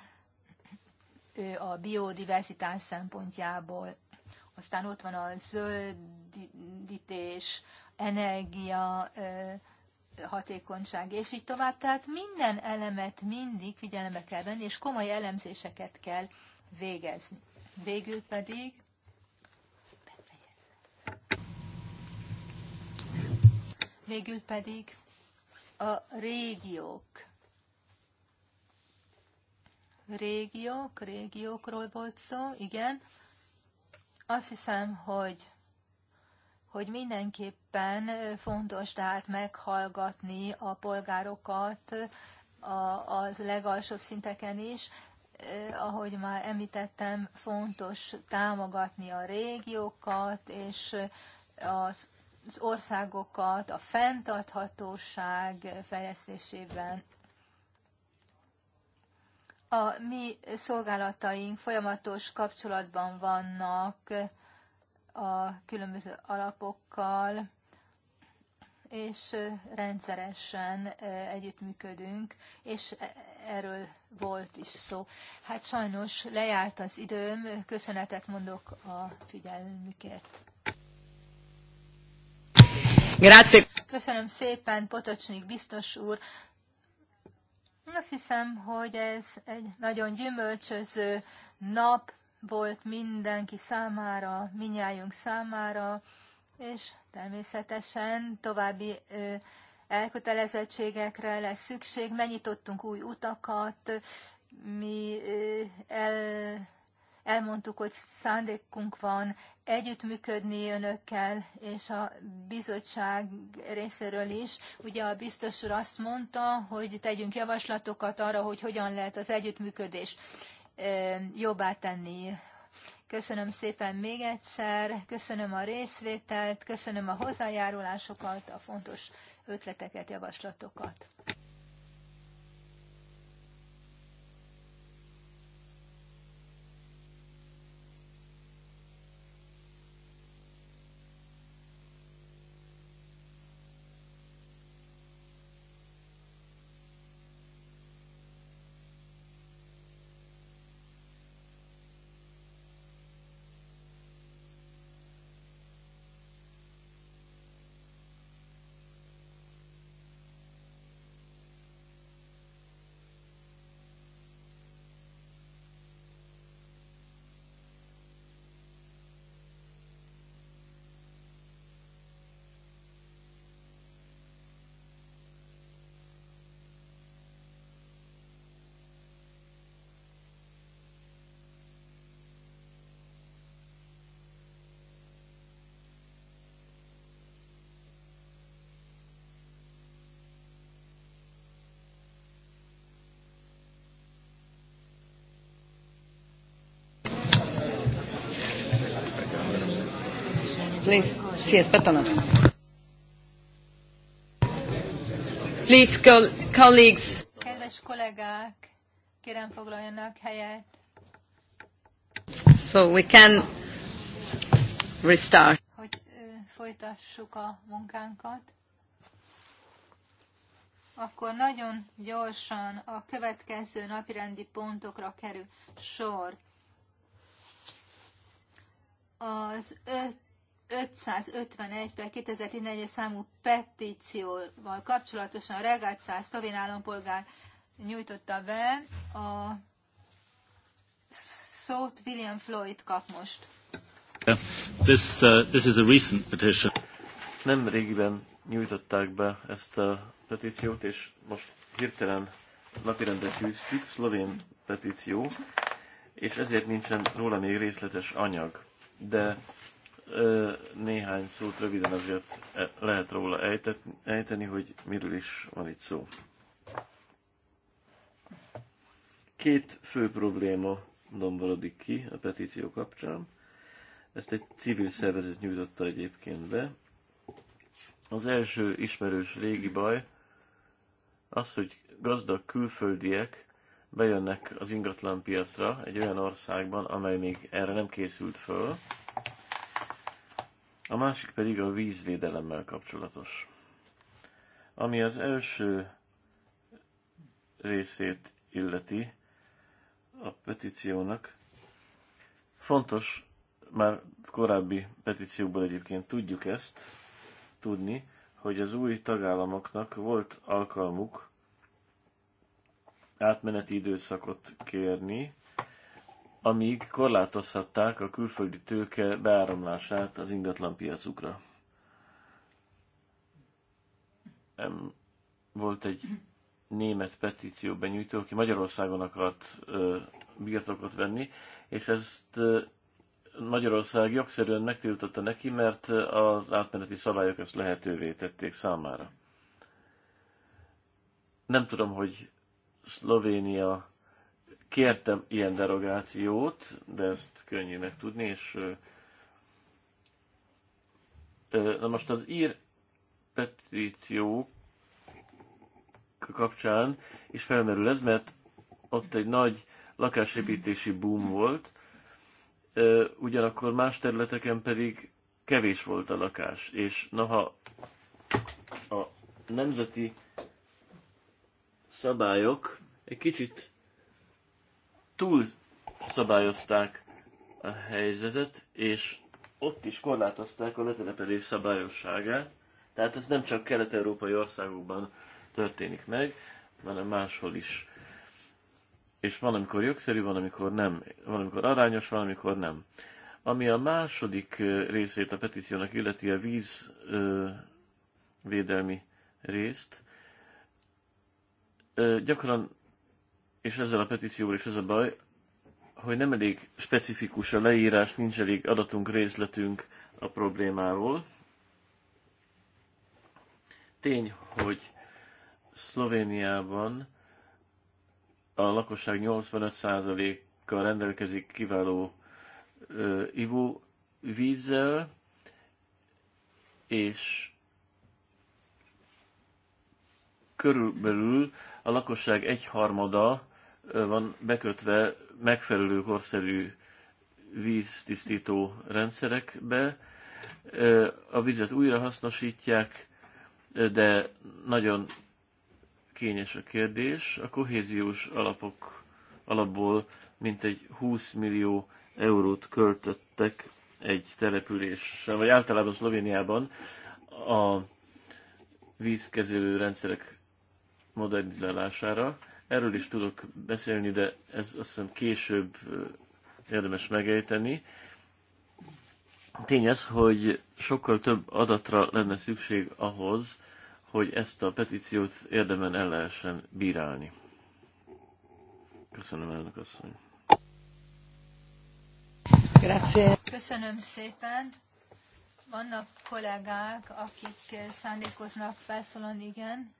a biodiverzitás szempontjából. Aztán ott van a zöldítés, energia, hatékonyság, és így tovább. Tehát minden elemet mindig figyelembe kell venni, és komoly elemzéseket kell végezni. Végül pedig Végül pedig a régiók. Régiók, régiókról volt szó, igen. Azt hiszem, hogy hogy mindenképpen fontos tehát meghallgatni a polgárokat a, az legalsóbb szinteken is. Ahogy már említettem, fontos támogatni a régiókat és az az országokat a fenntarthatóság fejlesztésében. A mi szolgálataink folyamatos kapcsolatban vannak a különböző alapokkal, és rendszeresen együttműködünk, és e, erről volt is szó. Hát sajnos lejárt az időm, köszönetet mondok a figyelmükért. Grazie. Köszönöm szépen, Potocsnik biztos úr. Azt hiszem, hogy ez egy nagyon gyümölcsöző nap volt mindenki számára, minnyájunk számára, és természetesen további elkötelezettségekre lesz szükség. Megnyitottunk új utakat, mi el, elmondtuk, hogy szándékunk van együttműködni önökkel, és a bizottság részéről is. Ugye a biztos úr azt mondta, hogy tegyünk javaslatokat arra, hogy hogyan lehet az együttműködés jobbá tenni. Köszönöm szépen még egyszer, köszönöm a részvételt, köszönöm a hozzájárulásokat, a fontos ötleteket, javaslatokat. please. Sì, aspettano. Please, colleagues. Kedves kollégák, kérem foglaljanak helyet. So we can restart. Hogy folytassuk a munkánkat. Akkor nagyon gyorsan a következő napirendi pontokra kerül sor. Az öt 551 per 2011 számú petícióval kapcsolatosan Regácás szlovén állampolgár nyújtotta be. A szót William Floyd kap most. This, uh, this is a recent petition. Nem régiben nyújtották be ezt a petíciót, és most hirtelen napirendre csűztük, szlovén petíció, és ezért nincsen róla még részletes anyag. De néhány szót röviden azért e, lehet róla ejteni, hogy miről is van itt szó. Két fő probléma domborodik ki a petíció kapcsán. Ezt egy civil szervezet nyújtotta egyébként be. Az első ismerős régi baj az, hogy gazdag külföldiek bejönnek az ingatlan piacra egy olyan országban, amely még erre nem készült föl, a másik pedig a vízvédelemmel kapcsolatos. Ami az első részét illeti a petíciónak, fontos, már korábbi petícióból egyébként tudjuk ezt, tudni, hogy az új tagállamoknak volt alkalmuk átmeneti időszakot kérni, amíg korlátozhatták a külföldi tőke beáramlását az ingatlanpiacukra. Volt egy német petíció benyújtó, aki Magyarországon akart ö, birtokot venni, és ezt Magyarország jogszerűen megtiltotta neki, mert az átmeneti szabályok ezt lehetővé tették számára. Nem tudom, hogy Szlovénia kértem ilyen derogációt, de ezt könnyűnek tudni és na most az ír petíció kapcsán is felmerül ez, mert ott egy nagy lakásépítési boom volt, ugyanakkor más területeken pedig kevés volt a lakás, és na ha a nemzeti szabályok egy kicsit túl szabályozták a helyzetet, és ott is korlátozták a letelepedés szabályosságát. Tehát ez nem csak kelet-európai országokban történik meg, hanem máshol is. És van, amikor jogszerű, van, amikor nem. Van, amikor arányos, van, amikor nem. Ami a második részét a petíciónak illeti a vízvédelmi részt, gyakran és ezzel a petícióval is ez a baj, hogy nem elég specifikus a leírás, nincs elég adatunk, részletünk a problémáról. Tény, hogy Szlovéniában a lakosság 85%-a rendelkezik kiváló ö, ivóvízzel, és körülbelül a lakosság egyharmada van bekötve megfelelő korszerű víztisztító rendszerekbe. A vizet újra hasznosítják, de nagyon kényes a kérdés. A kohéziós alapok alapból mintegy 20 millió eurót költöttek egy településre, vagy általában Szlovéniában a vízkezelő rendszerek modernizálására erről is tudok beszélni, de ez azt hiszem később érdemes megejteni. Tény ez, hogy sokkal több adatra lenne szükség ahhoz, hogy ezt a petíciót érdemen el lehessen bírálni. Köszönöm, elnök asszony. Köszönöm szépen. Vannak kollégák, akik szándékoznak felszólalni, igen.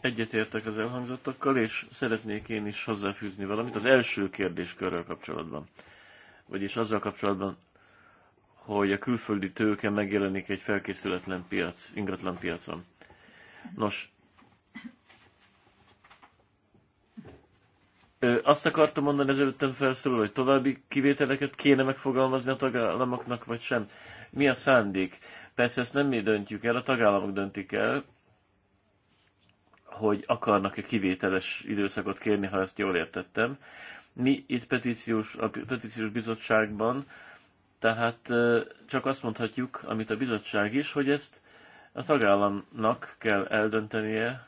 Egyetértek az elhangzottakkal, és szeretnék én is hozzáfűzni valamit az első kérdéskörrel kapcsolatban. Vagyis azzal kapcsolatban, hogy a külföldi tőke megjelenik egy felkészületlen piac, ingatlan piacon. Nos, azt akartam mondani az előttem felszólaló, hogy további kivételeket kéne megfogalmazni a tagállamoknak, vagy sem. Mi a szándék? Persze ezt nem mi döntjük el, a tagállamok döntik el, hogy akarnak-e kivételes időszakot kérni, ha ezt jól értettem. Mi itt petíciós, a petíciós bizottságban, tehát csak azt mondhatjuk, amit a bizottság is, hogy ezt a tagállamnak kell eldöntenie,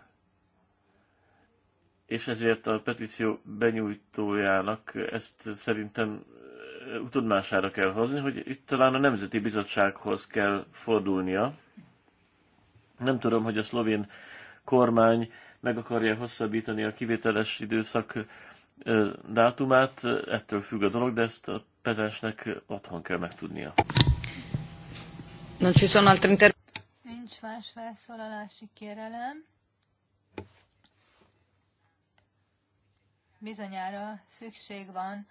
és ezért a petíció benyújtójának ezt szerintem tudmására kell hozni, hogy itt talán a Nemzeti Bizottsághoz kell fordulnia. Nem tudom, hogy a szlovén kormány meg akarja hosszabbítani a kivételes időszak dátumát, ettől függ a dolog, de ezt a petensnek otthon kell megtudnia. Nincs más felszólalási kérelem. Bizonyára szükség van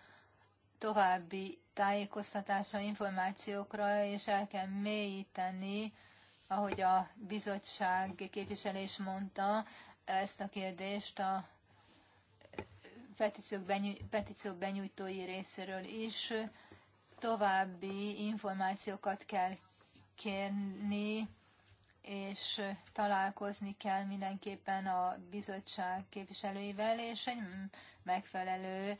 további tájékoztatásra, információkra, és el kell mélyíteni, ahogy a bizottság képviselő is mondta, ezt a kérdést a petíciók, benyúj, petíciók benyújtói részéről is. További információkat kell kérni, és találkozni kell mindenképpen a bizottság képviselőivel, és egy megfelelő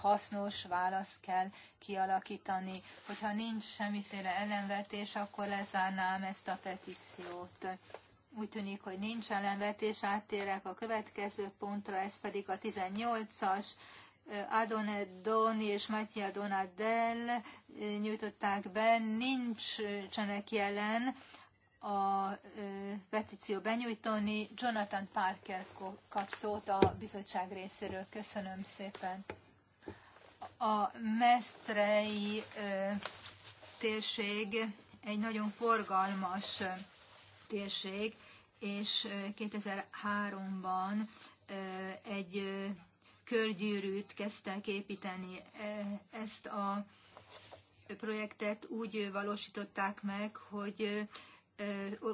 hasznos választ kell kialakítani. Hogyha nincs semmiféle ellenvetés, akkor lezárnám ezt a petíciót. Úgy tűnik, hogy nincs ellenvetés, áttérek a következő pontra, ez pedig a 18-as Don és Mattia Donadell nyújtották be, nincsenek jelen a petíció benyújtóni. Jonathan Parker kap szót a bizottság részéről. Köszönöm szépen. A Mesztrei térség egy nagyon forgalmas térség, és 2003-ban egy körgyűrűt kezdtek építeni. E, ezt a projektet úgy valósították meg, hogy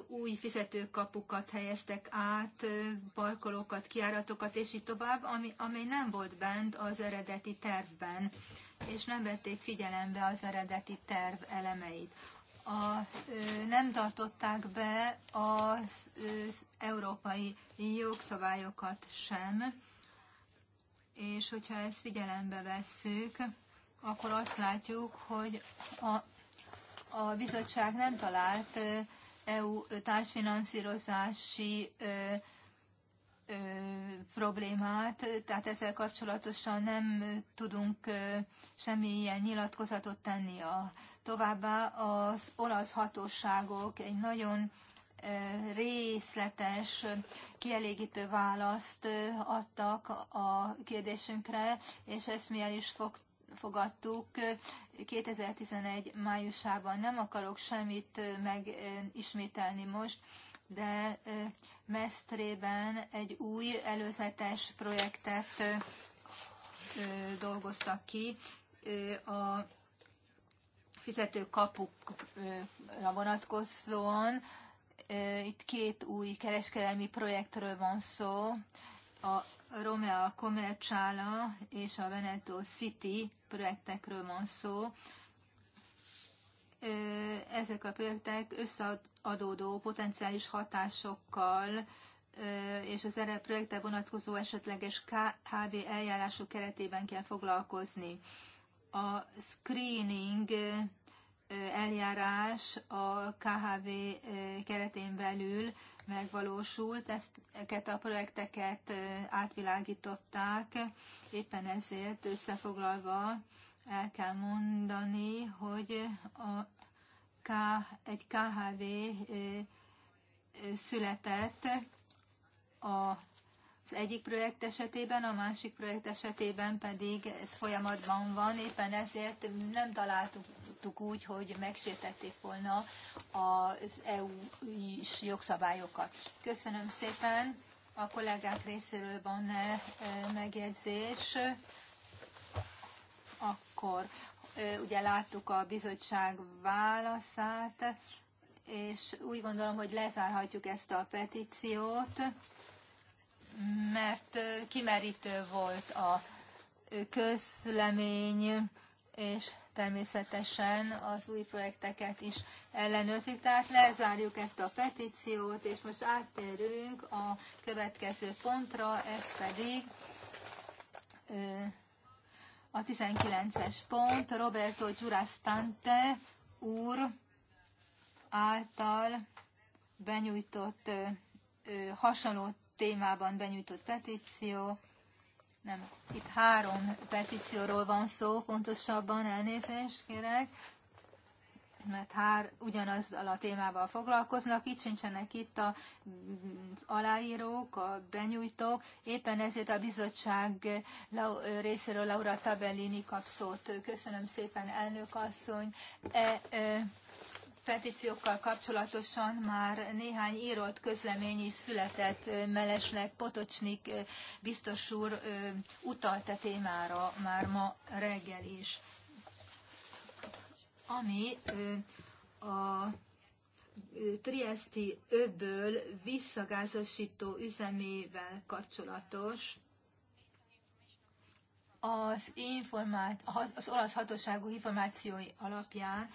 új fizetőkapukat helyeztek át, parkolókat, kiáratokat, és így tovább, ami, amely nem volt bent az eredeti tervben, és nem vették figyelembe az eredeti terv elemeit. A, nem tartották be az, az európai jogszabályokat sem, és hogyha ezt figyelembe vesszük, akkor azt látjuk, hogy a, a bizottság nem talált EU társfinanszírozási ö, ö, problémát, tehát ezzel kapcsolatosan nem tudunk ö, semmilyen nyilatkozatot tenni. A, továbbá az olasz hatóságok egy nagyon részletes, kielégítő választ adtak a kérdésünkre, és ezt mi el is fog, fogadtuk 2011 májusában. Nem akarok semmit megismételni most, de Mesztrében egy új előzetes projektet dolgoztak ki a fizető vonatkozóan. Itt két új kereskedelmi projektről van szó, a Romea Commerciala és a Veneto City projektekről van szó. Ezek a projektek összeadódó potenciális hatásokkal és az erre projekte vonatkozó esetleges KHV eljárások keretében kell foglalkozni. A screening eljárás a KHV keretén belül megvalósult, ezeket a projekteket átvilágították, éppen ezért összefoglalva el kell mondani, hogy a K, egy KHV született a az egyik projekt esetében, a másik projekt esetében pedig ez folyamatban van, éppen ezért nem találtuk úgy, hogy megsértették volna az EU-s jogszabályokat. Köszönöm szépen a kollégák részéről van -e megjegyzés. Akkor ugye láttuk a bizottság válaszát, és úgy gondolom, hogy lezárhatjuk ezt a petíciót mert kimerítő volt a közlemény, és természetesen az új projekteket is ellenőrzik. Tehát lezárjuk ezt a petíciót, és most áttérünk a következő pontra, ez pedig a 19-es pont Roberto Giurastante úr által benyújtott hasonló témában benyújtott petíció. Nem, itt három petícióról van szó, pontosabban elnézést kérek, mert hár ugyanazzal a témával foglalkoznak, itt sincsenek itt a, az aláírók, a benyújtók, éppen ezért a bizottság részéről Laura Tabellini kap szót. Köszönöm szépen, elnök asszony. E, e, petíciókkal kapcsolatosan már néhány írott közlemény is született, Melesleg Potocsnik biztos úr utalt a e témára már ma reggel is. Ami a Triesti öbből visszagázosító üzemével kapcsolatos, az, informát, az olasz hatóságú információi alapján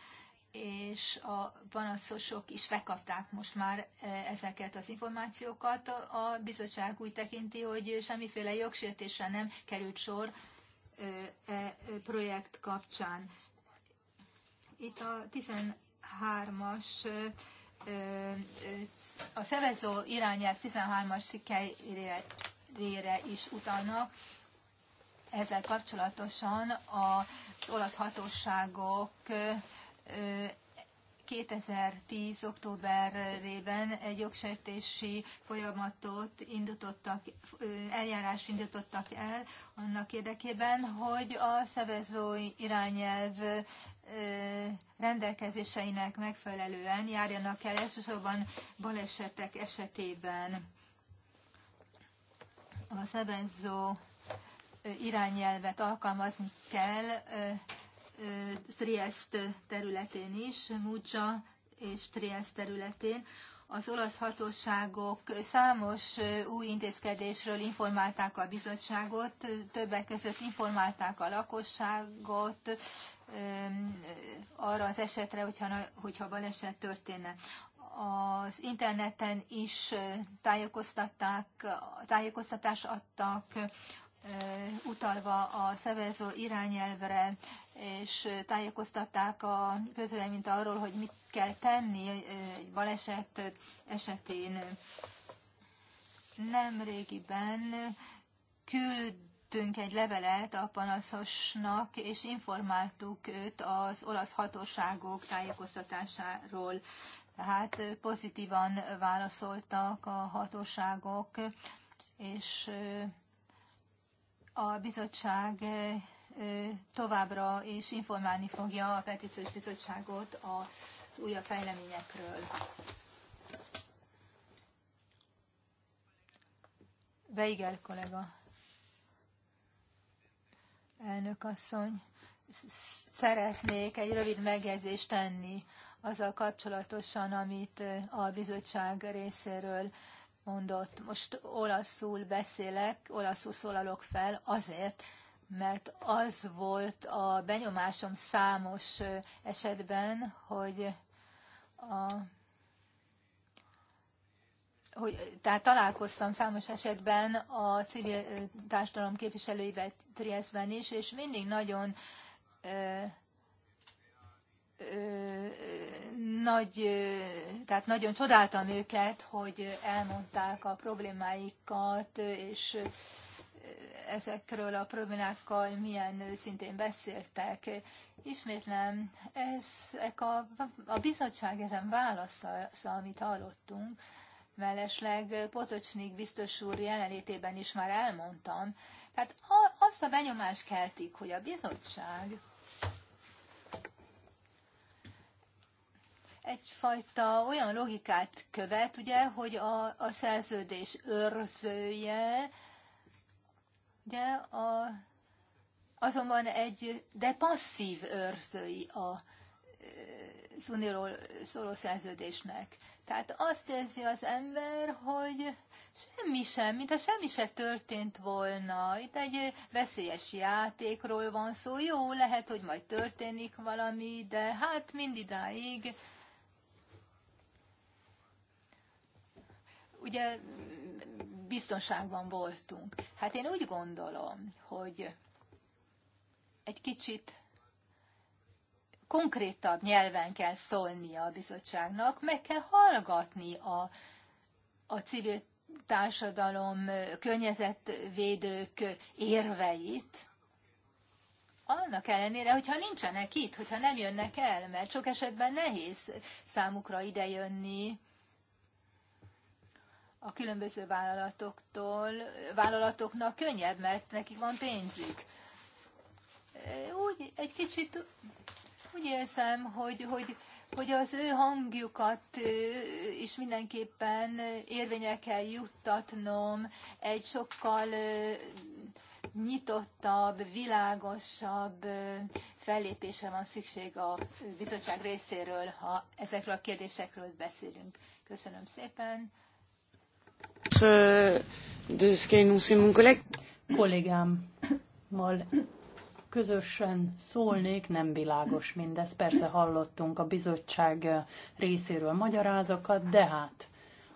és a panaszosok is megkapták most már e, ezeket az információkat. A bizottság úgy tekinti, hogy semmiféle jogsértésre nem került sor e, e projekt kapcsán. Itt a 13-as e, a szervező irányelv 13-as cikkelyére is utalnak, ezzel kapcsolatosan az olasz hatóságok 2010. októberében egy jogsejtési folyamatot indítottak, eljárást indítottak el annak érdekében, hogy a szevezői irányelv rendelkezéseinek megfelelően járjanak el elsősorban balesetek esetében. A szervező irányelvet alkalmazni kell Triest területén is, Múcsa és Triest területén. Az olasz hatóságok számos új intézkedésről informálták a bizottságot, többek között informálták a lakosságot arra az esetre, hogyha, hogyha baleset történne az interneten is tájékoztatták, tájékoztatást adtak, utalva a szervező irányelvre, és tájékoztatták a közvéleményt arról, hogy mit kell tenni egy baleset esetén. Nem régiben küldtünk egy levelet a panaszosnak, és informáltuk őt az olasz hatóságok tájékoztatásáról. Tehát pozitívan válaszoltak a hatóságok, és a bizottság továbbra is informálni fogja a petíciós bizottságot az újabb fejleményekről. Beigel kollega. Elnök asszony, szeretnék egy rövid megjegyzést tenni azzal kapcsolatosan, amit a bizottság részéről mondott. Most olaszul beszélek, olaszul szólalok fel azért, mert az volt a benyomásom számos esetben, hogy a hogy, tehát találkoztam számos esetben a civil társadalom képviselőivel Trieszben is, és mindig nagyon ö, ö, nagy, tehát nagyon csodáltam őket, hogy elmondták a problémáikat, és ezekről a problémákkal milyen szintén beszéltek. Ismétlem, ezek a, a bizottság ezen válasza, amit hallottunk, mellesleg Potocsnik biztos úr jelenlétében is már elmondtam, tehát azt a benyomást keltik, hogy a bizottság egyfajta olyan logikát követ, ugye, hogy a, a szerződés őrzője, Ugye a, azonban egy, de passzív őrzői a, az e, unióról szóló szerződésnek. Tehát azt érzi az ember, hogy semmi sem, mint ha semmi se történt volna. Itt egy veszélyes játékról van szó. Jó, lehet, hogy majd történik valami, de hát mindidáig ugye biztonságban voltunk. Hát én úgy gondolom, hogy egy kicsit konkrétabb nyelven kell szólnia a bizottságnak, meg kell hallgatni a, a civil társadalom környezetvédők érveit, annak ellenére, hogyha nincsenek itt, hogyha nem jönnek el, mert sok esetben nehéz számukra idejönni, a különböző vállalatoktól, vállalatoknak könnyebb, mert nekik van pénzük. Úgy egy kicsit úgy érzem, hogy, hogy, hogy az ő hangjukat is mindenképpen érvényel kell juttatnom egy sokkal nyitottabb, világosabb fellépése van szükség a bizottság részéről, ha ezekről a kérdésekről beszélünk. Köszönöm szépen! de ce qu'a énoncé mon collègue. Kollégámmal közösen szólnék, nem világos mindez. Persze hallottunk a bizottság részéről magyarázokat, de hát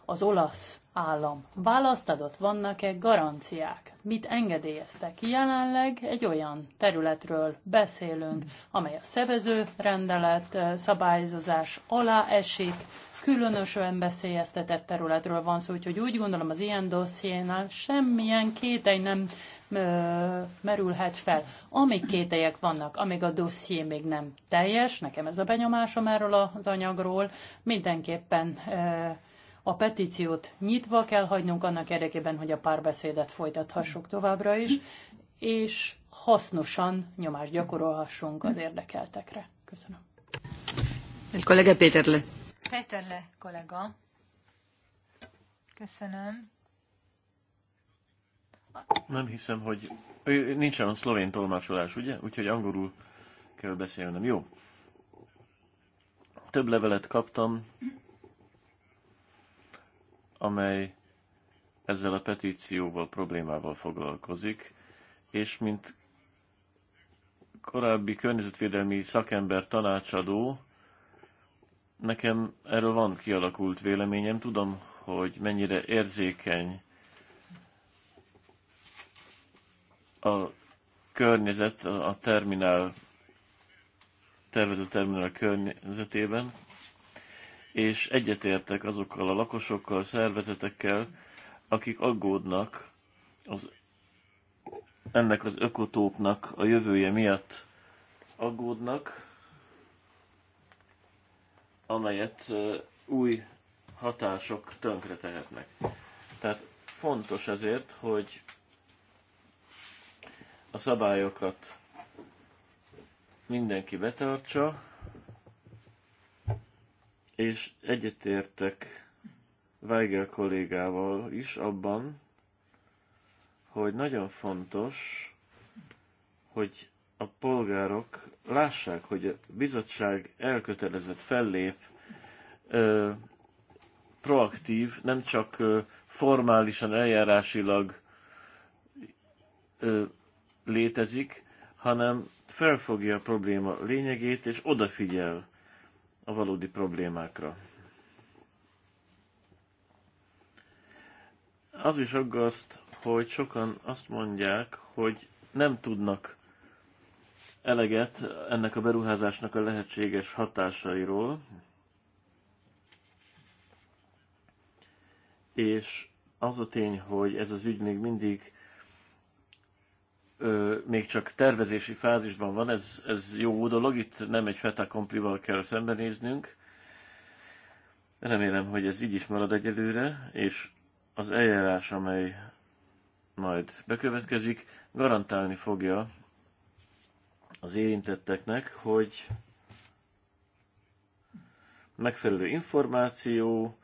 az olasz állam választ adott, vannak-e garanciák? Mit engedélyeztek? Jelenleg egy olyan területről beszélünk, amely a szevező rendelet eh, szabályozás alá esik, különösen beszélyeztetett területről van szó, úgyhogy úgy gondolom az ilyen dossziénál semmilyen kétej nem ö, merülhet fel. Amíg kételyek vannak, amíg a dosszié még nem teljes, nekem ez a benyomásom erről az anyagról, mindenképpen ö, a petíciót nyitva kell hagynunk annak érdekében, hogy a párbeszédet folytathassuk továbbra is, és hasznosan nyomást gyakorolhassunk az érdekeltekre. Köszönöm. El kollega Péterle. Peterle kollega. Köszönöm. Nem hiszem, hogy nincsen a szlovén tolmácsolás, ugye? Úgyhogy angolul kell beszélnem. Jó. Több levelet kaptam, amely ezzel a petícióval, problémával foglalkozik, és mint korábbi környezetvédelmi szakember tanácsadó, Nekem erről van kialakult véleményem, tudom, hogy mennyire érzékeny a környezet a terminál, tervező terminál környezetében, és egyetértek azokkal a lakosokkal, szervezetekkel, akik aggódnak az, ennek az ökotópnak a jövője miatt aggódnak, amelyet új hatások tönkre tehetnek. Tehát fontos ezért, hogy a szabályokat mindenki betartsa, és egyetértek Weigel kollégával is abban, hogy nagyon fontos, hogy a polgárok lássák, hogy a bizottság elkötelezett fellép, ö, proaktív, nem csak ö, formálisan, eljárásilag ö, létezik, hanem felfogja a probléma lényegét, és odafigyel a valódi problémákra. Az is aggaszt, hogy sokan azt mondják, hogy nem tudnak eleget ennek a beruházásnak a lehetséges hatásairól, és az a tény, hogy ez az ügy még mindig ö, még csak tervezési fázisban van, ez, ez jó dolog, itt nem egy feta komplival kell szembenéznünk. Remélem, hogy ez így is marad egyelőre, és az eljárás, amely majd bekövetkezik, garantálni fogja az érintetteknek, hogy megfelelő információ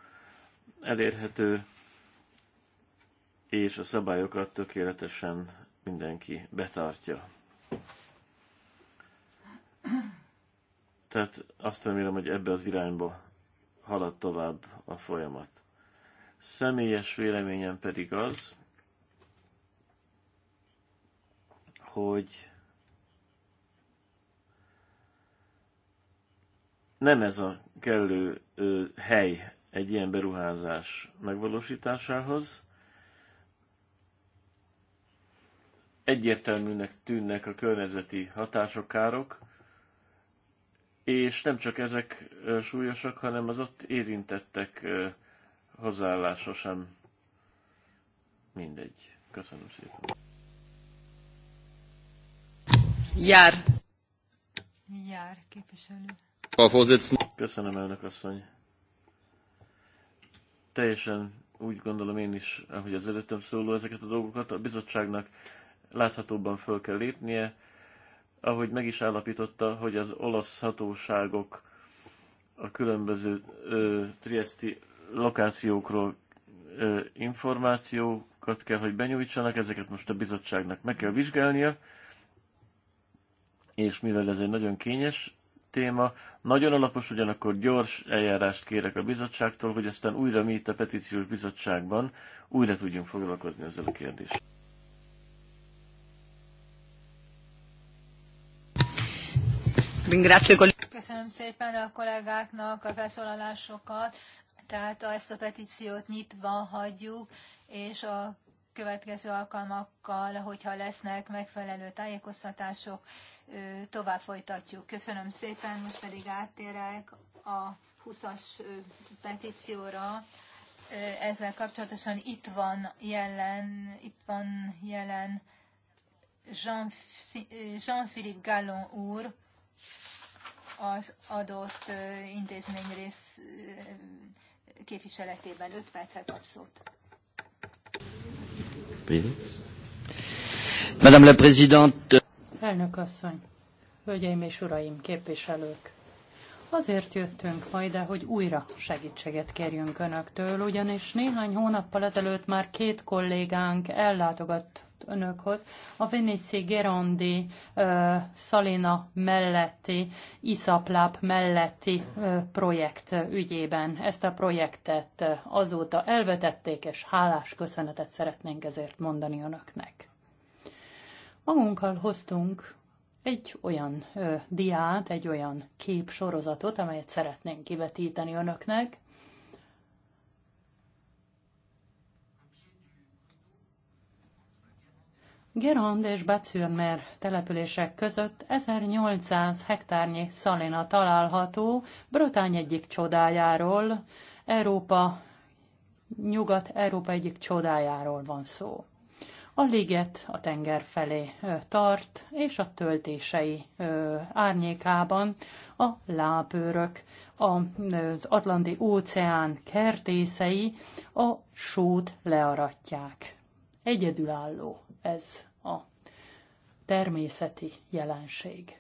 elérhető, és a szabályokat tökéletesen mindenki betartja. Tehát azt remélem, hogy ebbe az irányba halad tovább a folyamat. Személyes véleményem pedig az, hogy nem ez a kellő ö, hely egy ilyen beruházás megvalósításához. Egyértelműnek tűnnek a környezeti hatások, károk, és nem csak ezek súlyosak, hanem az ott érintettek hozzáállása sem mindegy. Köszönöm szépen. Jár. Jár, képviselő. Köszönöm, elnök asszony. Teljesen úgy gondolom én is, ahogy az előttem szóló ezeket a dolgokat, a bizottságnak láthatóbban föl kell lépnie, ahogy meg is állapította, hogy az olasz hatóságok a különböző ö, trieszti lokációkról ö, információkat kell, hogy benyújtsanak, ezeket most a bizottságnak meg kell vizsgálnia, és mivel ez egy nagyon kényes téma. Nagyon alapos, ugyanakkor gyors eljárást kérek a bizottságtól, hogy aztán újra mi itt a petíciós bizottságban újra tudjunk foglalkozni ezzel a kérdéssel. Köszönöm szépen a kollégáknak a felszólalásokat. Tehát ezt a petíciót nyitva hagyjuk, és a következő alkalmakkal, hogyha lesznek megfelelő tájékoztatások, tovább folytatjuk. Köszönöm szépen, most pedig áttérek a 20-as petícióra. Ezzel kapcsolatosan itt van jelen, itt van jelen Jean-Philippe Gallon úr, az adott intézmény rész képviseletében 5 percet abszolút. Madame la Présidente. Elnök asszony, hölgyeim és uraim, képviselők. Azért jöttünk ma ide, hogy újra segítséget kérjünk Önöktől, ugyanis néhány hónappal ezelőtt már két kollégánk ellátogatt Önökhöz a Venice Gerondi uh, Salina melletti, Iszapláp melletti uh, projekt ügyében. Ezt a projektet azóta elvetették, és hálás köszönetet szeretnénk ezért mondani Önöknek. Magunkkal hoztunk egy olyan ö, diát, egy olyan képsorozatot, amelyet szeretnénk kivetíteni önöknek. Gerond és Batsürmer települések között 1800 hektárnyi szalina található Brotány egyik csodájáról, Európa, Nyugat-Európa egyik csodájáról van szó. A liget a tenger felé tart, és a töltései árnyékában a lábőrök, az Atlanti óceán kertészei a sót learatják. Egyedülálló ez a természeti jelenség.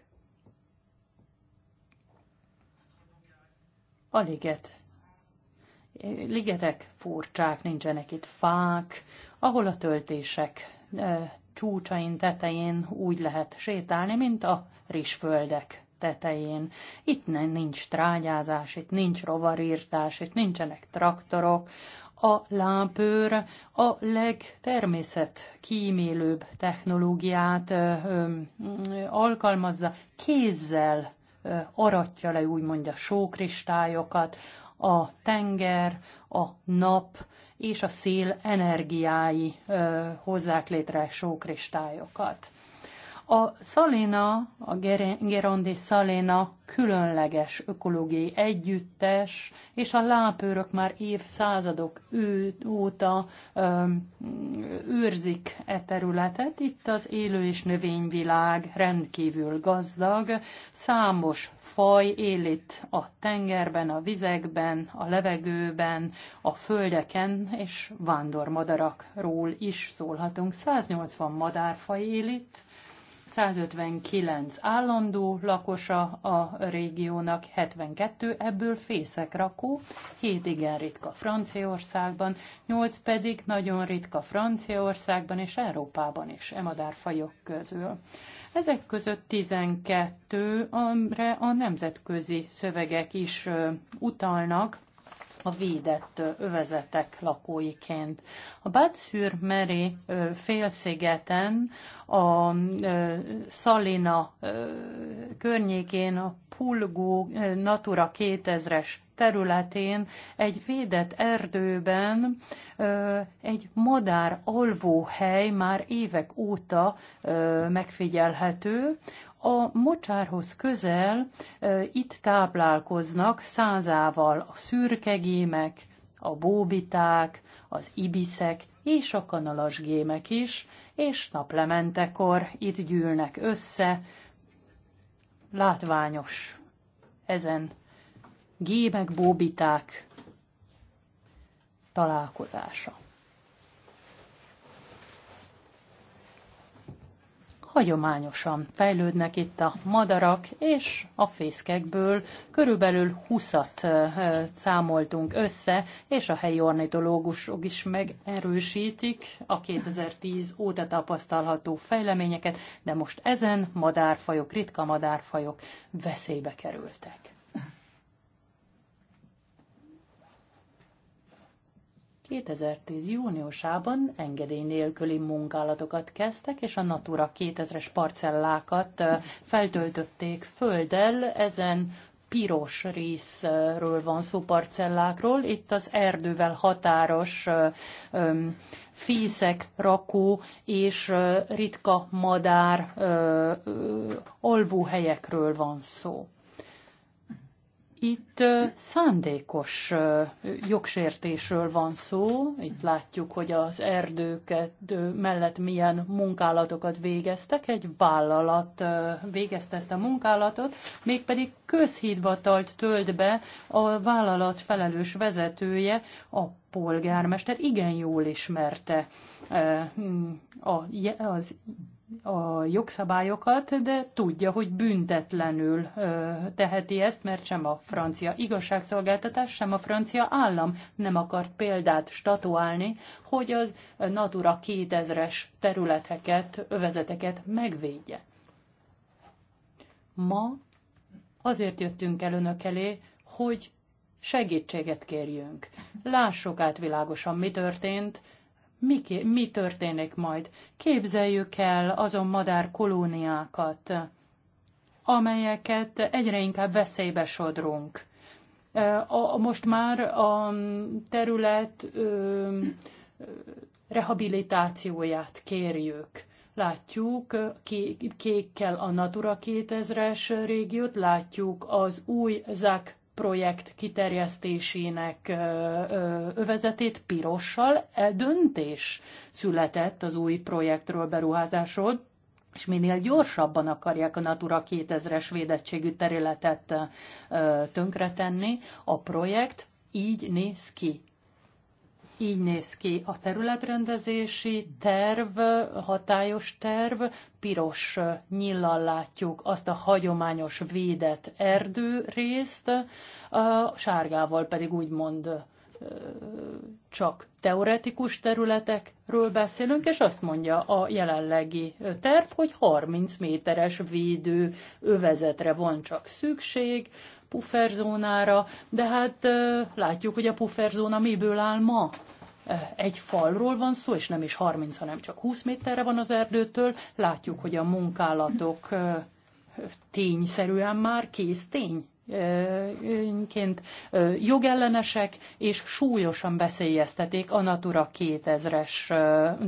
A liget ligetek furcsák, nincsenek itt fák, ahol a töltések csúcsain, tetején úgy lehet sétálni, mint a rizsföldek tetején. Itt nincs trágyázás, itt nincs rovarírtás, itt nincsenek traktorok, a lámpőr a legtermészet kímélőbb technológiát ö, ö, alkalmazza, kézzel aratja le úgymond a sókristályokat, a tenger, a nap és a szél energiái ö, hozzák létre sókristályokat. A Szaléna, a Gerondi Szaléna különleges ökológiai együttes, és a lápőrök már évszázadok ő, óta ö, őrzik e területet. Itt az élő és növényvilág rendkívül gazdag, számos faj él itt a tengerben, a vizekben, a levegőben, a földeken, és vándormadarakról is szólhatunk. 180 madárfaj él itt, 159 állandó lakosa a régiónak, 72 ebből rakó, 7 igen ritka Franciaországban, 8 pedig nagyon ritka Franciaországban és Európában is emadárfajok közül. Ezek között 12-re a nemzetközi szövegek is utalnak, a védett övezetek lakóiként. A Batszűr-Meri félszigeten, a Szalina környékén, a Pulgó Natura 2000-es területén, egy védett erdőben egy madár alvóhely már évek óta megfigyelhető. A mocsárhoz közel itt táplálkoznak százával a szürkegémek, a bóbiták, az ibiszek és a kanalasgémek is, és naplementekor itt gyűlnek össze, látványos ezen gémek, bóbiták találkozása. hagyományosan fejlődnek itt a madarak, és a fészkekből körülbelül 20 számoltunk össze, és a helyi ornitológusok is megerősítik a 2010 óta tapasztalható fejleményeket, de most ezen madárfajok, ritka madárfajok veszélybe kerültek. 2010. júniusában engedély nélküli munkálatokat kezdtek, és a Natura 2000-es parcellákat feltöltötték földdel, ezen piros részről van szó parcellákról. Itt az erdővel határos fészek, rakó és ritka madár alvóhelyekről van szó. Itt szándékos jogsértésről van szó. Itt látjuk, hogy az erdőket mellett milyen munkálatokat végeztek. Egy vállalat végezte ezt a munkálatot, mégpedig közhídvatalt tölt be a vállalat felelős vezetője, a polgármester igen jól ismerte az a jogszabályokat, de tudja, hogy büntetlenül ö, teheti ezt, mert sem a francia igazságszolgáltatás, sem a francia állam nem akart példát statuálni, hogy az Natura 2000-es területeket, övezeteket megvédje. Ma azért jöttünk el önök elé, hogy segítséget kérjünk. Lássuk át világosan, mi történt, mi, mi történik majd. Képzeljük el azon madár kolóniákat, amelyeket egyre inkább veszélybe sodrunk. A, most már a terület rehabilitációját kérjük. Látjuk kékkel a Natura 2000-es régiót, látjuk az új ZAK projekt kiterjesztésének övezetét pirossal. E Döntés született az új projektről, beruházásról, és minél gyorsabban akarják a Natura 2000-es védettségű területet tönkretenni. A projekt így néz ki így néz ki a területrendezési terv, hatályos terv, piros nyillal látjuk azt a hagyományos védett erdő részt, a sárgával pedig úgymond csak teoretikus területekről beszélünk, és azt mondja a jelenlegi terv, hogy 30 méteres védő övezetre van csak szükség, pufferzónára, de hát látjuk, hogy a pufferzóna miből áll ma egy falról van szó, és nem is 30, hanem csak 20 méterre van az erdőtől. Látjuk, hogy a munkálatok tényszerűen már kész tény önként jogellenesek, és súlyosan beszélyeztetik a Natura 2000-es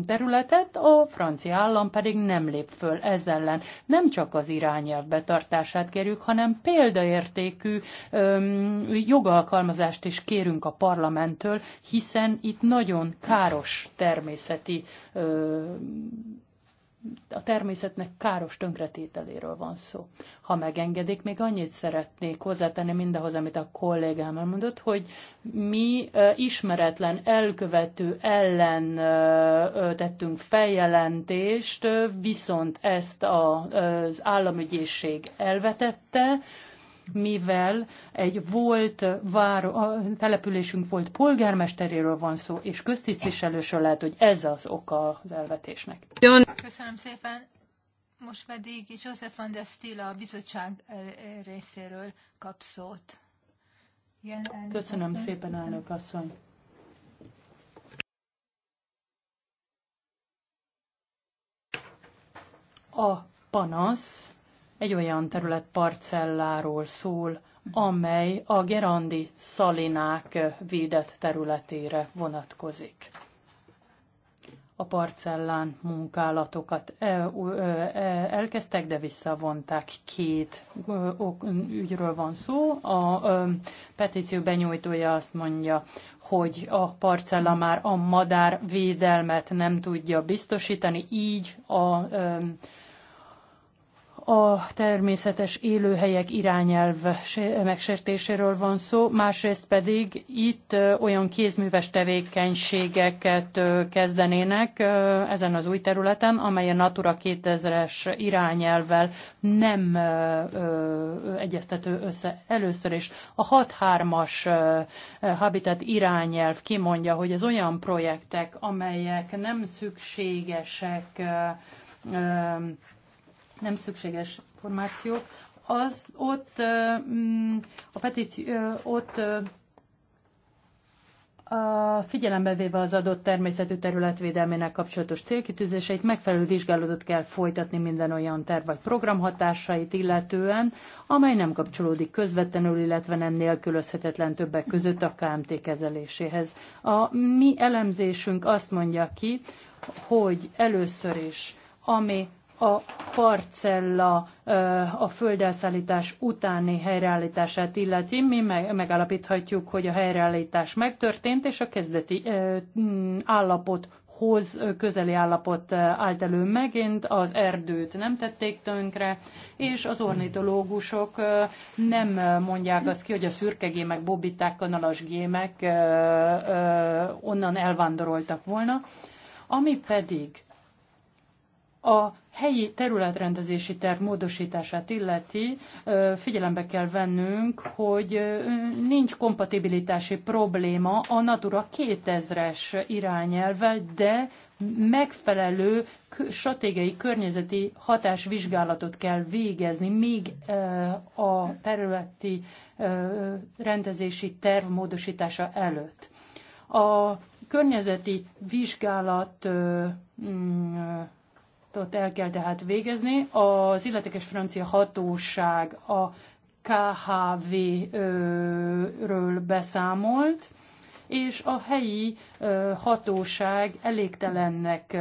területet, a francia állam pedig nem lép föl ez ellen. Nem csak az irányelv betartását kérjük, hanem példaértékű jogalkalmazást is kérünk a parlamenttől, hiszen itt nagyon káros természeti a természetnek káros tönkretételéről van szó. Ha megengedik, még annyit szeretnék hozzátenni mindahhoz, amit a kollégám elmondott, hogy mi ismeretlen elkövető ellen tettünk feljelentést, viszont ezt az államügyészség elvetette, mivel egy volt vár, a településünk volt polgármesteréről van szó, és köztisztviselősről lehet, hogy ez az oka az elvetésnek. Köszönöm szépen. Most pedig József van der Stila a bizottság részéről kap szót. Igen, Köszönöm szépen, elnök asszony. A panasz egy olyan terület parcelláról szól, amely a gerandi szalinák védett területére vonatkozik. A parcellán munkálatokat e, e, e, elkezdtek, de visszavonták. Két ügyről van szó. A petíció benyújtója azt mondja, hogy a parcella már a madár védelmet nem tudja biztosítani, így a a természetes élőhelyek irányelv megsértéséről van szó, másrészt pedig itt olyan kézműves tevékenységeket kezdenének ezen az új területen, amely a Natura 2000-es irányelvvel nem egyeztető össze. Először is a 6-3-as Habitat irányelv kimondja, hogy az olyan projektek, amelyek nem szükségesek nem szükséges formáció, az ott mm, a petíció, ott a figyelembe véve az adott természetű területvédelmének kapcsolatos célkitűzéseit, megfelelő vizsgálatot kell folytatni minden olyan terv vagy program hatásait illetően, amely nem kapcsolódik közvetlenül, illetve nem nélkülözhetetlen többek között a KMT kezeléséhez. A mi elemzésünk azt mondja ki, hogy először is, ami a parcella a földelszállítás utáni helyreállítását illeti, mi megállapíthatjuk, hogy a helyreállítás megtörtént, és a kezdeti mm, állapot hoz közeli állapot állt elő megint, az erdőt nem tették tönkre, és az ornitológusok nem mondják azt ki, hogy a szürkegémek, bobiták, kanalas gémek onnan elvándoroltak volna, ami pedig a helyi területrendezési terv módosítását illeti, figyelembe kell vennünk, hogy nincs kompatibilitási probléma a Natura 2000-es irányelve, de megfelelő stratégiai környezeti hatásvizsgálatot kell végezni, még a területi rendezési terv módosítása előtt. A környezeti vizsgálat mm, ott el kell tehát végezni. Az illetékes francia hatóság a KHV-ről beszámolt, és a helyi hatóság elégtelennek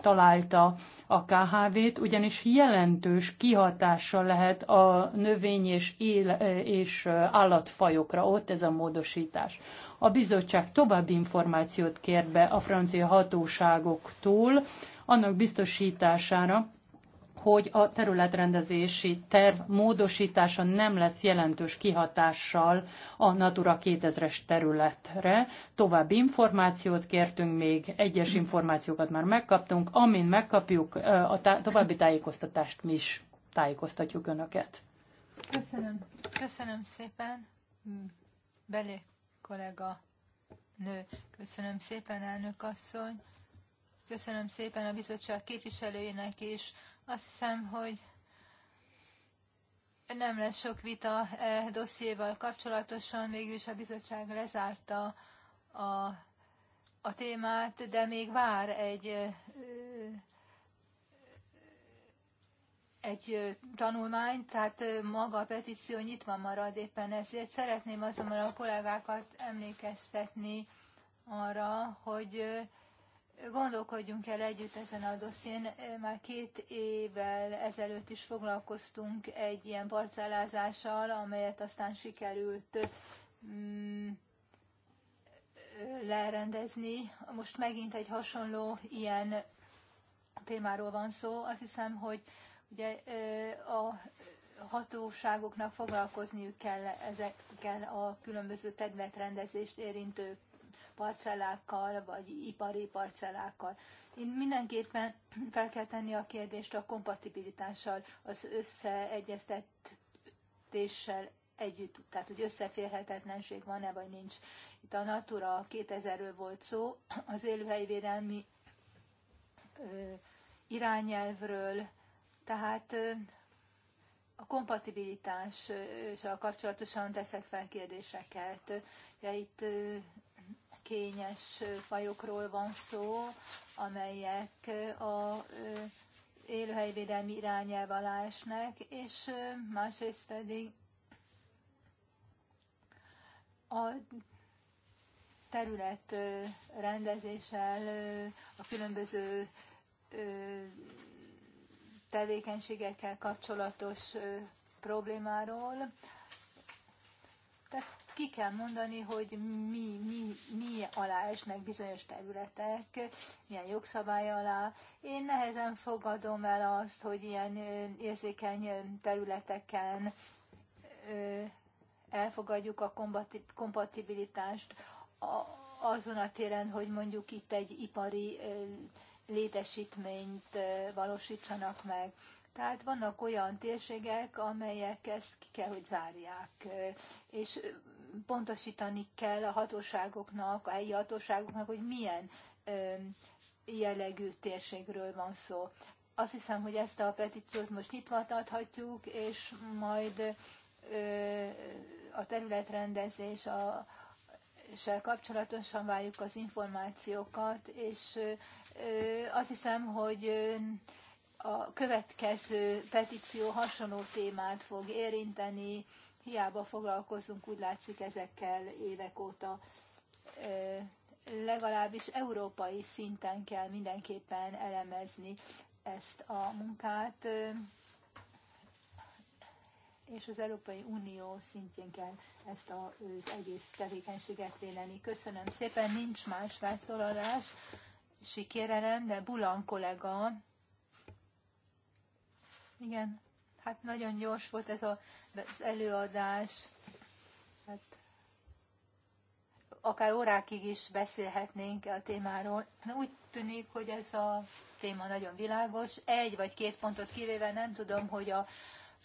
találta a KHV-t, ugyanis jelentős kihatása lehet a növény és, él, és állatfajokra ott ez a módosítás. A bizottság további információt kér be a francia hatóságoktól annak biztosítására, hogy a területrendezési terv módosítása nem lesz jelentős kihatással a Natura 2000-es területre. További információt kértünk még, egyes információkat már megkaptunk, amin megkapjuk a további tájékoztatást mi is tájékoztatjuk Önöket. Köszönöm. Köszönöm szépen. Hmm. Belé kollega nő. Köszönöm szépen, elnök asszony. Köszönöm szépen a bizottság képviselőjének is azt hiszem, hogy nem lesz sok vita e dossziéval kapcsolatosan, végülis a bizottság lezárta a, a témát, de még vár egy egy tanulmány, tehát maga a petíció nyitva marad éppen ezért. Szeretném azonban a kollégákat emlékeztetni arra, hogy Gondolkodjunk el együtt ezen a dosszén. Már két évvel ezelőtt is foglalkoztunk egy ilyen parcellázással, amelyet aztán sikerült mm, lerendezni. Most megint egy hasonló ilyen témáról van szó. Azt hiszem, hogy ugye a hatóságoknak foglalkozniuk kell ezekkel a különböző területrendezést érintő parcellákkal, vagy ipari parcellákkal. Itt mindenképpen fel kell tenni a kérdést a kompatibilitással, az összeegyeztetéssel együtt, tehát hogy összeférhetetlenség van-e, vagy nincs. Itt a Natura 2000-ről volt szó, az élőhelyvédelmi irányelvről, tehát a kompatibilitással kapcsolatosan teszek fel kérdéseket. Ja, itt kényes fajokról van szó, amelyek a élőhelyvédelmi irányelv alá esnek, és másrészt pedig a terület rendezéssel, a különböző tevékenységekkel kapcsolatos problémáról. Tehát ki kell mondani, hogy mi, mi, mi alá esnek bizonyos területek, milyen jogszabály alá. Én nehezen fogadom el azt, hogy ilyen érzékeny területeken elfogadjuk a kompatibilitást azon a téren, hogy mondjuk itt egy ipari létesítményt valósítsanak meg. Tehát vannak olyan térségek, amelyek ezt ki kell, hogy zárják, és pontosítani kell a hatóságoknak, a helyi hatóságoknak, hogy milyen jellegű térségről van szó. Azt hiszem, hogy ezt a petíciót most nyitva tarthatjuk, és majd a területrendezés a, sel kapcsolatosan várjuk az információkat, és azt hiszem, hogy a következő petíció hasonló témát fog érinteni, hiába foglalkozunk, úgy látszik, ezekkel évek óta legalábbis európai szinten kell mindenképpen elemezni ezt a munkát, és az Európai Unió szintjén kell ezt az egész tevékenységet véleni. Köszönöm szépen, nincs más felszólalás, sikérelem, de Bulan kollega igen, hát nagyon gyors volt ez a, az előadás. Hát, akár órákig is beszélhetnénk a témáról. Úgy tűnik, hogy ez a téma nagyon világos. Egy vagy két pontot kivéve nem tudom, hogy a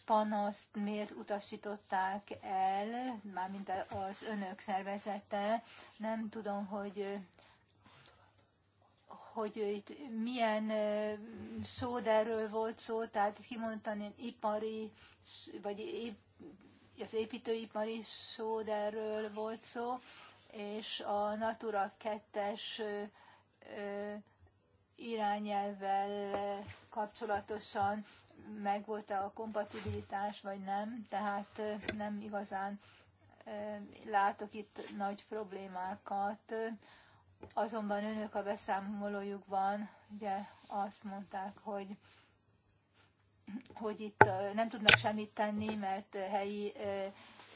panaszt miért utasították el, mármint az önök szervezete. Nem tudom, hogy hogy itt milyen szóderről volt szó, tehát kimondani ipari, vagy az építőipari szóderről volt szó, és a Natura 2-es irányelvvel kapcsolatosan megvolt -e a kompatibilitás, vagy nem, tehát nem igazán látok itt nagy problémákat Azonban önök a beszámolójukban ugye azt mondták, hogy hogy itt nem tudnak semmit tenni, mert helyi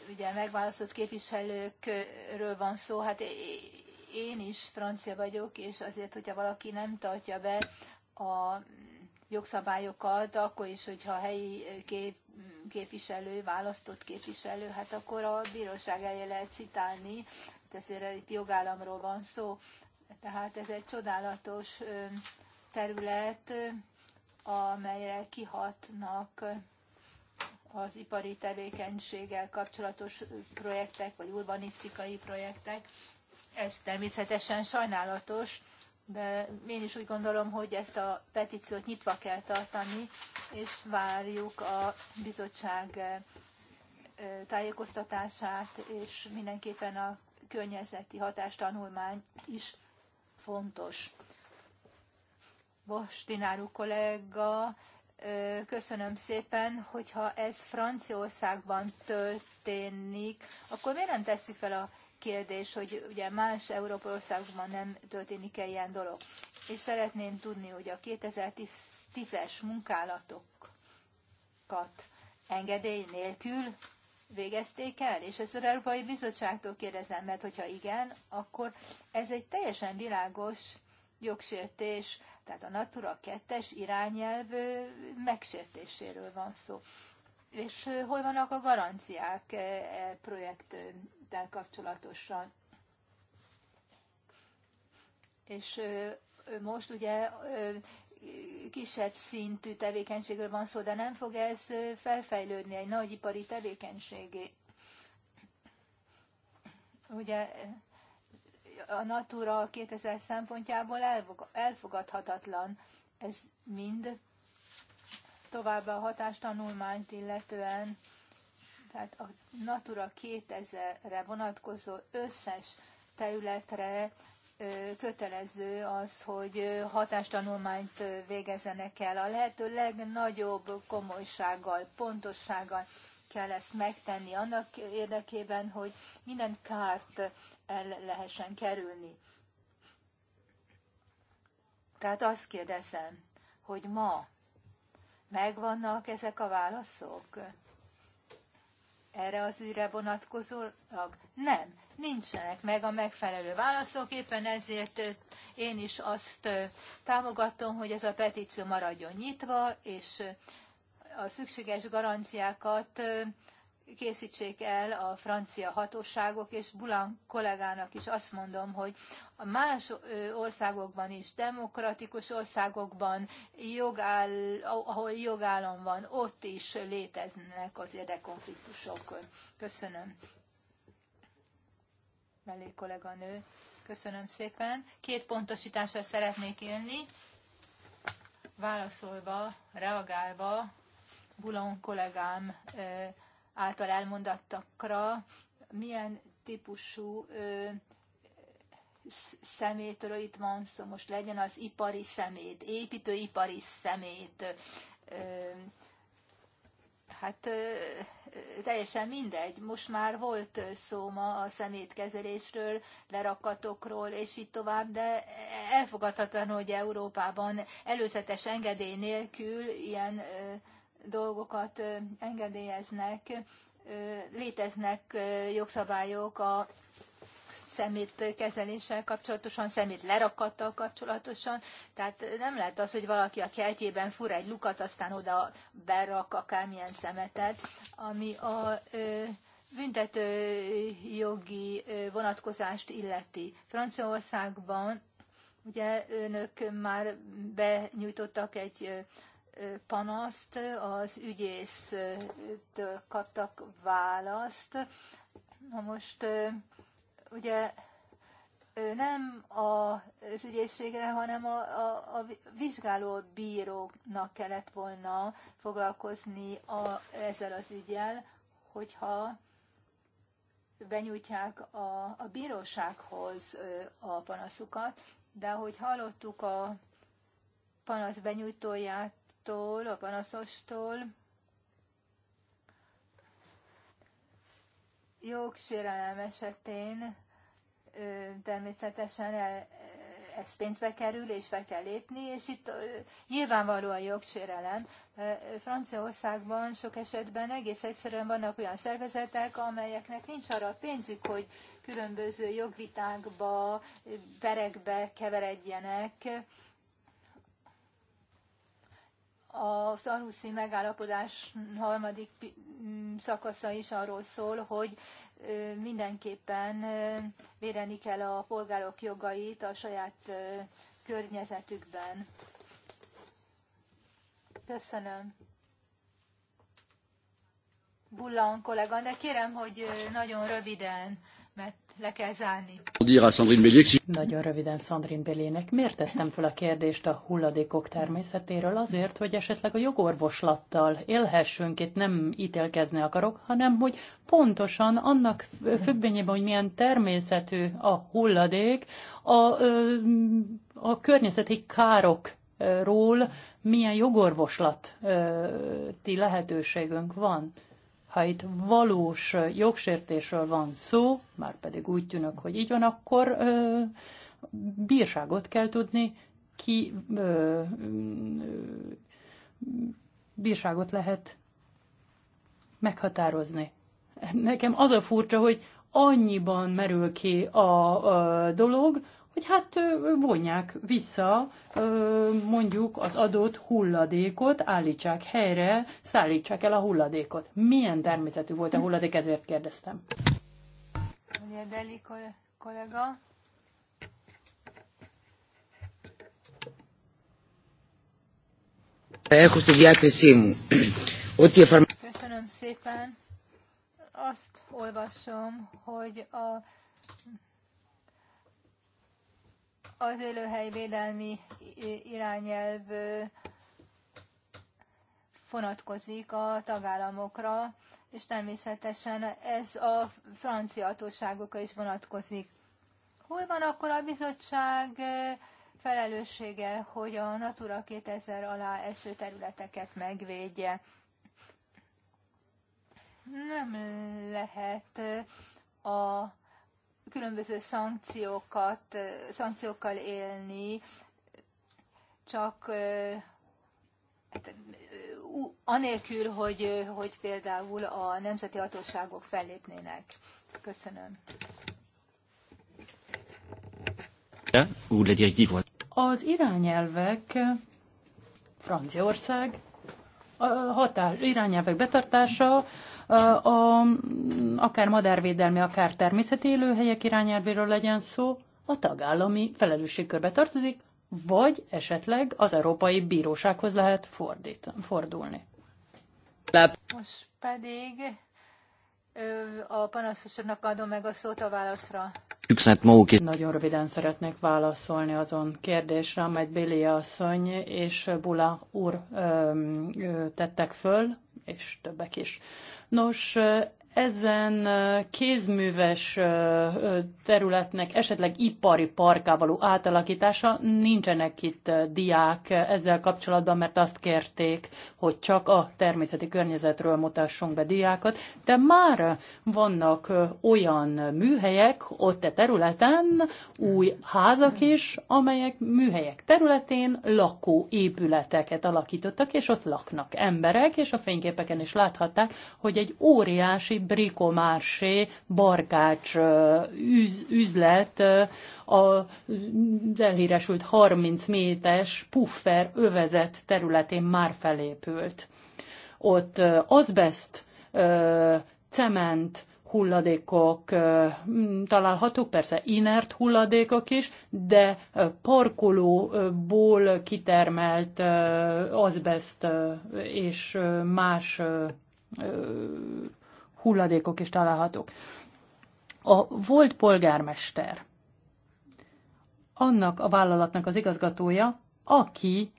ugye megválasztott képviselőkről van szó. Hát én is francia vagyok, és azért, hogyha valaki nem tartja be a jogszabályokat, akkor is, hogyha a helyi kép, képviselő, választott képviselő, hát akkor a bíróság elé lehet citálni, Hát ezért itt jogállamról van szó. Tehát ez egy csodálatos terület, amelyre kihatnak az ipari tevékenységgel kapcsolatos projektek, vagy urbanisztikai projektek. Ez természetesen sajnálatos, de én is úgy gondolom, hogy ezt a petíciót nyitva kell tartani, és várjuk a bizottság tájékoztatását, és mindenképpen a környezeti hatástanulmány is fontos. Bostináru kollega, köszönöm szépen, hogyha ez Franciaországban történik, akkor miért nem tesszük fel a kérdést, hogy ugye más Európai országban nem történik-e ilyen dolog. És szeretném tudni, hogy a 2010-es munkálatokat engedély nélkül végezték el? És ezt az Európai Bizottságtól kérdezem, mert hogyha igen, akkor ez egy teljesen világos jogsértés, tehát a Natura 2-es irányelv megsértéséről van szó. És hol vannak a garanciák e projekttel kapcsolatosan? És most ugye kisebb szintű tevékenységről van szó, de nem fog ez felfejlődni egy nagyipari tevékenységé. Ugye a Natura 2000 szempontjából elfogadhatatlan ez mind. Továbbá a hatástanulmányt illetően, tehát a Natura 2000-re vonatkozó összes területre kötelező az, hogy hatástanulmányt végezzenek el. A lehető legnagyobb komolysággal, pontossággal kell ezt megtenni annak érdekében, hogy minden kárt el lehessen kerülni. Tehát azt kérdezem, hogy ma megvannak ezek a válaszok? Erre az űre vonatkozólag? Nem nincsenek meg a megfelelő válaszok, éppen ezért én is azt támogatom, hogy ez a petíció maradjon nyitva, és a szükséges garanciákat készítsék el a francia hatóságok, és Bulan kollégának is azt mondom, hogy a más országokban is, demokratikus országokban, jogáll, ahol jogállam van, ott is léteznek az érdekkonfliktusok. Köszönöm. Melli kolléganő. Köszönöm szépen. Két pontosítással szeretnék élni. Válaszolva, reagálva Bulon kollégám által elmondattakra, milyen típusú szemétről itt van szó, most legyen az ipari szemét, építőipari szemét, hát teljesen mindegy. Most már volt szó ma a szemétkezelésről, lerakatokról, és így tovább, de elfogadhatatlan, hogy Európában előzetes engedély nélkül ilyen dolgokat engedélyeznek. Léteznek jogszabályok a szemét kezeléssel kapcsolatosan, szemét lerakattal kapcsolatosan. Tehát nem lehet az, hogy valaki a kertjében fur egy lukat, aztán oda berak akármilyen szemetet, ami a büntető jogi vonatkozást illeti. Franciaországban ugye önök már benyújtottak egy panaszt, az ügyésztől kaptak választ. Na most ugye nem az ügyészségre, hanem a, a, a vizsgáló bíróknak kellett volna foglalkozni a, ezzel az ügyel, hogyha benyújtják a, a bírósághoz a panaszukat, de ahogy hallottuk a panasz benyújtójától, a panaszostól, jogsérelem esetén természetesen el, ez pénzbe kerül, és be kell lépni, és itt nyilvánvaló a jogsérelem. Franciaországban sok esetben egész egyszerűen vannak olyan szervezetek, amelyeknek nincs arra pénzük, hogy különböző jogvitákba, perekbe keveredjenek, az aruszi megállapodás harmadik mm, szakasza is arról szól, hogy mindenképpen védeni kell a polgárok jogait a saját környezetükben. Köszönöm. Bullan kollega, de kérem, hogy nagyon röviden, mert le kell zárni. Nagyon röviden Szandrin Belének miért tettem fel a kérdést a hulladékok természetéről? Azért, hogy esetleg a jogorvoslattal élhessünk, itt nem ítélkezni akarok, hanem hogy pontosan annak függvényében, hogy milyen természetű a hulladék, a, a környezeti károk ról milyen jogorvoslati lehetőségünk van ha itt valós jogsértésről van szó, már pedig úgy tűnök, hogy így van, akkor ö, bírságot kell tudni ki ö, ö, bírságot lehet meghatározni. Nekem az a furcsa, hogy annyiban merül ki a, a dolog, hogy hát vonják vissza mondjuk az adott hulladékot, állítsák helyre, szállítsák el a hulladékot. Milyen természetű volt a hulladék, ezért kérdeztem. Deli kollega. Köszönöm szépen. Azt olvasom, hogy a az élőhely védelmi irányelv vonatkozik a tagállamokra, és természetesen ez a francia hatóságokra is vonatkozik. Hol van akkor a bizottság felelőssége, hogy a Natura 2000 alá eső területeket megvédje? Nem lehet a különböző szankciókat, szankciókkal élni, csak hát, anélkül, hogy, hogy például a nemzeti hatóságok fellépnének. Köszönöm. Az irányelvek Franciaország a határ irányelvek betartása a, akár madárvédelmi, akár természeti élőhelyek irányelvéről legyen szó, a tagállami felelősségkörbe tartozik, vagy esetleg az Európai Bírósághoz lehet fordít, fordulni. Most pedig a panaszosoknak adom meg a szót a válaszra. Nagyon röviden szeretnék válaszolni azon kérdésre, amelyet Billy asszony és Bula úr ö, tettek föl, és többek is. Nos, ezen kézműves területnek esetleg ipari parká való átalakítása, nincsenek itt diák ezzel kapcsolatban, mert azt kérték, hogy csak a természeti környezetről mutassunk be diákat, de már vannak olyan műhelyek ott a e területen, új házak is, amelyek műhelyek területén lakó épületeket alakítottak, és ott laknak emberek, és a fényképeken is láthatták, hogy egy óriási brikomársé barkács üzlet az elhíresült 30 méteres puffer övezet területén már felépült. Ott azbest, cement, hulladékok találhatók, persze inert hulladékok is, de parkolóból kitermelt azbest és más hulladékok is találhatók. A volt polgármester, annak a vállalatnak az igazgatója, aki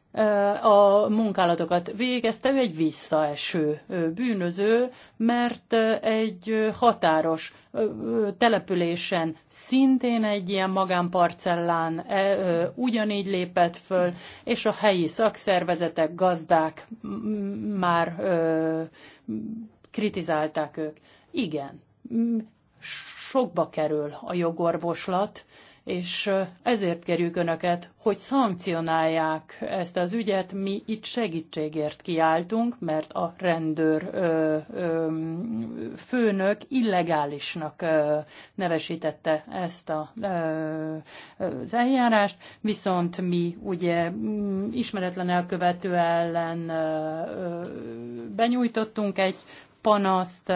a munkálatokat végezte, ő egy visszaeső bűnöző, mert egy határos településen szintén egy ilyen magánparcellán e, ugyanígy lépett föl, és a helyi szakszervezetek, gazdák már kritizálták ők. Igen, sokba kerül a jogorvoslat, és ezért kérjük Önöket, hogy szankcionálják ezt az ügyet. Mi itt segítségért kiáltunk, mert a rendőr ö, ö, főnök illegálisnak ö, nevesítette ezt a, ö, az eljárást, viszont mi ugye ismeretlen elkövető ellen ö, benyújtottunk egy panaszt,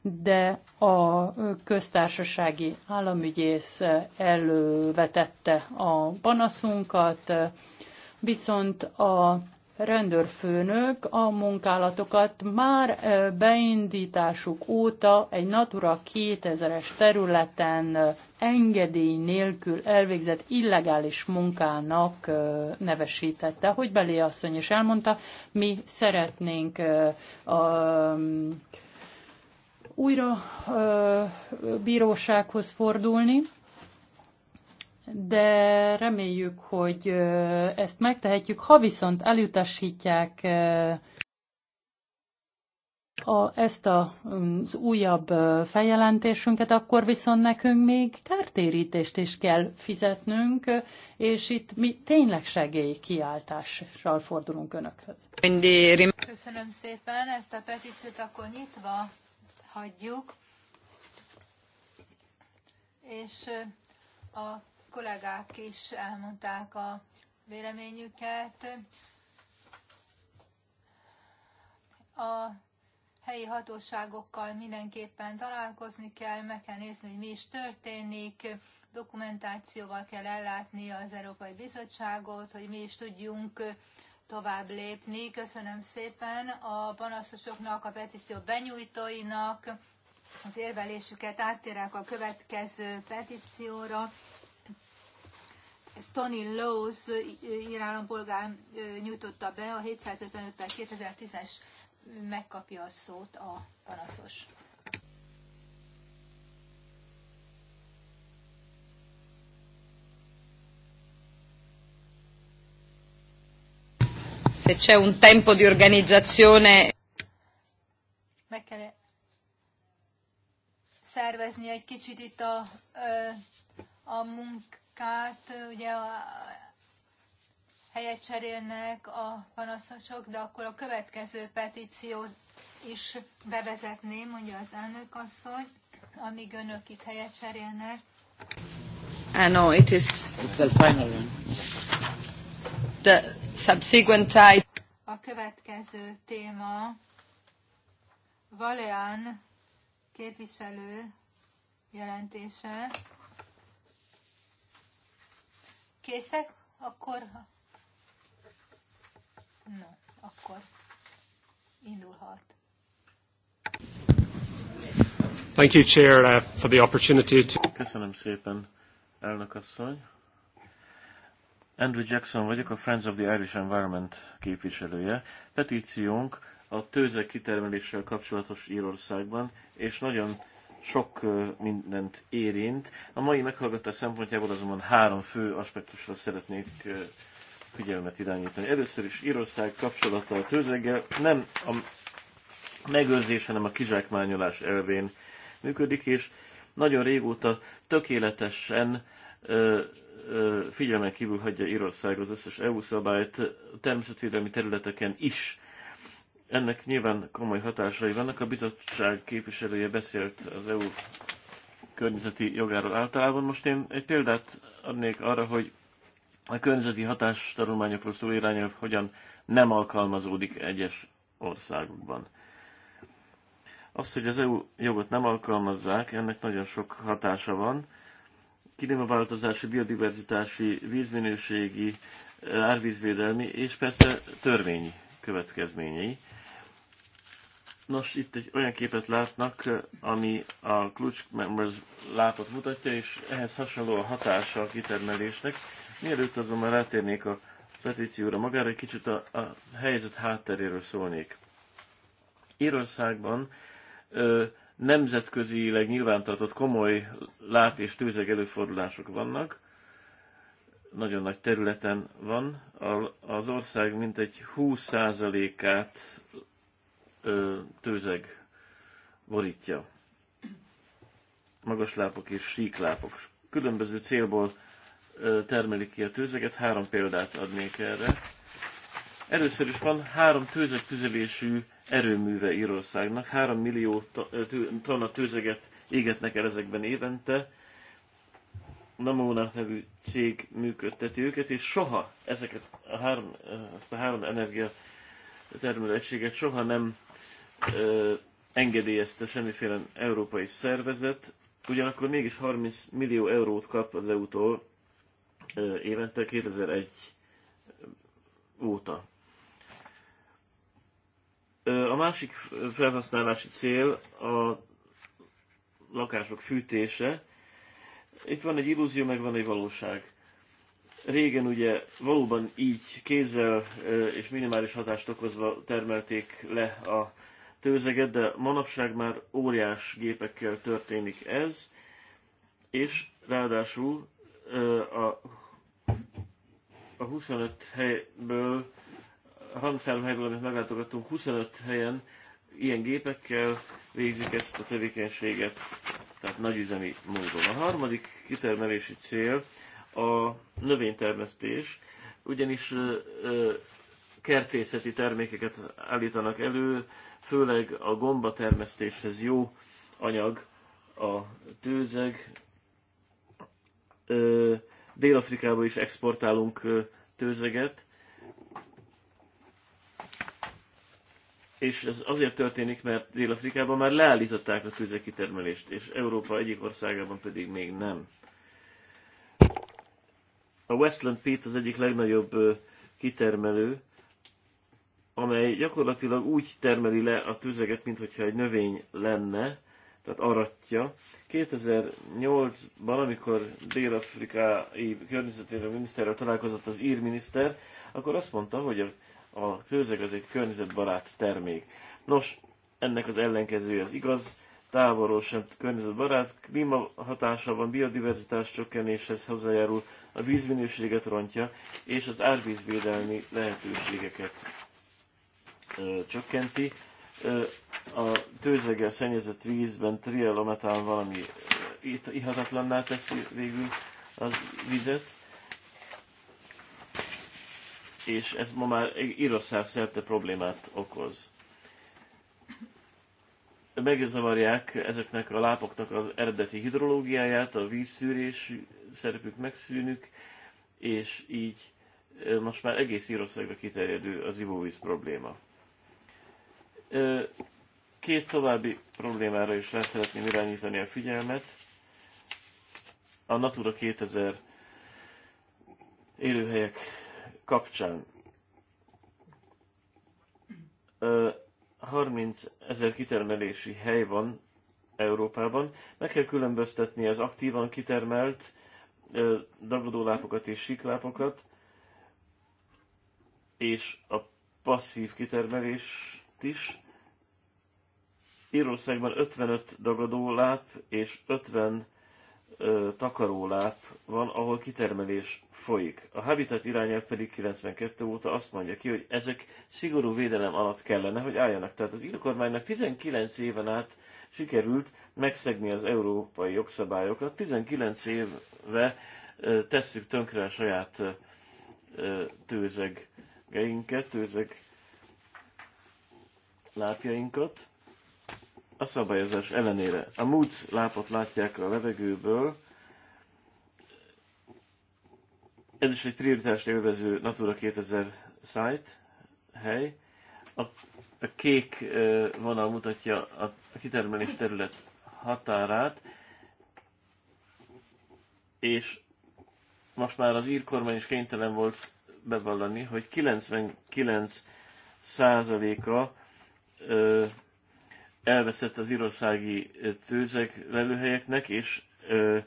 de a köztársasági államügyész elővetette a panaszunkat, viszont a rendőrfőnök a munkálatokat már beindításuk óta egy Natura 2000-es területen engedély nélkül elvégzett illegális munkának nevesítette. Hogy Belé asszony is elmondta, mi szeretnénk a, újra bírósághoz fordulni, de reméljük, hogy ezt megtehetjük, ha viszont elutasítják a, ezt a, az újabb feljelentésünket, akkor viszont nekünk még kártérítést is kell fizetnünk, és itt mi tényleg segélykiáltással fordulunk Önökhöz. Köszönöm szépen, ezt a petíciót akkor nyitva hagyjuk, és a kollégák is elmondták a véleményüket. A helyi hatóságokkal mindenképpen találkozni kell, meg kell nézni, hogy mi is történik, dokumentációval kell ellátni az Európai Bizottságot, hogy mi is tudjunk tovább lépni. Köszönöm szépen a panaszosoknak, a petíció benyújtóinak, az érvelésüket áttérek a következő petícióra. Stony Lowe's Lowes írállampolgár nyújtotta be a 755 per 2010-es megkapja a szót a panaszos. Se c'è un tempo di organizzazione. Meg kell szervezni egy kicsit itt a, a munk, kárt, ugye a helyet cserélnek a panaszosok, de akkor a következő petíciót is bevezetném, mondja az elnök asszony, amíg önök itt helyet cserélnek. I know it is... It's the final one. The subsequent type. A következő téma Valéan képviselő jelentése. Készek? Akkor... No, akkor indulhat. Thank you, Chair, uh, for the opportunity to... Köszönöm szépen, elnök asszony. Andrew Jackson vagyok, a Friends of the Irish Environment képviselője. Petíciónk a tőzek kitermeléssel kapcsolatos Írországban, és nagyon sok mindent érint. A mai meghallgatás szempontjából azonban három fő aspektusra szeretnék figyelmet irányítani. Először is Írország kapcsolata a tőzeggel nem a megőrzés, hanem a kizsákmányolás elvén működik, és nagyon régóta tökéletesen figyelmen kívül hagyja Írország az összes EU szabályt természetvédelmi területeken is. Ennek nyilván komoly hatásai vannak. A bizottság képviselője beszélt az EU környezeti jogáról általában. Most én egy példát adnék arra, hogy a környezeti hatástanulmányokról szóló irányelv hogyan nem alkalmazódik egyes országokban. Az, hogy az EU jogot nem alkalmazzák, ennek nagyon sok hatása van. Klímaváltozási, biodiverzitási, vízminőségi, árvízvédelmi és persze törvényi következményei. Nos, itt egy olyan képet látnak, ami a Clutch Members lápot mutatja, és ehhez hasonló a hatása a kitermelésnek. Mielőtt azonban rátérnék a petícióra magára, egy kicsit a, a helyzet hátteréről szólnék. Írországban ö, nemzetközileg nyilvántartott komoly láp és tőzeg előfordulások vannak. Nagyon nagy területen van. Az ország mintegy 20%-át tőzeg borítja. Magaslápok és lápok. Különböző célból termelik ki a tőzeget, három példát adnék erre. Először is van három tüzelésű erőműve Írországnak. Három millió tonna tőzeget égetnek el ezekben évente. Namónak nevű cég működteti őket, és soha ezeket a három, ezt a három energia egységet soha nem ö, engedélyezte semmiféle európai szervezet, ugyanakkor mégis 30 millió eurót kap az EU-tól évente 2001 óta. A másik felhasználási cél a lakások fűtése. Itt van egy illúzió, meg van egy valóság. Régen ugye valóban így kézzel és minimális hatást okozva termelték le a tőzeget, de manapság már óriás gépekkel történik ez, és ráadásul a, a 25 helyből, a 33 helyből, amit meglátogatunk, 25 helyen ilyen gépekkel végzik ezt a tevékenységet, tehát nagyüzemi módon. A harmadik kitermelési cél a növénytermesztés, ugyanis kertészeti termékeket állítanak elő, főleg a gombatermesztéshez jó anyag a tőzeg. Dél-Afrikába is exportálunk tőzeget, és ez azért történik, mert Dél-Afrikában már leállították a tőzekitermelést, és Európa egyik országában pedig még nem. A Westland Pit az egyik legnagyobb kitermelő, amely gyakorlatilag úgy termeli le a tüzeget, mintha egy növény lenne, tehát aratja. 2008-ban, amikor dél-afrikai környezetvédelmi miniszterrel találkozott az ír miniszter, akkor azt mondta, hogy a, a tőzeg az egy környezetbarát termék. Nos, ennek az ellenkezője az igaz, távolról sem környezetbarát, klímahatása van, biodiverzitás csökkenéshez hozzájárul, a vízminőséget rontja, és az árvízvédelmi lehetőségeket csökkenti. A tőzeggel szennyezett vízben trialometán valami ihatatlanná teszi végül az vizet, és ez ma már Írország szerte problémát okoz. Megzavarják ezeknek a lápoknak az eredeti hidrológiáját, a vízszűrés szerepük megszűnük, és így most már egész Írországra kiterjedő az ivóvíz probléma. Két további problémára is rá szeretném irányítani a figyelmet. A Natura 2000 élőhelyek kapcsán 30 ezer kitermelési hely van Európában. Meg kell különböztetni az aktívan kitermelt dagadólápokat és síklápokat, és a passzív kitermelés itt is. Írországban 55 dagadóláp és 50 ö, takaróláp van, ahol kitermelés folyik. A Habitat irányelv pedig 92 óta azt mondja ki, hogy ezek szigorú védelem alatt kellene, hogy álljanak. Tehát az írkormánynak 19 éven át sikerült megszegni az európai jogszabályokat. 19 éve tesszük tönkre a saját tőzegeinket, tőzeg lápjainkat. A szabályozás ellenére a múc lápot látják a levegőből. Ez is egy prioritást élvező Natura 2000 szájt, hely. A, a kék vonal mutatja a kitermelés terület határát, és most már az ír kormány is kénytelen volt bevallani, hogy 99 százaléka ö, elveszett az irországi tőzek lelőhelyeknek, és ö,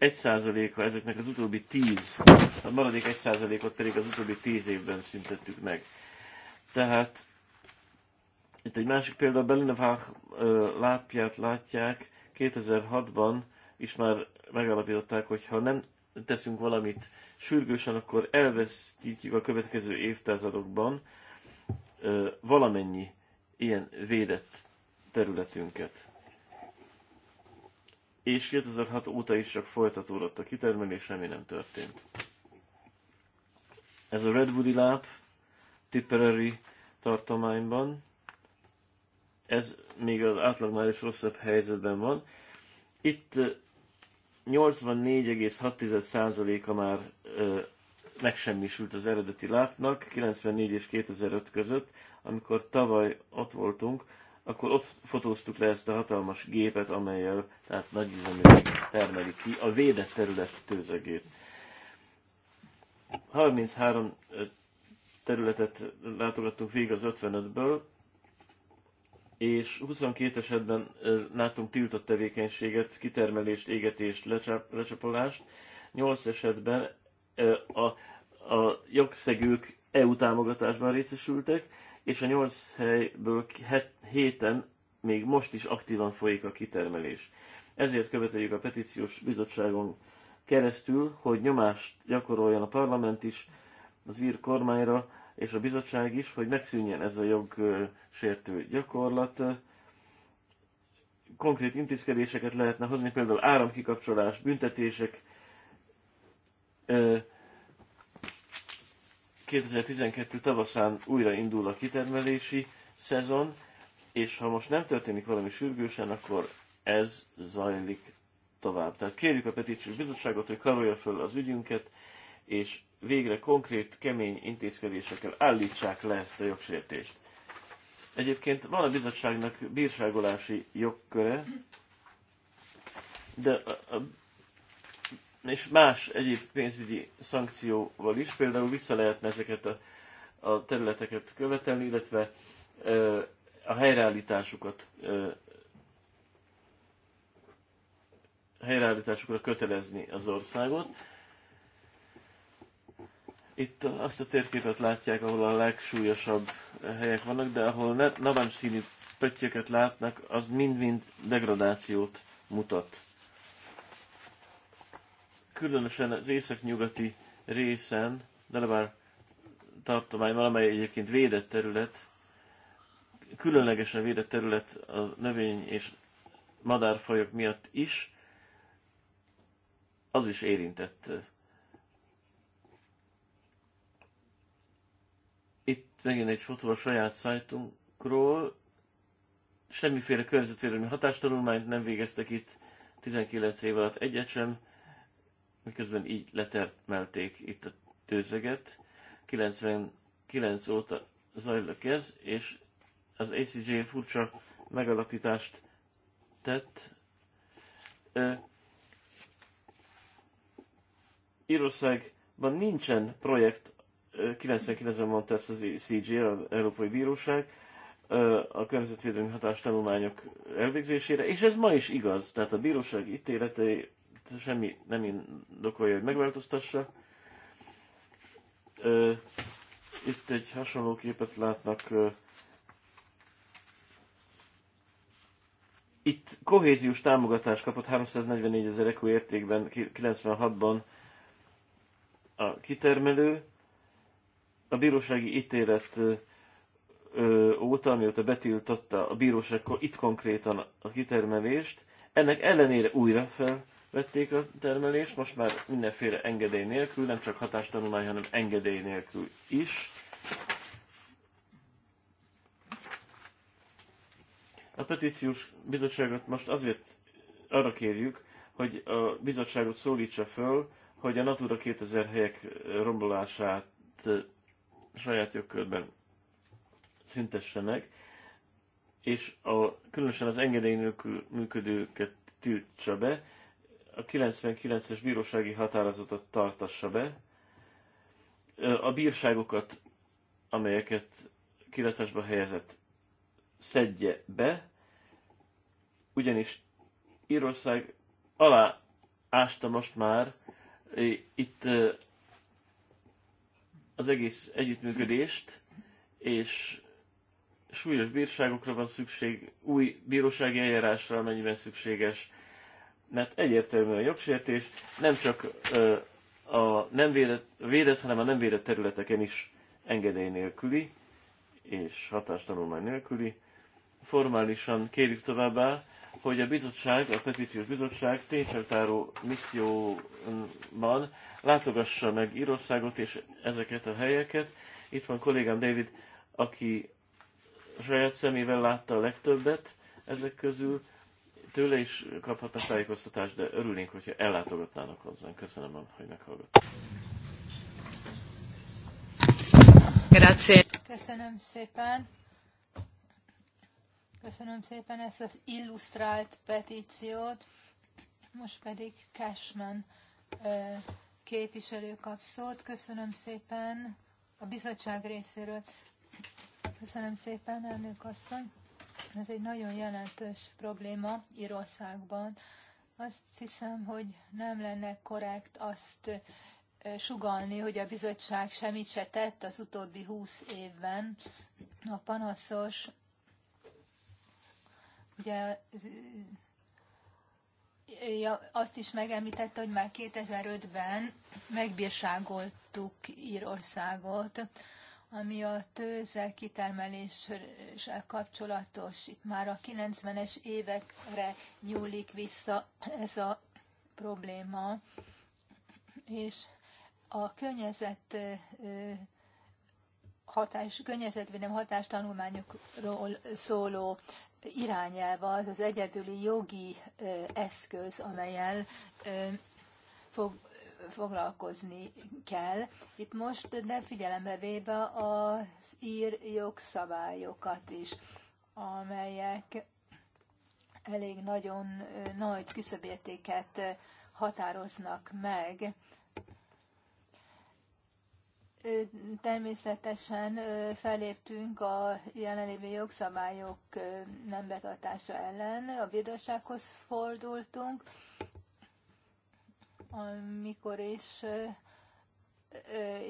1%-a ezeknek az utóbbi 10, a maradék 1%-ot pedig az utóbbi 10 évben szüntettük meg. Tehát itt egy másik példa, Belinevák lápját látják, 2006-ban is már megállapították, hogy ha nem teszünk valamit sürgősen, akkor elveszítjük a következő évtizedokban valamennyi ilyen védett területünket. És 2006 óta is csak folytatódott a kitermelés, semmi nem történt. Ez a Redwoodi láp Tipperary tartományban, ez még az átlagnál is rosszabb helyzetben van. Itt 84,6%-a eh, már eh, megsemmisült az eredeti látnak, 94 és 2005 között, amikor tavaly ott voltunk, akkor ott fotóztuk le ezt a hatalmas gépet, amelyel tehát nagy termeli ki a védett terület tőzegét. 33 területet látogattunk végig az 55-ből, és 22 esetben látunk tiltott tevékenységet, kitermelést, égetést, lecsap, lecsapolást, 8 esetben a, a jogszegők EU támogatásban részesültek, és a nyolc helyből het héten még most is aktívan folyik a kitermelés. Ezért követeljük a petíciós bizottságon keresztül, hogy nyomást gyakoroljon a parlament is, az ír kormányra és a bizottság is, hogy megszűnjen ez a jogsértő gyakorlat. Konkrét intézkedéseket lehetne hozni, például áramkikapcsolás, büntetések 2012 tavaszán újra indul a kitermelési szezon, és ha most nem történik valami sürgősen, akkor ez zajlik tovább. Tehát kérjük a petíciós bizottságot, hogy karolja föl az ügyünket, és végre konkrét, kemény intézkedésekkel állítsák le ezt a jogsértést. Egyébként van a bizottságnak bírságolási jogköre, de a és más egyéb pénzügyi szankcióval is, például vissza lehetne ezeket a, a területeket követelni, illetve ö, a helyreállításukat ö, helyreállításukra kötelezni az országot. Itt azt a térképet látják, ahol a legsúlyosabb helyek vannak, de ahol narancs színű pöttyöket látnak, az mind-mind degradációt mutat különösen az északnyugati részen, de Delaware tartomány valamely egyébként védett terület, különlegesen védett terület a növény és madárfajok miatt is, az is érintett. Itt megint egy fotó a saját szájtunkról. Semmiféle környezetvédelmi hatástanulmányt nem végeztek itt 19 év alatt egyet sem miközben így letermelték itt a tőzeget. 99 óta zajlik ez, és az ACJ furcsa megalapítást tett. Írországban nincsen projekt, 99-ben mondta ezt az ACJ, az Európai Bíróság, a környezetvédelmi hatástanulmányok elvégzésére, és ez ma is igaz. Tehát a bíróság ítéletei semmi nem indokolja, hogy megváltoztassa. Itt egy hasonló képet látnak. Itt kohéziós támogatást kapott 344 ezer ekú értékben 96-ban a kitermelő. A bírósági ítélet óta, amióta betiltotta a bíróság itt konkrétan a kitermelést, ennek ellenére újra fel vették a termelést, most már mindenféle engedély nélkül, nem csak hatástanulmány, hanem engedély nélkül is. A petíciós bizottságot most azért arra kérjük, hogy a bizottságot szólítsa föl, hogy a Natura 2000 helyek rombolását saját jogkörben szüntesse meg, és a, különösen az engedély nélkül működőket tiltsa be, a 99-es bírósági határozatot tartassa be, a bírságokat, amelyeket kiletesbe helyezett, szedje be, ugyanis Írország alá ásta most már itt az egész együttműködést, és súlyos bírságokra van szükség, új bírósági eljárásra, amennyiben szükséges, mert egyértelmű a jogsértés, nem csak a nem védett, védett, hanem a nem védett területeken is engedély nélküli és hatástanulmány nélküli. Formálisan kérjük továbbá, hogy a bizottság, a petíciós bizottság tényfeltáró misszióban látogassa meg Írországot és ezeket a helyeket. Itt van kollégám David, aki saját szemével látta a legtöbbet ezek közül, tőle is kaphatnak tájékoztatást, de örülnénk, hogyha ellátogatnának hozzánk. Köszönöm, hogy meghallgattak. Grazie. Köszönöm szépen. Köszönöm szépen ezt az illusztrált petíciót. Most pedig Cashman képviselő kap szót. Köszönöm szépen a bizottság részéről. Köszönöm szépen, elnök asszony. Ez egy nagyon jelentős probléma Írországban. Azt hiszem, hogy nem lenne korrekt azt sugalni, hogy a bizottság semmit se tett az utóbbi húsz évben. A panaszos ugye azt is megemlítette, hogy már 2005-ben megbírságoltuk Írországot ami a tőzzel kitermeléssel kapcsolatos. Itt már a 90-es évekre nyúlik vissza ez a probléma, és a környezet hatás, környezetvédelmi hatástanulmányokról szóló irányelva az az egyedüli jogi eszköz, amelyel fog, foglalkozni kell. Itt most de figyelembe véve az ír jogszabályokat is, amelyek elég nagyon nagy küszöbértéket határoznak meg. Természetesen feléptünk a jelenlévő jogszabályok nem betartása ellen, a bírósághoz fordultunk, amikor is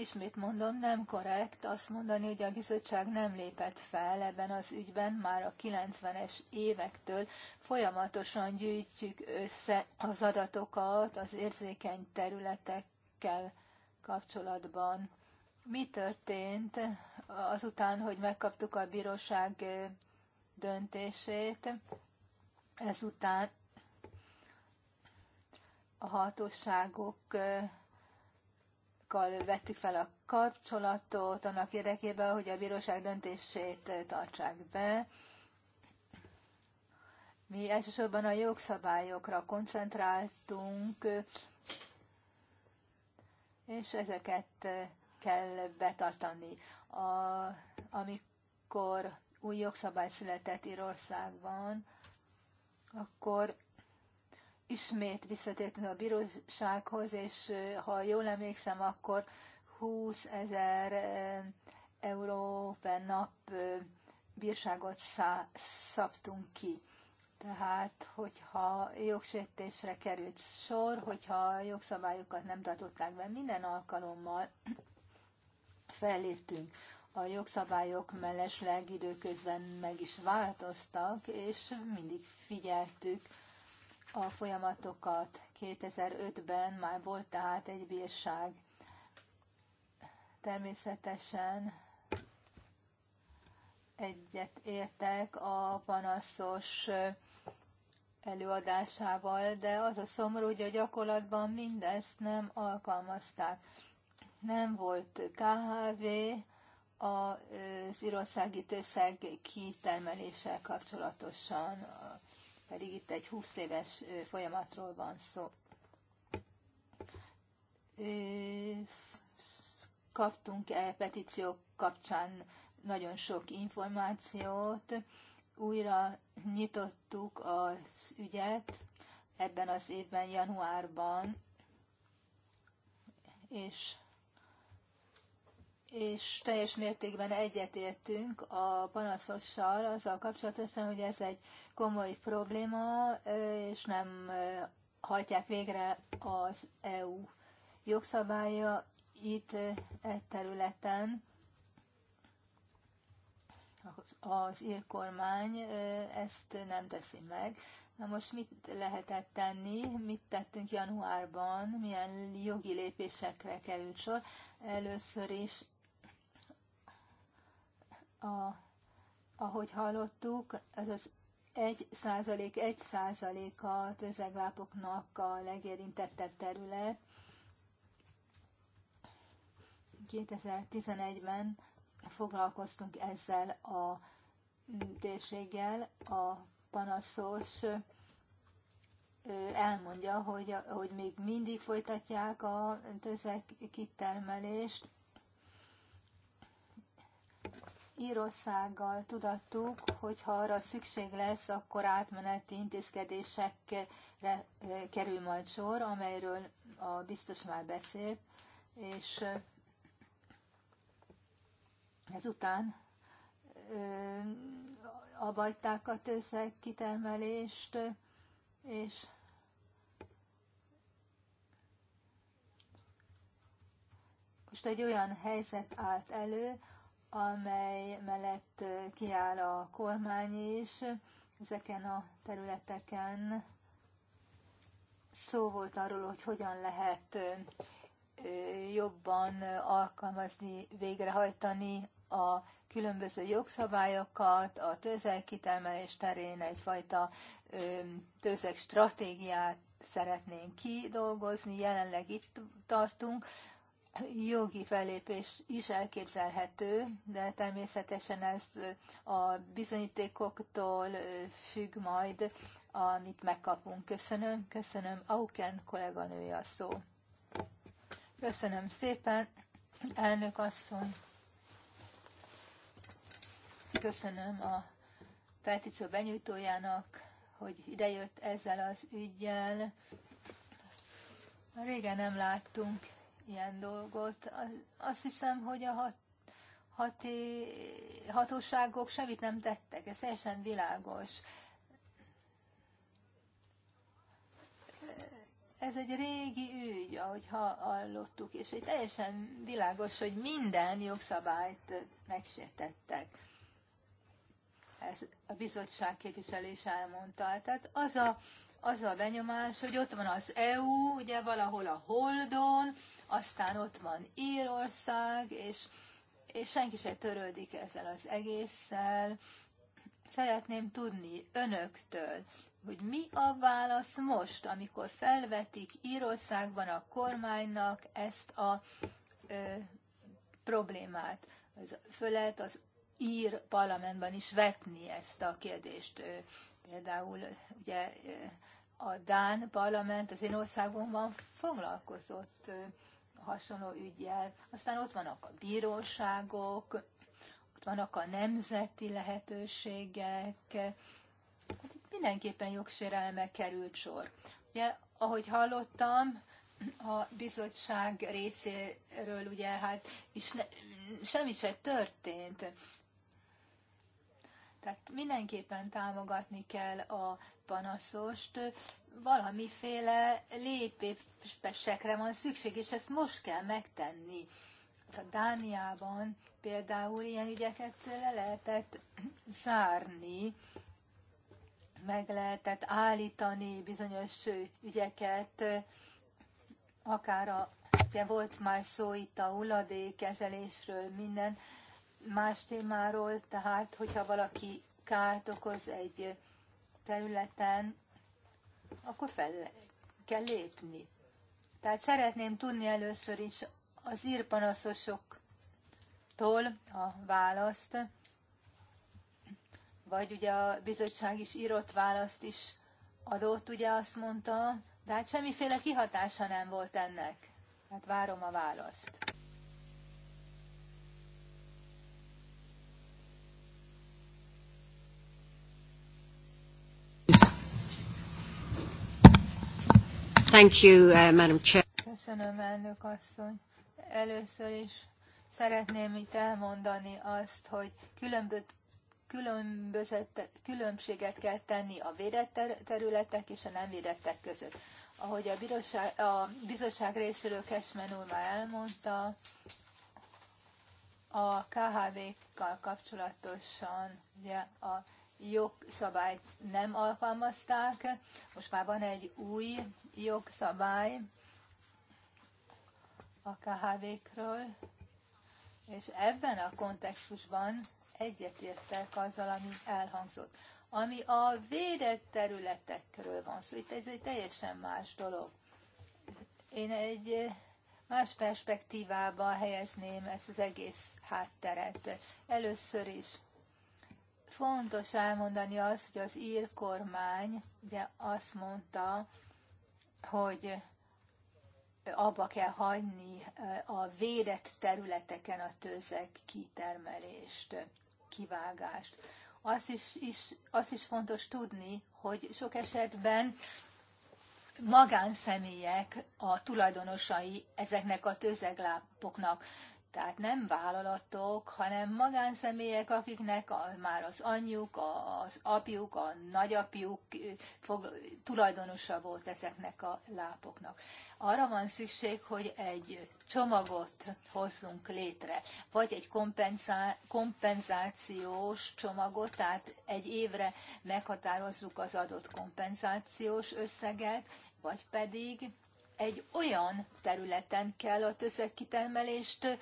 ismét mondom, nem korrekt azt mondani, hogy a bizottság nem lépett fel ebben az ügyben, már a 90-es évektől folyamatosan gyűjtjük össze az adatokat az érzékeny területekkel kapcsolatban. Mi történt azután, hogy megkaptuk a bíróság döntését? Ezután a hatóságokkal vettük fel a kapcsolatot annak érdekében, hogy a bíróság döntését tartsák be. Mi elsősorban a jogszabályokra koncentráltunk, és ezeket kell betartani. A, amikor új jogszabály született Írországban, akkor ismét visszatértünk a bírósághoz, és ha jól emlékszem, akkor 20 ezer euró per nap bírságot szá- szabtunk ki. Tehát, hogyha jogsértésre került sor, hogyha jogszabályokat nem tartották be, minden alkalommal felléptünk. A jogszabályok mellesleg időközben meg is változtak, és mindig figyeltük a folyamatokat. 2005-ben már volt tehát egy bírság. Természetesen egyet értek a panaszos előadásával, de az a szomorú, hogy a gyakorlatban mindezt nem alkalmazták. Nem volt KHV az írországi tőszeg kitermeléssel kapcsolatosan pedig itt egy 20 éves folyamatról van szó. Kaptunk -e petíciók kapcsán nagyon sok információt, újra nyitottuk az ügyet ebben az évben, januárban, és és teljes mértékben egyetértünk a panaszossal azzal kapcsolatosan, hogy ez egy komoly probléma, és nem hajtják végre az EU jogszabálya itt e területen. Az ír kormány ezt nem teszi meg. Na most mit lehetett tenni, mit tettünk januárban, milyen jogi lépésekre került sor. Először is a, ahogy hallottuk, ez az 1 százalék, 1 százaléka a özeglápoknak a legérintettebb terület. 2011-ben foglalkoztunk ezzel a térséggel, a panaszos elmondja, hogy, hogy még mindig folytatják a tözek kitermelést, Írországgal tudattuk, hogy ha arra szükség lesz, akkor átmeneti intézkedésekre kerül majd sor, amelyről a biztos már beszélt, és ezután abajták a kitermelést, és most egy olyan helyzet állt elő, amely mellett kiáll a kormány is ezeken a területeken. Szó volt arról, hogy hogyan lehet jobban alkalmazni, végrehajtani a különböző jogszabályokat, a tőzeg kitermelés terén egyfajta tőzeg stratégiát szeretnénk kidolgozni, jelenleg itt tartunk jogi fellépés is elképzelhető, de természetesen ez a bizonyítékoktól függ majd, amit megkapunk. Köszönöm, köszönöm. Auken kolléganője a szó. Köszönöm szépen, elnök asszony. Köszönöm a petíció benyújtójának, hogy idejött ezzel az ügyjel. Régen nem láttunk ilyen dolgot. Azt hiszem, hogy a hat, hati, hatóságok semmit nem tettek, ez teljesen világos. Ez egy régi ügy, ahogy hallottuk, és egy teljesen világos, hogy minden jogszabályt megsértettek. Ez a bizottság képviselés elmondta. Tehát az a az a benyomás, hogy ott van az EU, ugye valahol a Holdon, aztán ott van Írország, és, és senki se törődik ezzel az egésszel. Szeretném tudni önöktől, hogy mi a válasz most, amikor felvetik Írországban a kormánynak ezt a ö, problémát. Ez föl lehet az ír parlamentben is vetni ezt a kérdést. Például ugye a Dán parlament az én országomban foglalkozott hasonló ügyjel. Aztán ott vannak a bíróságok, ott vannak a nemzeti lehetőségek. Hát itt mindenképpen jogsérelme került sor. Ugye, ahogy hallottam, a bizottság részéről ugye hát is ne, semmit se történt. Tehát mindenképpen támogatni kell a panaszost, valamiféle lépésekre van szükség, és ezt most kell megtenni. A Dániában például ilyen ügyeket le lehetett zárni, meg lehetett állítani bizonyos ügyeket, akár a, volt már szó itt a hulladékkezelésről, minden, más témáról, tehát hogyha valaki kárt okoz egy területen, akkor fel kell lépni. Tehát szeretném tudni először is az írpanaszosoktól a választ, vagy ugye a bizottság is írott választ is adott, ugye azt mondta, de hát semmiféle kihatása nem volt ennek. Hát várom a választ. Uh, Köszönöm, elnök asszony. Először is szeretném itt elmondani azt, hogy különböző különbözet, különbséget kell tenni a védett területek és a nem védettek között. Ahogy a, bíróság, a bizottság részéről Kesmen úr már elmondta, a KHV-kkal kapcsolatosan ugye, a jogszabályt nem alkalmazták. Most már van egy új jogszabály a KHV-kről, és ebben a kontextusban egyetértek azzal, ami elhangzott. Ami a védett területekről van szó, itt ez egy teljesen más dolog. Én egy más perspektívába helyezném ezt az egész hátteret. Először is Fontos elmondani azt, hogy az ír kormány ugye azt mondta, hogy abba kell hagyni eh, a védett területeken a tőzek kitermelést, kivágást. Azt is, is, azt is fontos tudni, hogy sok esetben magánszemélyek a tulajdonosai ezeknek a tőzeglápoknak. Tehát nem vállalatok, hanem magánszemélyek, akiknek a, már az anyjuk, a, az apjuk, a nagyapjuk fog, tulajdonosa volt ezeknek a lápoknak. Arra van szükség, hogy egy csomagot hozzunk létre, vagy egy kompenzá, kompenzációs csomagot, tehát egy évre meghatározzuk az adott kompenzációs összeget, vagy pedig egy olyan területen kell a kitermelést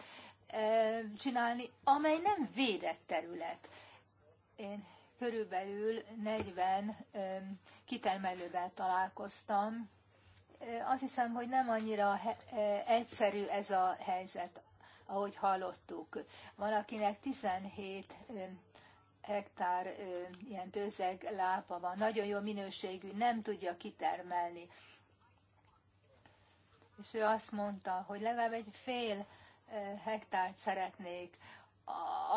eh, csinálni, amely nem védett terület. Én körülbelül 40 eh, kitermelővel találkoztam. Eh, azt hiszem, hogy nem annyira egyszerű ez a helyzet, ahogy hallottuk. Van, akinek 17 hektár ilyen tőzeg lápa van, nagyon jó minőségű, nem tudja kitermelni és ő azt mondta, hogy legalább egy fél hektárt szeretnék,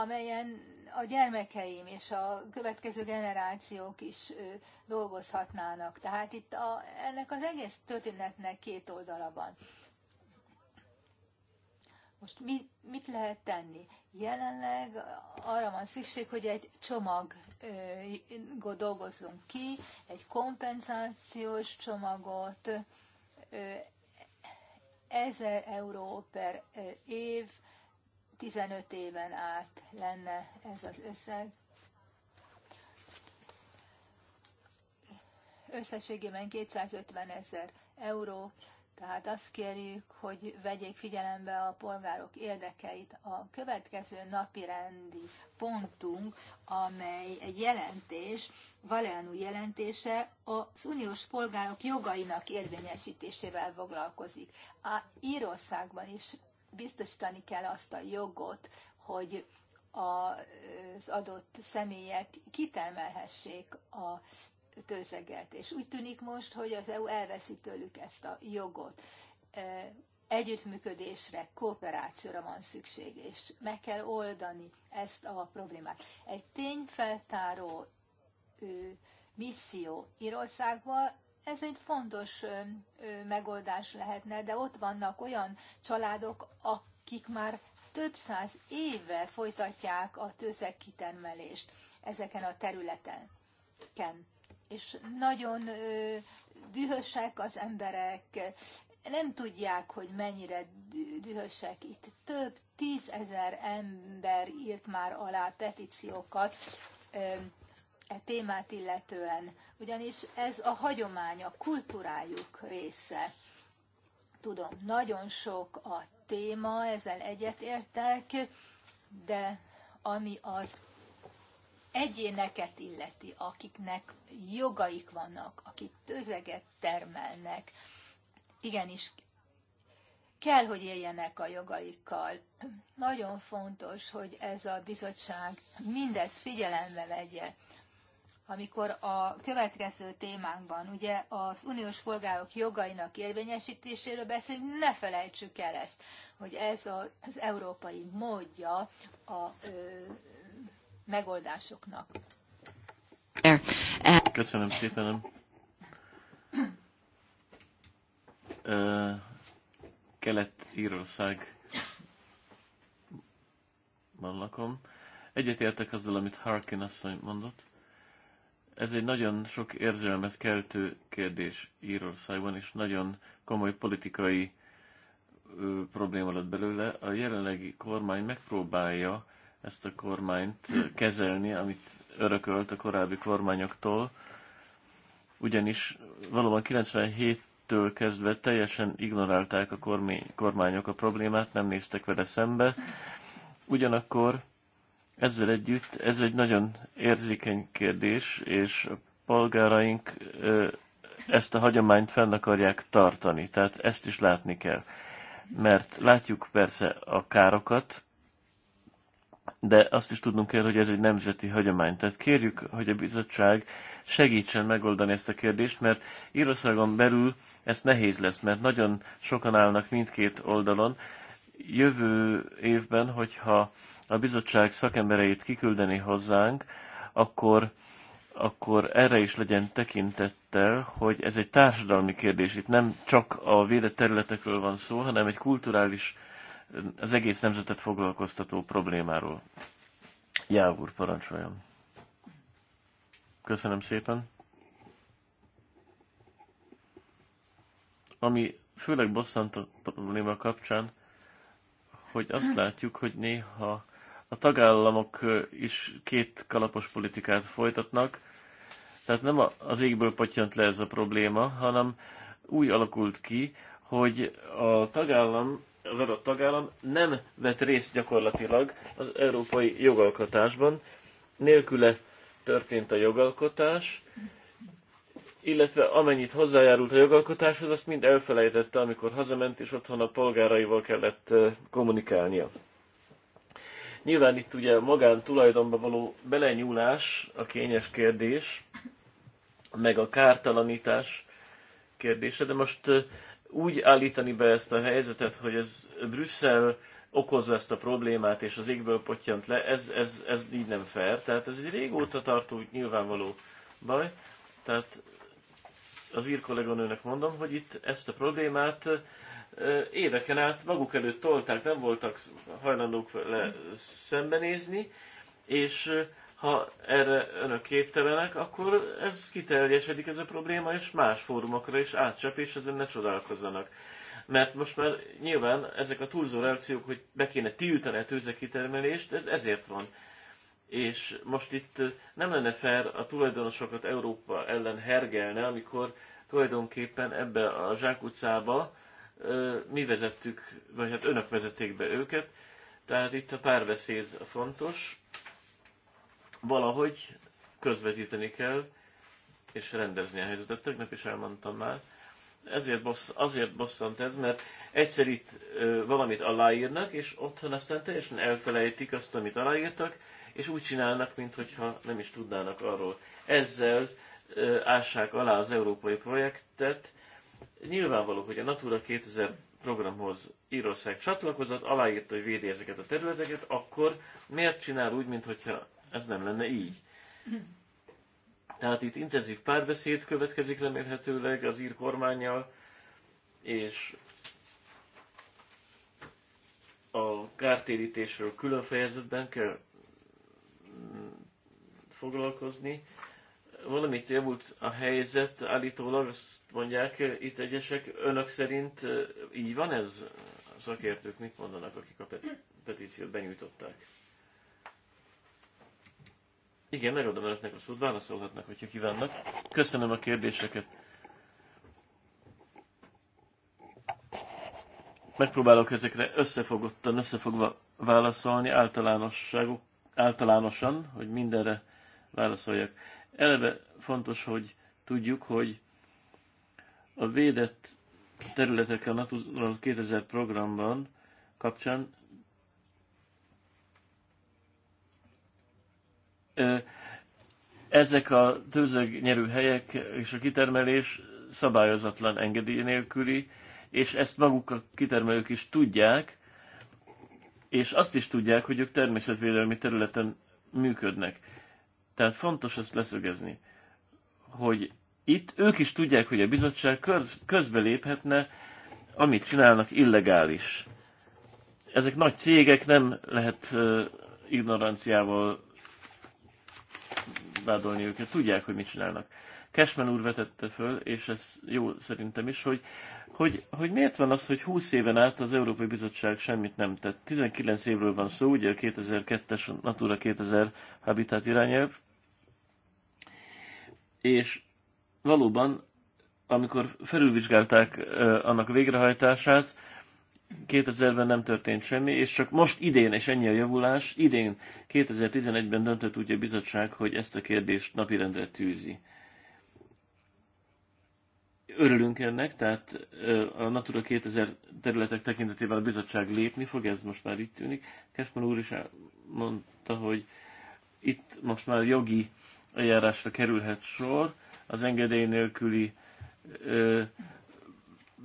amelyen a gyermekeim és a következő generációk is dolgozhatnának. Tehát itt a, ennek az egész történetnek két oldala van. Most mit, mit lehet tenni? Jelenleg arra van szükség, hogy egy csomagot dolgozzunk ki, egy kompenzációs csomagot, 1000 euró per év, 15 éven át lenne ez az összeg. Összességében 250 ezer euró, tehát azt kérjük, hogy vegyék figyelembe a polgárok érdekeit. A következő napi rendi pontunk, amely egy jelentés Valeanu jelentése az uniós polgárok jogainak érvényesítésével foglalkozik. A Írországban is biztosítani kell azt a jogot, hogy az adott személyek kitermelhessék a tőzeget. És úgy tűnik most, hogy az EU elveszi tőlük ezt a jogot. Együttműködésre, kooperációra van szükség, és meg kell oldani ezt a problémát. Egy tényfeltáró misszió Írországban, ez egy fontos megoldás lehetne, de ott vannak olyan családok, akik már több száz éve folytatják a tőzek kitermelést ezeken a területeken. És nagyon dühösek az emberek, nem tudják, hogy mennyire dühösek. Itt több tízezer ember írt már alá petíciókat e témát illetően, ugyanis ez a hagyomány, a kultúrájuk része. Tudom, nagyon sok a téma, ezzel egyetértek, de ami az egyéneket illeti, akiknek jogaik vannak, akik tözeget termelnek, igenis kell, hogy éljenek a jogaikkal. Nagyon fontos, hogy ez a bizottság mindezt figyelembe vegye amikor a következő témánkban, ugye az uniós polgárok jogainak érvényesítéséről beszélünk, ne felejtsük el ezt, hogy ez az európai módja a ö, megoldásoknak. Köszönöm szépen. Kelet-Írország lakom. Egyetértek azzal, amit Harkin asszony mondott. Ez egy nagyon sok érzelmet keltő kérdés Írországban, és nagyon komoly politikai ö, probléma lett belőle. A jelenlegi kormány megpróbálja ezt a kormányt kezelni, amit örökölt a korábbi kormányoktól, ugyanis valóban 97-től kezdve teljesen ignorálták a kormányok a problémát, nem néztek vele szembe. Ugyanakkor ezzel együtt ez egy nagyon érzékeny kérdés, és a polgáraink ezt a hagyományt fenn akarják tartani, tehát ezt is látni kell. Mert látjuk persze a károkat, de azt is tudnunk kell, hogy ez egy nemzeti hagyomány. Tehát kérjük, hogy a bizottság segítsen megoldani ezt a kérdést, mert Írországon belül ez nehéz lesz, mert nagyon sokan állnak mindkét oldalon, jövő évben, hogyha a bizottság szakembereit kiküldeni hozzánk, akkor, akkor erre is legyen tekintettel, hogy ez egy társadalmi kérdés. Itt nem csak a védett területekről van szó, hanem egy kulturális, az egész nemzetet foglalkoztató problémáról. Jávúr, parancsoljon. Köszönöm szépen. Ami főleg bosszant a probléma kapcsán, hogy azt látjuk, hogy néha a tagállamok is két kalapos politikát folytatnak, tehát nem az égből patyant le ez a probléma, hanem úgy alakult ki, hogy a tagállam, az adott tagállam nem vett részt gyakorlatilag az európai jogalkotásban, nélküle történt a jogalkotás, illetve amennyit hozzájárult a jogalkotáshoz, azt mind elfelejtette, amikor hazament, és otthon a polgáraival kellett kommunikálnia. Nyilván itt ugye magán tulajdonba való belenyúlás a kényes kérdés, meg a kártalanítás kérdése, de most úgy állítani be ezt a helyzetet, hogy ez Brüsszel okozza ezt a problémát, és az égből potyant le, ez, ez, ez így nem fair. Tehát ez egy régóta tartó, nyilvánvaló baj. Tehát az ír kolléganőnek mondom, hogy itt ezt a problémát éveken át maguk előtt tolták, nem voltak hajlandók vele szembenézni, és ha erre önök képtelenek, akkor ez kiteljesedik ez a probléma, és más fórumokra is átcsap, és ezen ne csodálkozzanak. Mert most már nyilván ezek a túlzó reakciók, hogy be kéne tiltani a tőzekitermelést, ez ezért van és most itt nem lenne fair a tulajdonosokat Európa ellen hergelne, amikor tulajdonképpen ebbe a zsákutcába mi vezettük, vagy hát önök vezették be őket, tehát itt a párbeszéd fontos, valahogy közvetíteni kell, és rendezni a helyzetet. Tegnap is elmondtam már. Ezért bossz, azért bosszant ez, mert egyszer itt ö, valamit aláírnak, és otthon aztán teljesen elfelejtik azt, amit aláírtak, és úgy csinálnak, mintha nem is tudnának arról. Ezzel ássák alá az európai projektet. Nyilvánvaló, hogy a Natura 2000 programhoz Írország csatlakozott, aláírta, hogy védi ezeket a területeket, akkor miért csinál úgy, mintha ez nem lenne így? Tehát itt intenzív párbeszéd következik remélhetőleg az ír kormányjal, és a kártérítésről külön fejezetben kell foglalkozni. Valamit javult a helyzet, állítólag azt mondják itt egyesek, önök szerint így van ez? A szakértők mit mondanak, akik a petíciót benyújtották? Igen, megadom önöknek a szót, válaszolhatnak, hogyha kívánnak. Köszönöm a kérdéseket. Megpróbálok ezekre összefogottan, összefogva válaszolni általánosságok általánosan, hogy mindenre válaszoljak. Eleve fontos, hogy tudjuk, hogy a védett területek a Natura 2000 programban kapcsán ezek a nyerő helyek és a kitermelés szabályozatlan engedély nélküli, és ezt maguk a kitermelők is tudják, és azt is tudják, hogy ők természetvédelmi területen működnek. Tehát fontos ezt leszögezni, hogy itt ők is tudják, hogy a bizottság köz, léphetne, amit csinálnak illegális. Ezek nagy cégek, nem lehet ignoranciával vádolni őket, tudják, hogy mit csinálnak. Kesmen úr vetette föl, és ez jó szerintem is, hogy, hogy, hogy miért van az, hogy 20 éven át az Európai Bizottság semmit nem tett. 19 évről van szó, ugye a 2002-es Natura 2000 Habitat irányelv, és valóban, amikor felülvizsgálták annak végrehajtását, 2000-ben nem történt semmi, és csak most idén, és ennyi a javulás, idén 2011-ben döntött úgy a bizottság, hogy ezt a kérdést napirendre tűzi. Örülünk ennek, tehát a Natura 2000 területek tekintetében a bizottság lépni fog, ez most már itt tűnik. Kesman úr is mondta, hogy itt most már jogi eljárásra kerülhet sor, az engedély nélküli ö,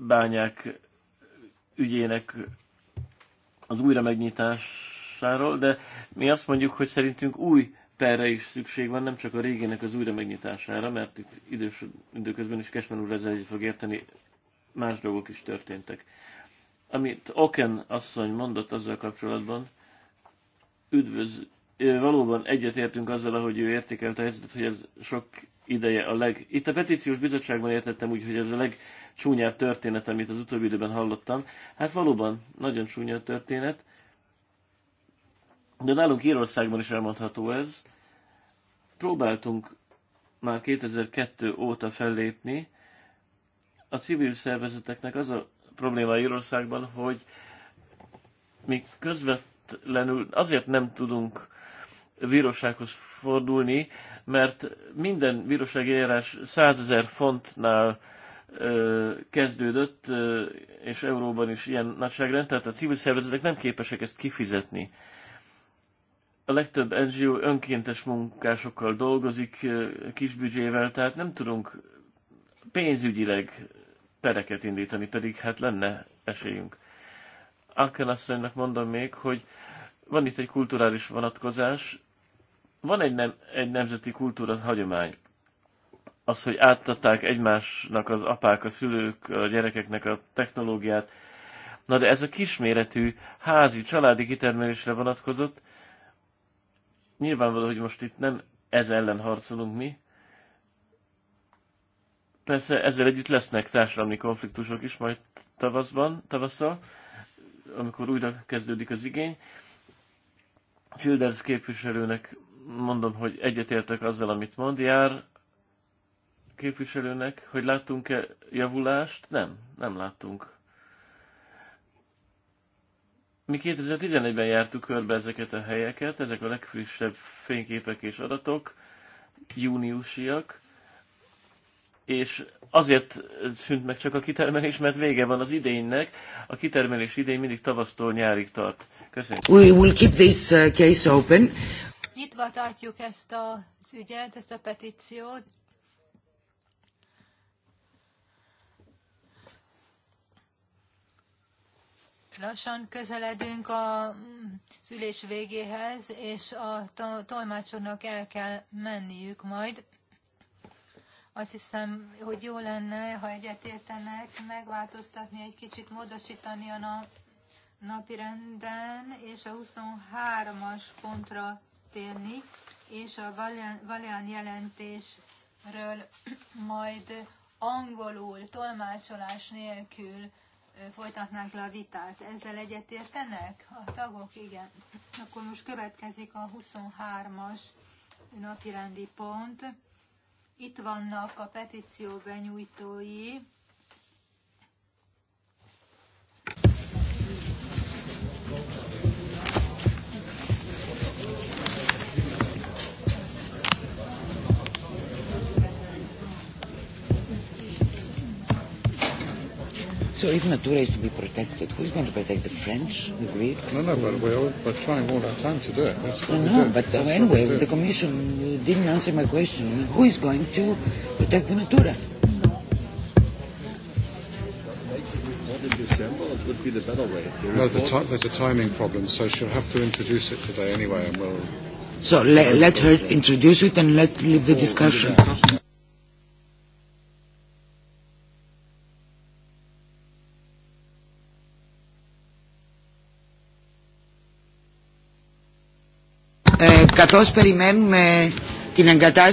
bányák ügyének az újra megnyitásáról, de mi azt mondjuk, hogy szerintünk új perre is szükség van, nem csak a régének az újra megnyitására, mert itt idős, időközben is Kesmen úr ezzel fog érteni, más dolgok is történtek. Amit Oken asszony mondott azzal kapcsolatban, üdvöz, valóban egyetértünk azzal, ahogy ő értékelte a helyzetet, hogy ez sok ideje a leg... Itt a petíciós bizottságban értettem úgy, hogy ez a legcsúnyább történet, amit az utóbbi időben hallottam. Hát valóban nagyon csúnya történet, de nálunk Írországban is elmondható ez. Próbáltunk már 2002 óta fellépni. A civil szervezeteknek az a probléma Írországban, hogy mi közvetlenül azért nem tudunk bírósághoz fordulni, mert minden bírósági eljárás 100 ezer fontnál ö, kezdődött, ö, és euróban is ilyen nagyságrend, tehát a civil szervezetek nem képesek ezt kifizetni a legtöbb NGO önkéntes munkásokkal dolgozik, kisbüdzsével, tehát nem tudunk pénzügyileg pereket indítani, pedig hát lenne esélyünk. Alkel asszonynak mondom még, hogy van itt egy kulturális vonatkozás, van egy, nem, egy nemzeti kultúra hagyomány. Az, hogy áttatták egymásnak az apák, a szülők, a gyerekeknek a technológiát. Na de ez a kisméretű házi, családi kitermelésre vonatkozott, Nyilvánvaló, hogy most itt nem ez ellen harcolunk mi. Persze ezzel együtt lesznek társadalmi konfliktusok is majd tavaszban, tavasszal, amikor újra kezdődik az igény. Childers képviselőnek mondom, hogy egyetértek azzal, amit mond. Jár képviselőnek, hogy láttunk-e javulást? Nem, nem láttunk mi 2011-ben jártuk körbe ezeket a helyeket, ezek a legfrissebb fényképek és adatok, júniusiak, és azért szűnt meg csak a kitermelés, mert vége van az idénynek. A kitermelés idény mindig tavasztól nyárig tart. Köszönjük. We will keep this uh, case open. Nyitva tartjuk ezt az ügyet, ezt a petíciót, lassan közeledünk a szülés mm, végéhez, és a tolmácsoknak el kell menniük majd. Azt hiszem, hogy jó lenne, ha egyetértenek, megváltoztatni egy kicsit, módosítani a napi renden, és a 23-as pontra térni, és a Valéan jelentésről majd angolul, tolmácsolás nélkül folytatnánk le a vitát. Ezzel egyetértenek? A tagok, igen. Akkor most következik a 23-as napirendi pont. Itt vannak a petíció benyújtói. So if Natura is to be protected, who's going to protect the French, the Greeks? No, no, but we're, we're trying all our time to do it. That's what no, we do. but That's anyway, the Commission didn't answer my question. Who is going to protect the Natura? in December, would be the better way. No, the ti- there's a timing problem, so she'll have to introduce it today anyway, and we'll. So le- let her introduce it and let leave the discussion. The discussion. καθώς περιμένουμε την εγκατάσταση